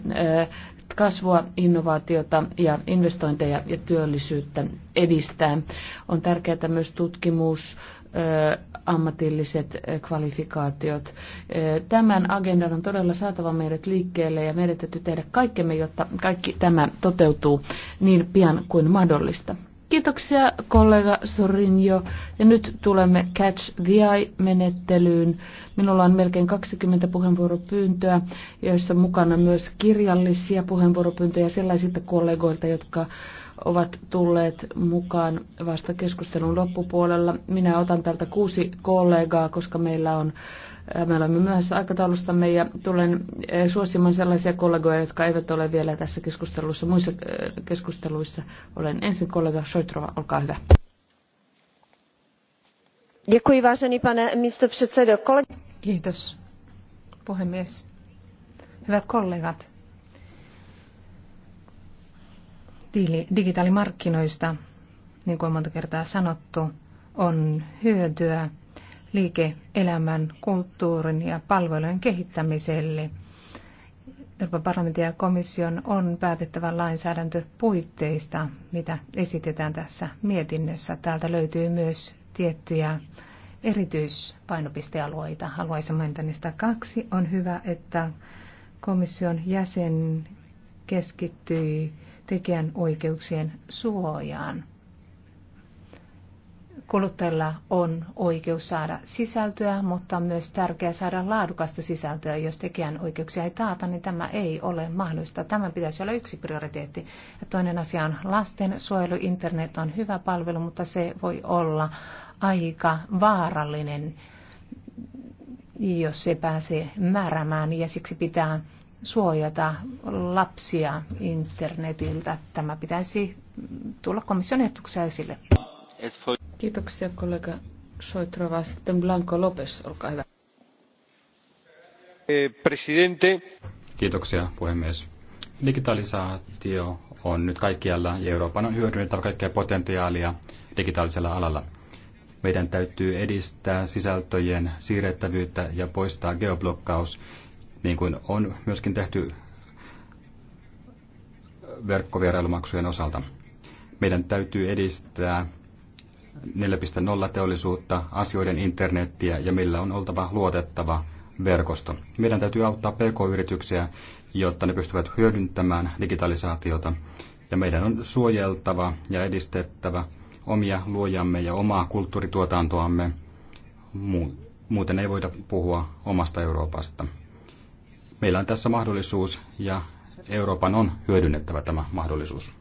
kasvua, innovaatiota ja investointeja ja työllisyyttä edistää. On tärkeää myös tutkimus, ammatilliset kvalifikaatiot. Tämän agendan on todella saatava meidät liikkeelle ja meidän täytyy tehdä kaikkemme, jotta kaikki tämä toteutuu niin pian kuin mahdollista. Kiitoksia kollega Sorinjo. Ja nyt tulemme Catch the Eye-menettelyyn. Minulla on melkein 20 puheenvuoropyyntöä, joissa mukana myös kirjallisia puheenvuoropyyntöjä sellaisilta kollegoilta, jotka ovat tulleet mukaan vasta keskustelun loppupuolella. Minä otan täältä kuusi kollegaa, koska meillä on me olemme myöhässä aikataulustamme ja tulen suosimaan sellaisia kollegoja, jotka eivät ole vielä tässä keskustelussa. Muissa keskusteluissa olen ensin kollega Soitrova, olkaa hyvä. Děkuji, vážený pane místo předsedo. Kiitos, puhemies. Hyvät kollegat, digitaalimarkkinoista, niin kuin monta kertaa sanottu, on hyötyä liike-elämän, kulttuurin ja palvelujen kehittämiselle. Euroopan parlamentin ja komission on päätettävä puitteista, mitä esitetään tässä mietinnössä. Täältä löytyy myös tiettyjä erityispainopistealueita. Haluaisin mainita niistä kaksi. On hyvä, että komission jäsen keskittyi tekijän oikeuksien suojaan kuluttajilla on oikeus saada sisältöä, mutta on myös tärkeää saada laadukasta sisältöä. Jos tekijän oikeuksia ei taata, niin tämä ei ole mahdollista. Tämä pitäisi olla yksi prioriteetti. Ja toinen asia on lasten suojelu. Internet on hyvä palvelu, mutta se voi olla aika vaarallinen, jos se pääsee määrämään ja siksi pitää suojata lapsia internetiltä. Tämä pitäisi tulla komission ehdotuksia esille. Kiitoksia kollega Soitrova. Sitten Blanco Lopes, olkaa hyvä. Eh, presidente. Kiitoksia puhemies. Digitalisaatio on nyt kaikkialla ja Euroopan on hyödynnettävä kaikkea potentiaalia digitaalisella alalla. Meidän täytyy edistää sisältöjen siirrettävyyttä ja poistaa geoblokkaus, niin kuin on myöskin tehty verkkovierailumaksujen osalta. Meidän täytyy edistää 4.0 teollisuutta, asioiden internettiä ja millä on oltava luotettava verkosto. Meidän täytyy auttaa pk-yrityksiä, jotta ne pystyvät hyödyntämään digitalisaatiota. Ja meidän on suojeltava ja edistettävä omia luojamme ja omaa kulttuurituotantoamme. Muuten ei voida puhua omasta Euroopasta. Meillä on tässä mahdollisuus ja Euroopan on hyödynnettävä tämä mahdollisuus.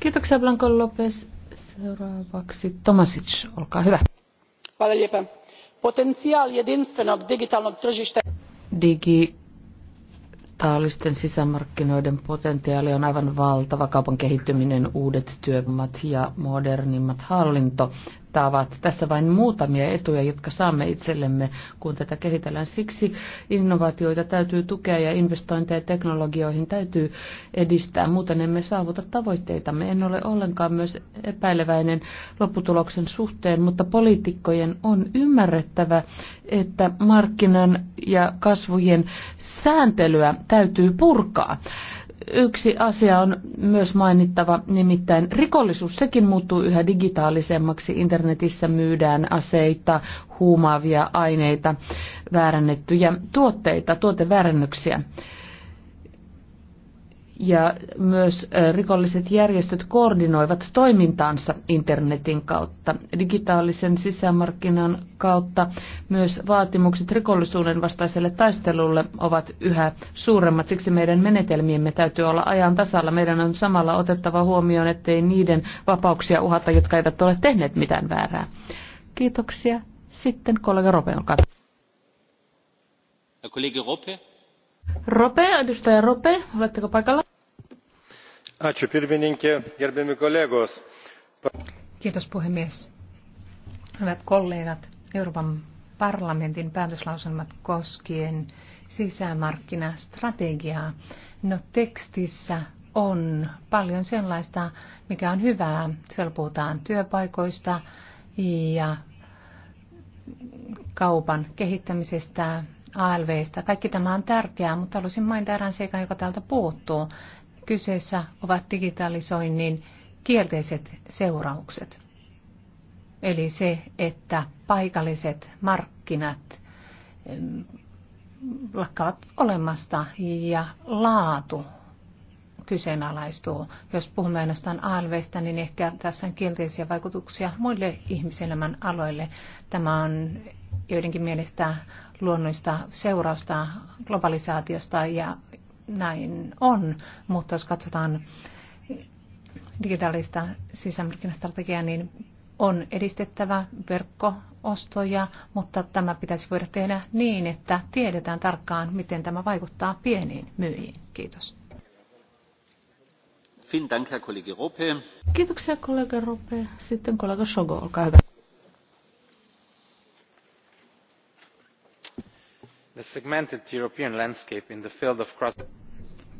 Kiitoksia Blanco Lopez. Seuraavaksi Tomasic, olkaa hyvä. Hvala lijepa. Potencijal jedinstvenog digitalnog tržišta... digitaalisten sisämarkkinoiden potentiaali on aivan valtava. Kaupan kehittyminen, uudet työmat ja modernimmat hallinto mittaavat. Tässä vain muutamia etuja, jotka saamme itsellemme, kun tätä kehitellään. Siksi innovaatioita täytyy tukea ja investointeja teknologioihin täytyy edistää. Muuten emme saavuta tavoitteitamme. En ole ollenkaan myös epäileväinen lopputuloksen suhteen, mutta poliitikkojen on ymmärrettävä, että markkinan ja kasvujen sääntelyä täytyy purkaa. Yksi asia on myös mainittava, nimittäin rikollisuus, sekin muuttuu yhä digitaalisemmaksi. Internetissä myydään aseita, huumaavia aineita, väärännettyjä tuotteita, tuoteväärännyksiä ja myös rikolliset järjestöt koordinoivat toimintaansa internetin kautta. Digitaalisen sisämarkkinan kautta myös vaatimukset rikollisuuden vastaiselle taistelulle ovat yhä suuremmat. Siksi meidän menetelmiemme täytyy olla ajan tasalla. Meidän on samalla otettava huomioon, ettei niiden vapauksia uhata, jotka eivät ole tehneet mitään väärää. Kiitoksia. Sitten kollega Rope, olkaa Kollega Rope. Rope, edustaja Rope, oletteko paikalla? Kiitos puhemies. Hyvät kollegat, Euroopan parlamentin päätöslauselma koskien sisämarkkinastrategiaa. No tekstissä on paljon sellaista, mikä on hyvää. Siellä puhutaan työpaikoista ja kaupan kehittämisestä, ALVista. Kaikki tämä on tärkeää, mutta haluaisin mainita erään seikan, joka täältä puuttuu. Kyseessä ovat digitalisoinnin kielteiset seuraukset. Eli se, että paikalliset markkinat lakkaavat olemasta ja laatu kyseenalaistuu. Jos puhumme ainoastaan ALVstä, niin ehkä tässä on kielteisiä vaikutuksia muille ihmiselämän aloille. Tämä on joidenkin mielestä luonnollista seurausta globalisaatiosta ja näin on, mutta jos katsotaan digitaalista sisämarkkinastrategiaa, niin on edistettävä verkkoostoja, mutta tämä pitäisi voida tehdä niin, että tiedetään tarkkaan, miten tämä vaikuttaa pieniin myyjiin. Kiitos. Kiitoksia kollega Rope. Sitten kollega Sogo, olkaa hyvä. The segmented European landscape in the field of cross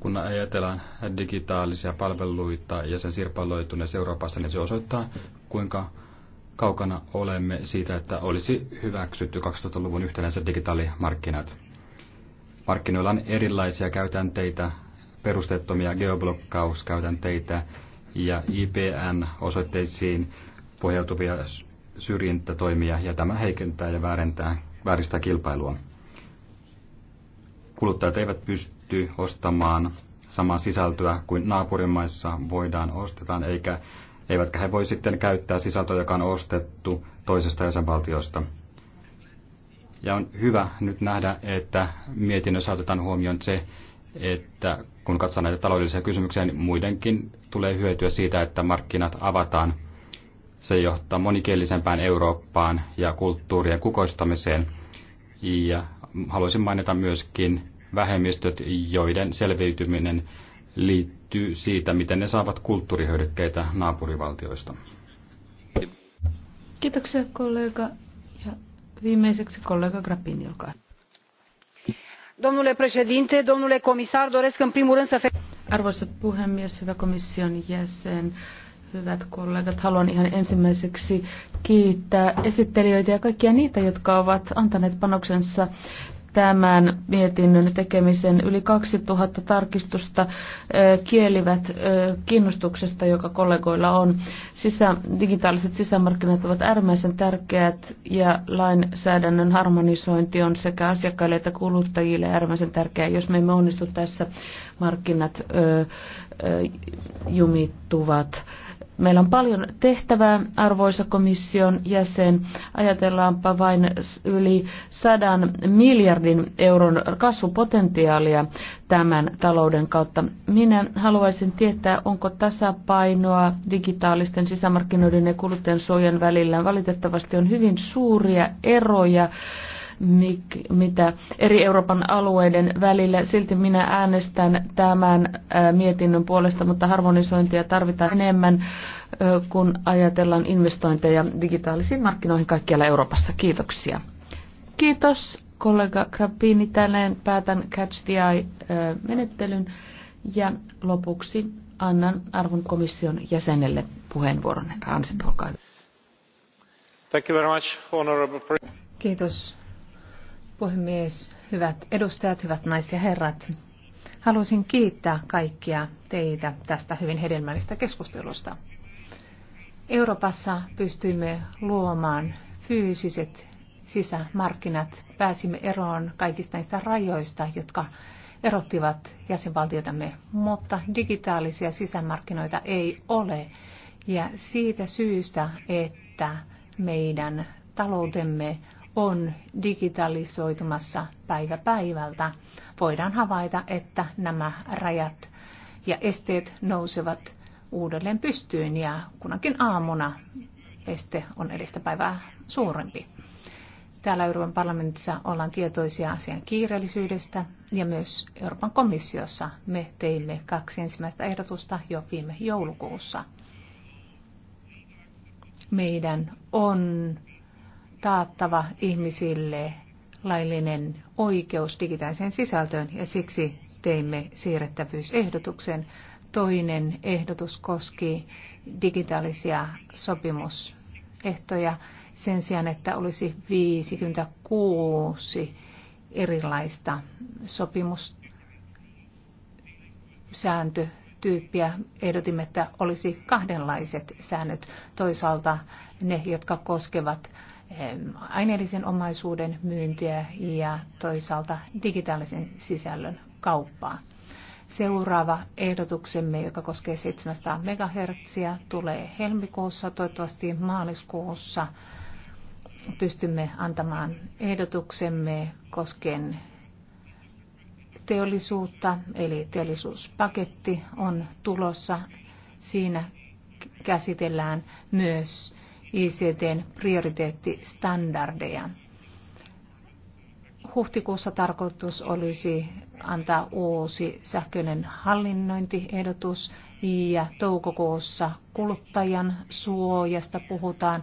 kun ajatellaan digitaalisia palveluita ja sen sirpaloituneessa Euroopassa, niin se osoittaa, kuinka kaukana olemme siitä, että olisi hyväksytty 2000-luvun yhtenäiset digitaalimarkkinat. Markkinoilla on erilaisia käytänteitä, perustettomia geoblokkauskäytänteitä ja IPN-osoitteisiin pohjautuvia syrjintätoimia, ja tämä heikentää ja väärentää, vääristää kilpailua kuluttajat eivät pysty ostamaan samaa sisältöä kuin naapurimaissa voidaan ostetaan, eikä, eivätkä he voi sitten käyttää sisältöä, joka on ostettu toisesta jäsenvaltiosta. Ja on hyvä nyt nähdä, että mietinnössä otetaan huomioon se, että kun katsotaan näitä taloudellisia kysymyksiä, niin muidenkin tulee hyötyä siitä, että markkinat avataan. Se johtaa monikielisempään Eurooppaan ja kulttuurien kukoistamiseen. Ja haluaisin mainita myöskin vähemmistöt, joiden selviytyminen liittyy siitä, miten ne saavat kulttuurihyödykkeitä naapurivaltioista. Kiitoksia kollega. Ja viimeiseksi kollega Grappini, olkaa. Domnule președinte, domnule comisar, doresc în primul rând să Arvoisa puhemies, hyvä komission jäsen, hyvät kollegat, haluan ihan ensimmäiseksi kiittää esittelijöitä ja kaikkia niitä, jotka ovat antaneet panoksensa tämän mietinnön tekemisen yli 2000 tarkistusta kielivät kiinnostuksesta, joka kollegoilla on. Sisä, digitaaliset sisämarkkinat ovat äärimmäisen tärkeät ja lainsäädännön harmonisointi on sekä asiakkaille että kuluttajille äärimmäisen tärkeää. Jos me emme onnistu tässä, markkinat jumittuvat. Meillä on paljon tehtävää, arvoisa komission jäsen. Ajatellaanpa vain yli sadan miljardin euron kasvupotentiaalia tämän talouden kautta. Minä haluaisin tietää, onko tasapainoa digitaalisten sisämarkkinoiden ja kuluttajansuojan välillä. Valitettavasti on hyvin suuria eroja mitä eri Euroopan alueiden välillä. Silti minä äänestän tämän äh, mietinnön puolesta, mutta harmonisointia tarvitaan enemmän, äh, kun ajatellaan investointeja digitaalisiin markkinoihin kaikkialla Euroopassa. Kiitoksia. Kiitos kollega Krapini. Tälleen päätän Catch the Eye-menettelyn äh, ja lopuksi annan arvon komission jäsenelle puheenvuoron. Thank you much, Honorable President. Kiitos puhemies, hyvät edustajat, hyvät naiset ja herrat. Haluaisin kiittää kaikkia teitä tästä hyvin hedelmällisestä keskustelusta. Euroopassa pystyimme luomaan fyysiset sisämarkkinat. Pääsimme eroon kaikista niistä rajoista, jotka erottivat jäsenvaltiotamme, mutta digitaalisia sisämarkkinoita ei ole. Ja siitä syystä, että meidän taloutemme on digitalisoitumassa päivä päivältä. Voidaan havaita, että nämä rajat ja esteet nousevat uudelleen pystyyn ja kunakin aamuna este on edistä päivää suurempi. Täällä Euroopan parlamentissa ollaan tietoisia asian kiireellisyydestä ja myös Euroopan komissiossa me teimme kaksi ensimmäistä ehdotusta jo viime joulukuussa. Meidän on taattava ihmisille laillinen oikeus digitaaliseen sisältöön ja siksi teimme siirrettävyysehdotuksen. Toinen ehdotus koski digitaalisia sopimusehtoja sen sijaan, että olisi 56 erilaista sopimussääntötyyppiä. Ehdotimme, että olisi kahdenlaiset säännöt. Toisaalta ne, jotka koskevat aineellisen omaisuuden myyntiä ja toisaalta digitaalisen sisällön kauppaa. Seuraava ehdotuksemme, joka koskee 700 MHz, tulee helmikuussa, toivottavasti maaliskuussa. Pystymme antamaan ehdotuksemme koskien teollisuutta, eli teollisuuspaketti on tulossa. Siinä käsitellään myös ICTn prioriteettistandardeja. Huhtikuussa tarkoitus olisi antaa uusi sähköinen hallinnointiehdotus ja toukokuussa kuluttajan suojasta puhutaan.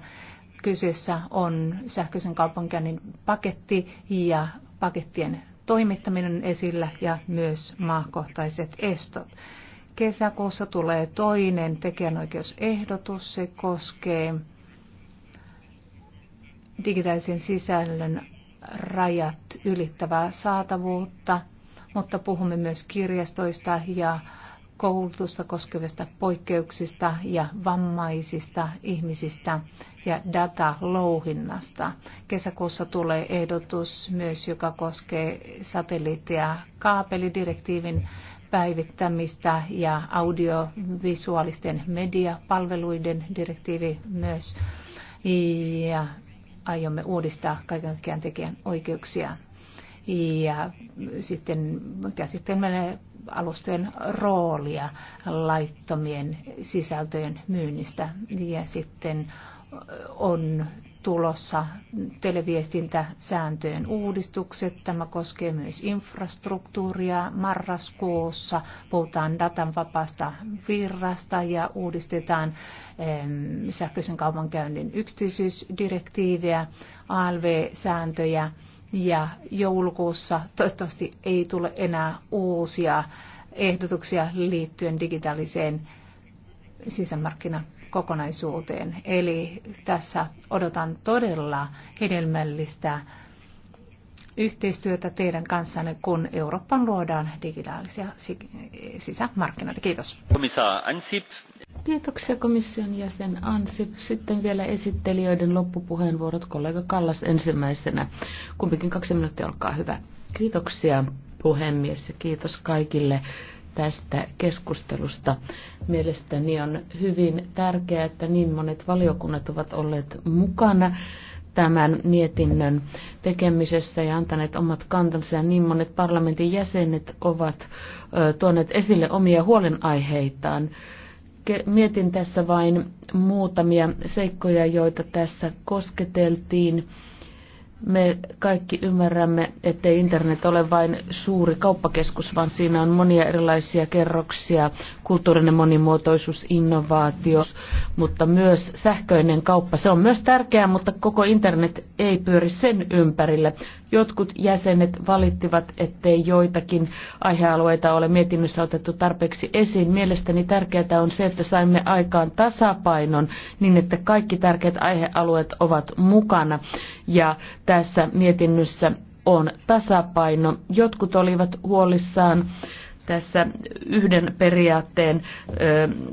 Kyseessä on sähköisen kaupankäynnin paketti ja pakettien toimittaminen esillä ja myös maakohtaiset estot. Kesäkuussa tulee toinen tekijänoikeusehdotus. Se koskee digitaalisen sisällön rajat ylittävää saatavuutta, mutta puhumme myös kirjastoista ja koulutusta koskevista poikkeuksista ja vammaisista ihmisistä ja datalouhinnasta. Kesäkuussa tulee ehdotus myös, joka koskee satelliitti- ja kaapelidirektiivin päivittämistä ja audiovisuaalisten mediapalveluiden direktiivi myös. Ja aiomme uudistaa kaiken tekijän oikeuksia. Ja sitten käsittelemme alustojen roolia laittomien sisältöjen myynnistä. Ja sitten on tulossa televiestintäsääntöjen uudistukset. Tämä koskee myös infrastruktuuria. Marraskuussa puhutaan datan vapaasta virrasta ja uudistetaan sähköisen kaupankäynnin yksityisyysdirektiiviä, ALV-sääntöjä ja joulukuussa toivottavasti ei tule enää uusia ehdotuksia liittyen digitaaliseen sisämarkkinaan kokonaisuuteen. Eli tässä odotan todella hedelmällistä yhteistyötä teidän kanssanne, kun Eurooppaan luodaan digitaalisia sisämarkkinoita. Kiitos. Kiitoksia komission jäsen Ansip. Sitten vielä esittelijöiden loppupuheenvuorot. Kollega Kallas ensimmäisenä. Kumpikin kaksi minuuttia, olkaa hyvä. Kiitoksia puhemies ja kiitos kaikille tästä keskustelusta. Mielestäni on hyvin tärkeää, että niin monet valiokunnat ovat olleet mukana tämän mietinnön tekemisessä ja antaneet omat kantansa. Ja niin monet parlamentin jäsenet ovat tuoneet esille omia huolenaiheitaan. Mietin tässä vain muutamia seikkoja, joita tässä kosketeltiin me kaikki ymmärrämme, ettei internet ole vain suuri kauppakeskus, vaan siinä on monia erilaisia kerroksia, kulttuurinen monimuotoisuus, innovaatio, mutta myös sähköinen kauppa. Se on myös tärkeää, mutta koko internet ei pyöri sen ympärille. Jotkut jäsenet valittivat, ettei joitakin aihealueita ole mietinnössä otettu tarpeeksi esiin. Mielestäni tärkeää on se, että saimme aikaan tasapainon niin, että kaikki tärkeät aihealueet ovat mukana. Ja tässä mietinnössä on tasapaino. Jotkut olivat huolissaan äh, tässä yhden periaatteen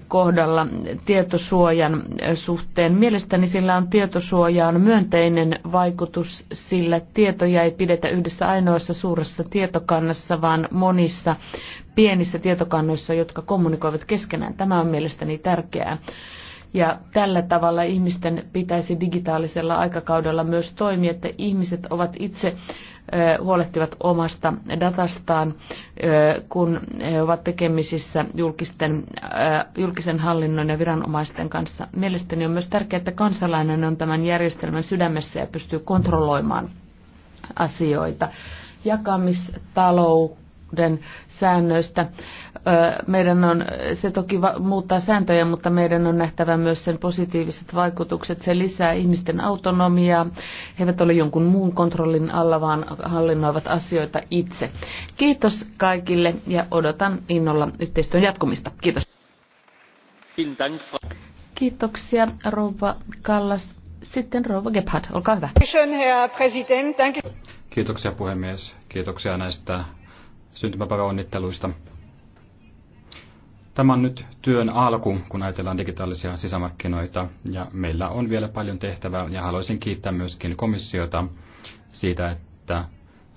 kohdalla tietosuojan suhteen. Mielestäni sillä on tietosuojaan myönteinen vaikutus, sillä tietoja ei pidetä yhdessä ainoassa suuressa tietokannassa, vaan monissa pienissä tietokannoissa, jotka kommunikoivat keskenään. Tämä on mielestäni tärkeää. Ja tällä tavalla ihmisten pitäisi digitaalisella aikakaudella myös toimia, että ihmiset ovat itse huolehtivat omasta datastaan, kun he ovat tekemisissä julkisten, julkisen hallinnon ja viranomaisten kanssa. Mielestäni on myös tärkeää, että kansalainen on tämän järjestelmän sydämessä ja pystyy kontrolloimaan asioita. Jakamistalouden säännöistä meidän on, se toki muuttaa sääntöjä, mutta meidän on nähtävä myös sen positiiviset vaikutukset. Se lisää ihmisten autonomiaa. He eivät ole jonkun muun kontrollin alla, vaan hallinnoivat asioita itse. Kiitos kaikille ja odotan innolla yhteistyön jatkumista. Kiitos. Kiitoksia, rouva Kallas. Sitten rouva Gebhardt, olkaa hyvä. Kiitoksia puhemies. Kiitoksia näistä syntymäpäiväonnitteluista. onnitteluista. Tämä on nyt työn alku, kun ajatellaan digitaalisia sisämarkkinoita, ja meillä on vielä paljon tehtävää, ja haluaisin kiittää myöskin komissiota siitä, että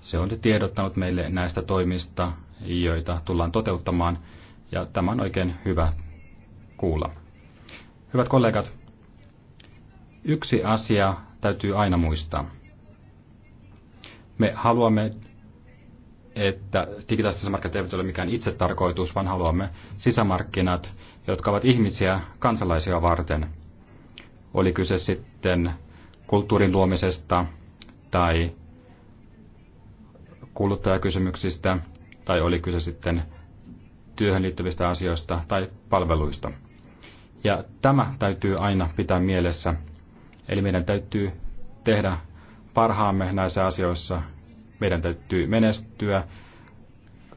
se on tiedottanut meille näistä toimista, joita tullaan toteuttamaan, ja tämä on oikein hyvä kuulla. Hyvät kollegat, yksi asia täytyy aina muistaa. Me haluamme että digitaaliset sisämarkkinat eivät ole mikään tarkoitus, vaan haluamme sisämarkkinat, jotka ovat ihmisiä kansalaisia varten. Oli kyse sitten kulttuurin luomisesta tai kuluttajakysymyksistä tai oli kyse sitten työhön liittyvistä asioista tai palveluista. Ja tämä täytyy aina pitää mielessä. Eli meidän täytyy tehdä parhaamme näissä asioissa meidän täytyy menestyä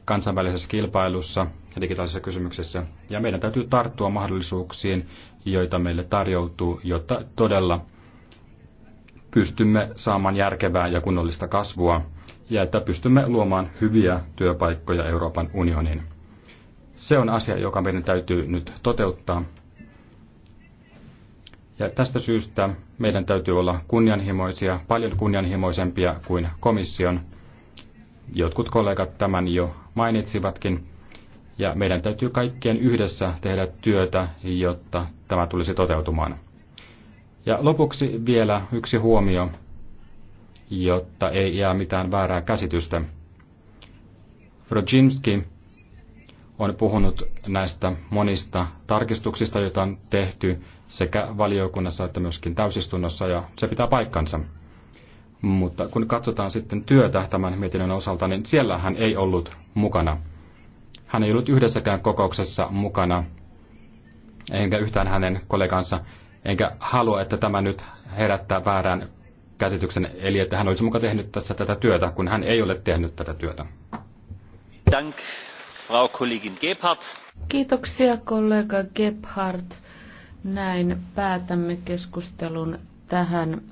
kansainvälisessä kilpailussa ja digitaalisessa kysymyksessä. Ja meidän täytyy tarttua mahdollisuuksiin, joita meille tarjoutuu, jotta todella pystymme saamaan järkevää ja kunnollista kasvua ja että pystymme luomaan hyviä työpaikkoja Euroopan unionin. Se on asia, joka meidän täytyy nyt toteuttaa. Ja tästä syystä meidän täytyy olla kunnianhimoisia, paljon kunnianhimoisempia kuin komission Jotkut kollegat tämän jo mainitsivatkin. Ja meidän täytyy kaikkien yhdessä tehdä työtä, jotta tämä tulisi toteutumaan. Ja lopuksi vielä yksi huomio, jotta ei jää mitään väärää käsitystä. Frojinski on puhunut näistä monista tarkistuksista, joita on tehty sekä valiokunnassa että myöskin täysistunnossa, ja se pitää paikkansa. Mutta kun katsotaan sitten työtä tämän mietinnön osalta, niin siellä hän ei ollut mukana. Hän ei ollut yhdessäkään kokouksessa mukana, enkä yhtään hänen kollegansa, enkä halua, että tämä nyt herättää väärän käsityksen, eli että hän olisi muka tehnyt tässä tätä työtä, kun hän ei ole tehnyt tätä työtä. Dank, Frau Kollegin Gebhardt. Kiitoksia kollega Gebhardt. Näin päätämme keskustelun tähän.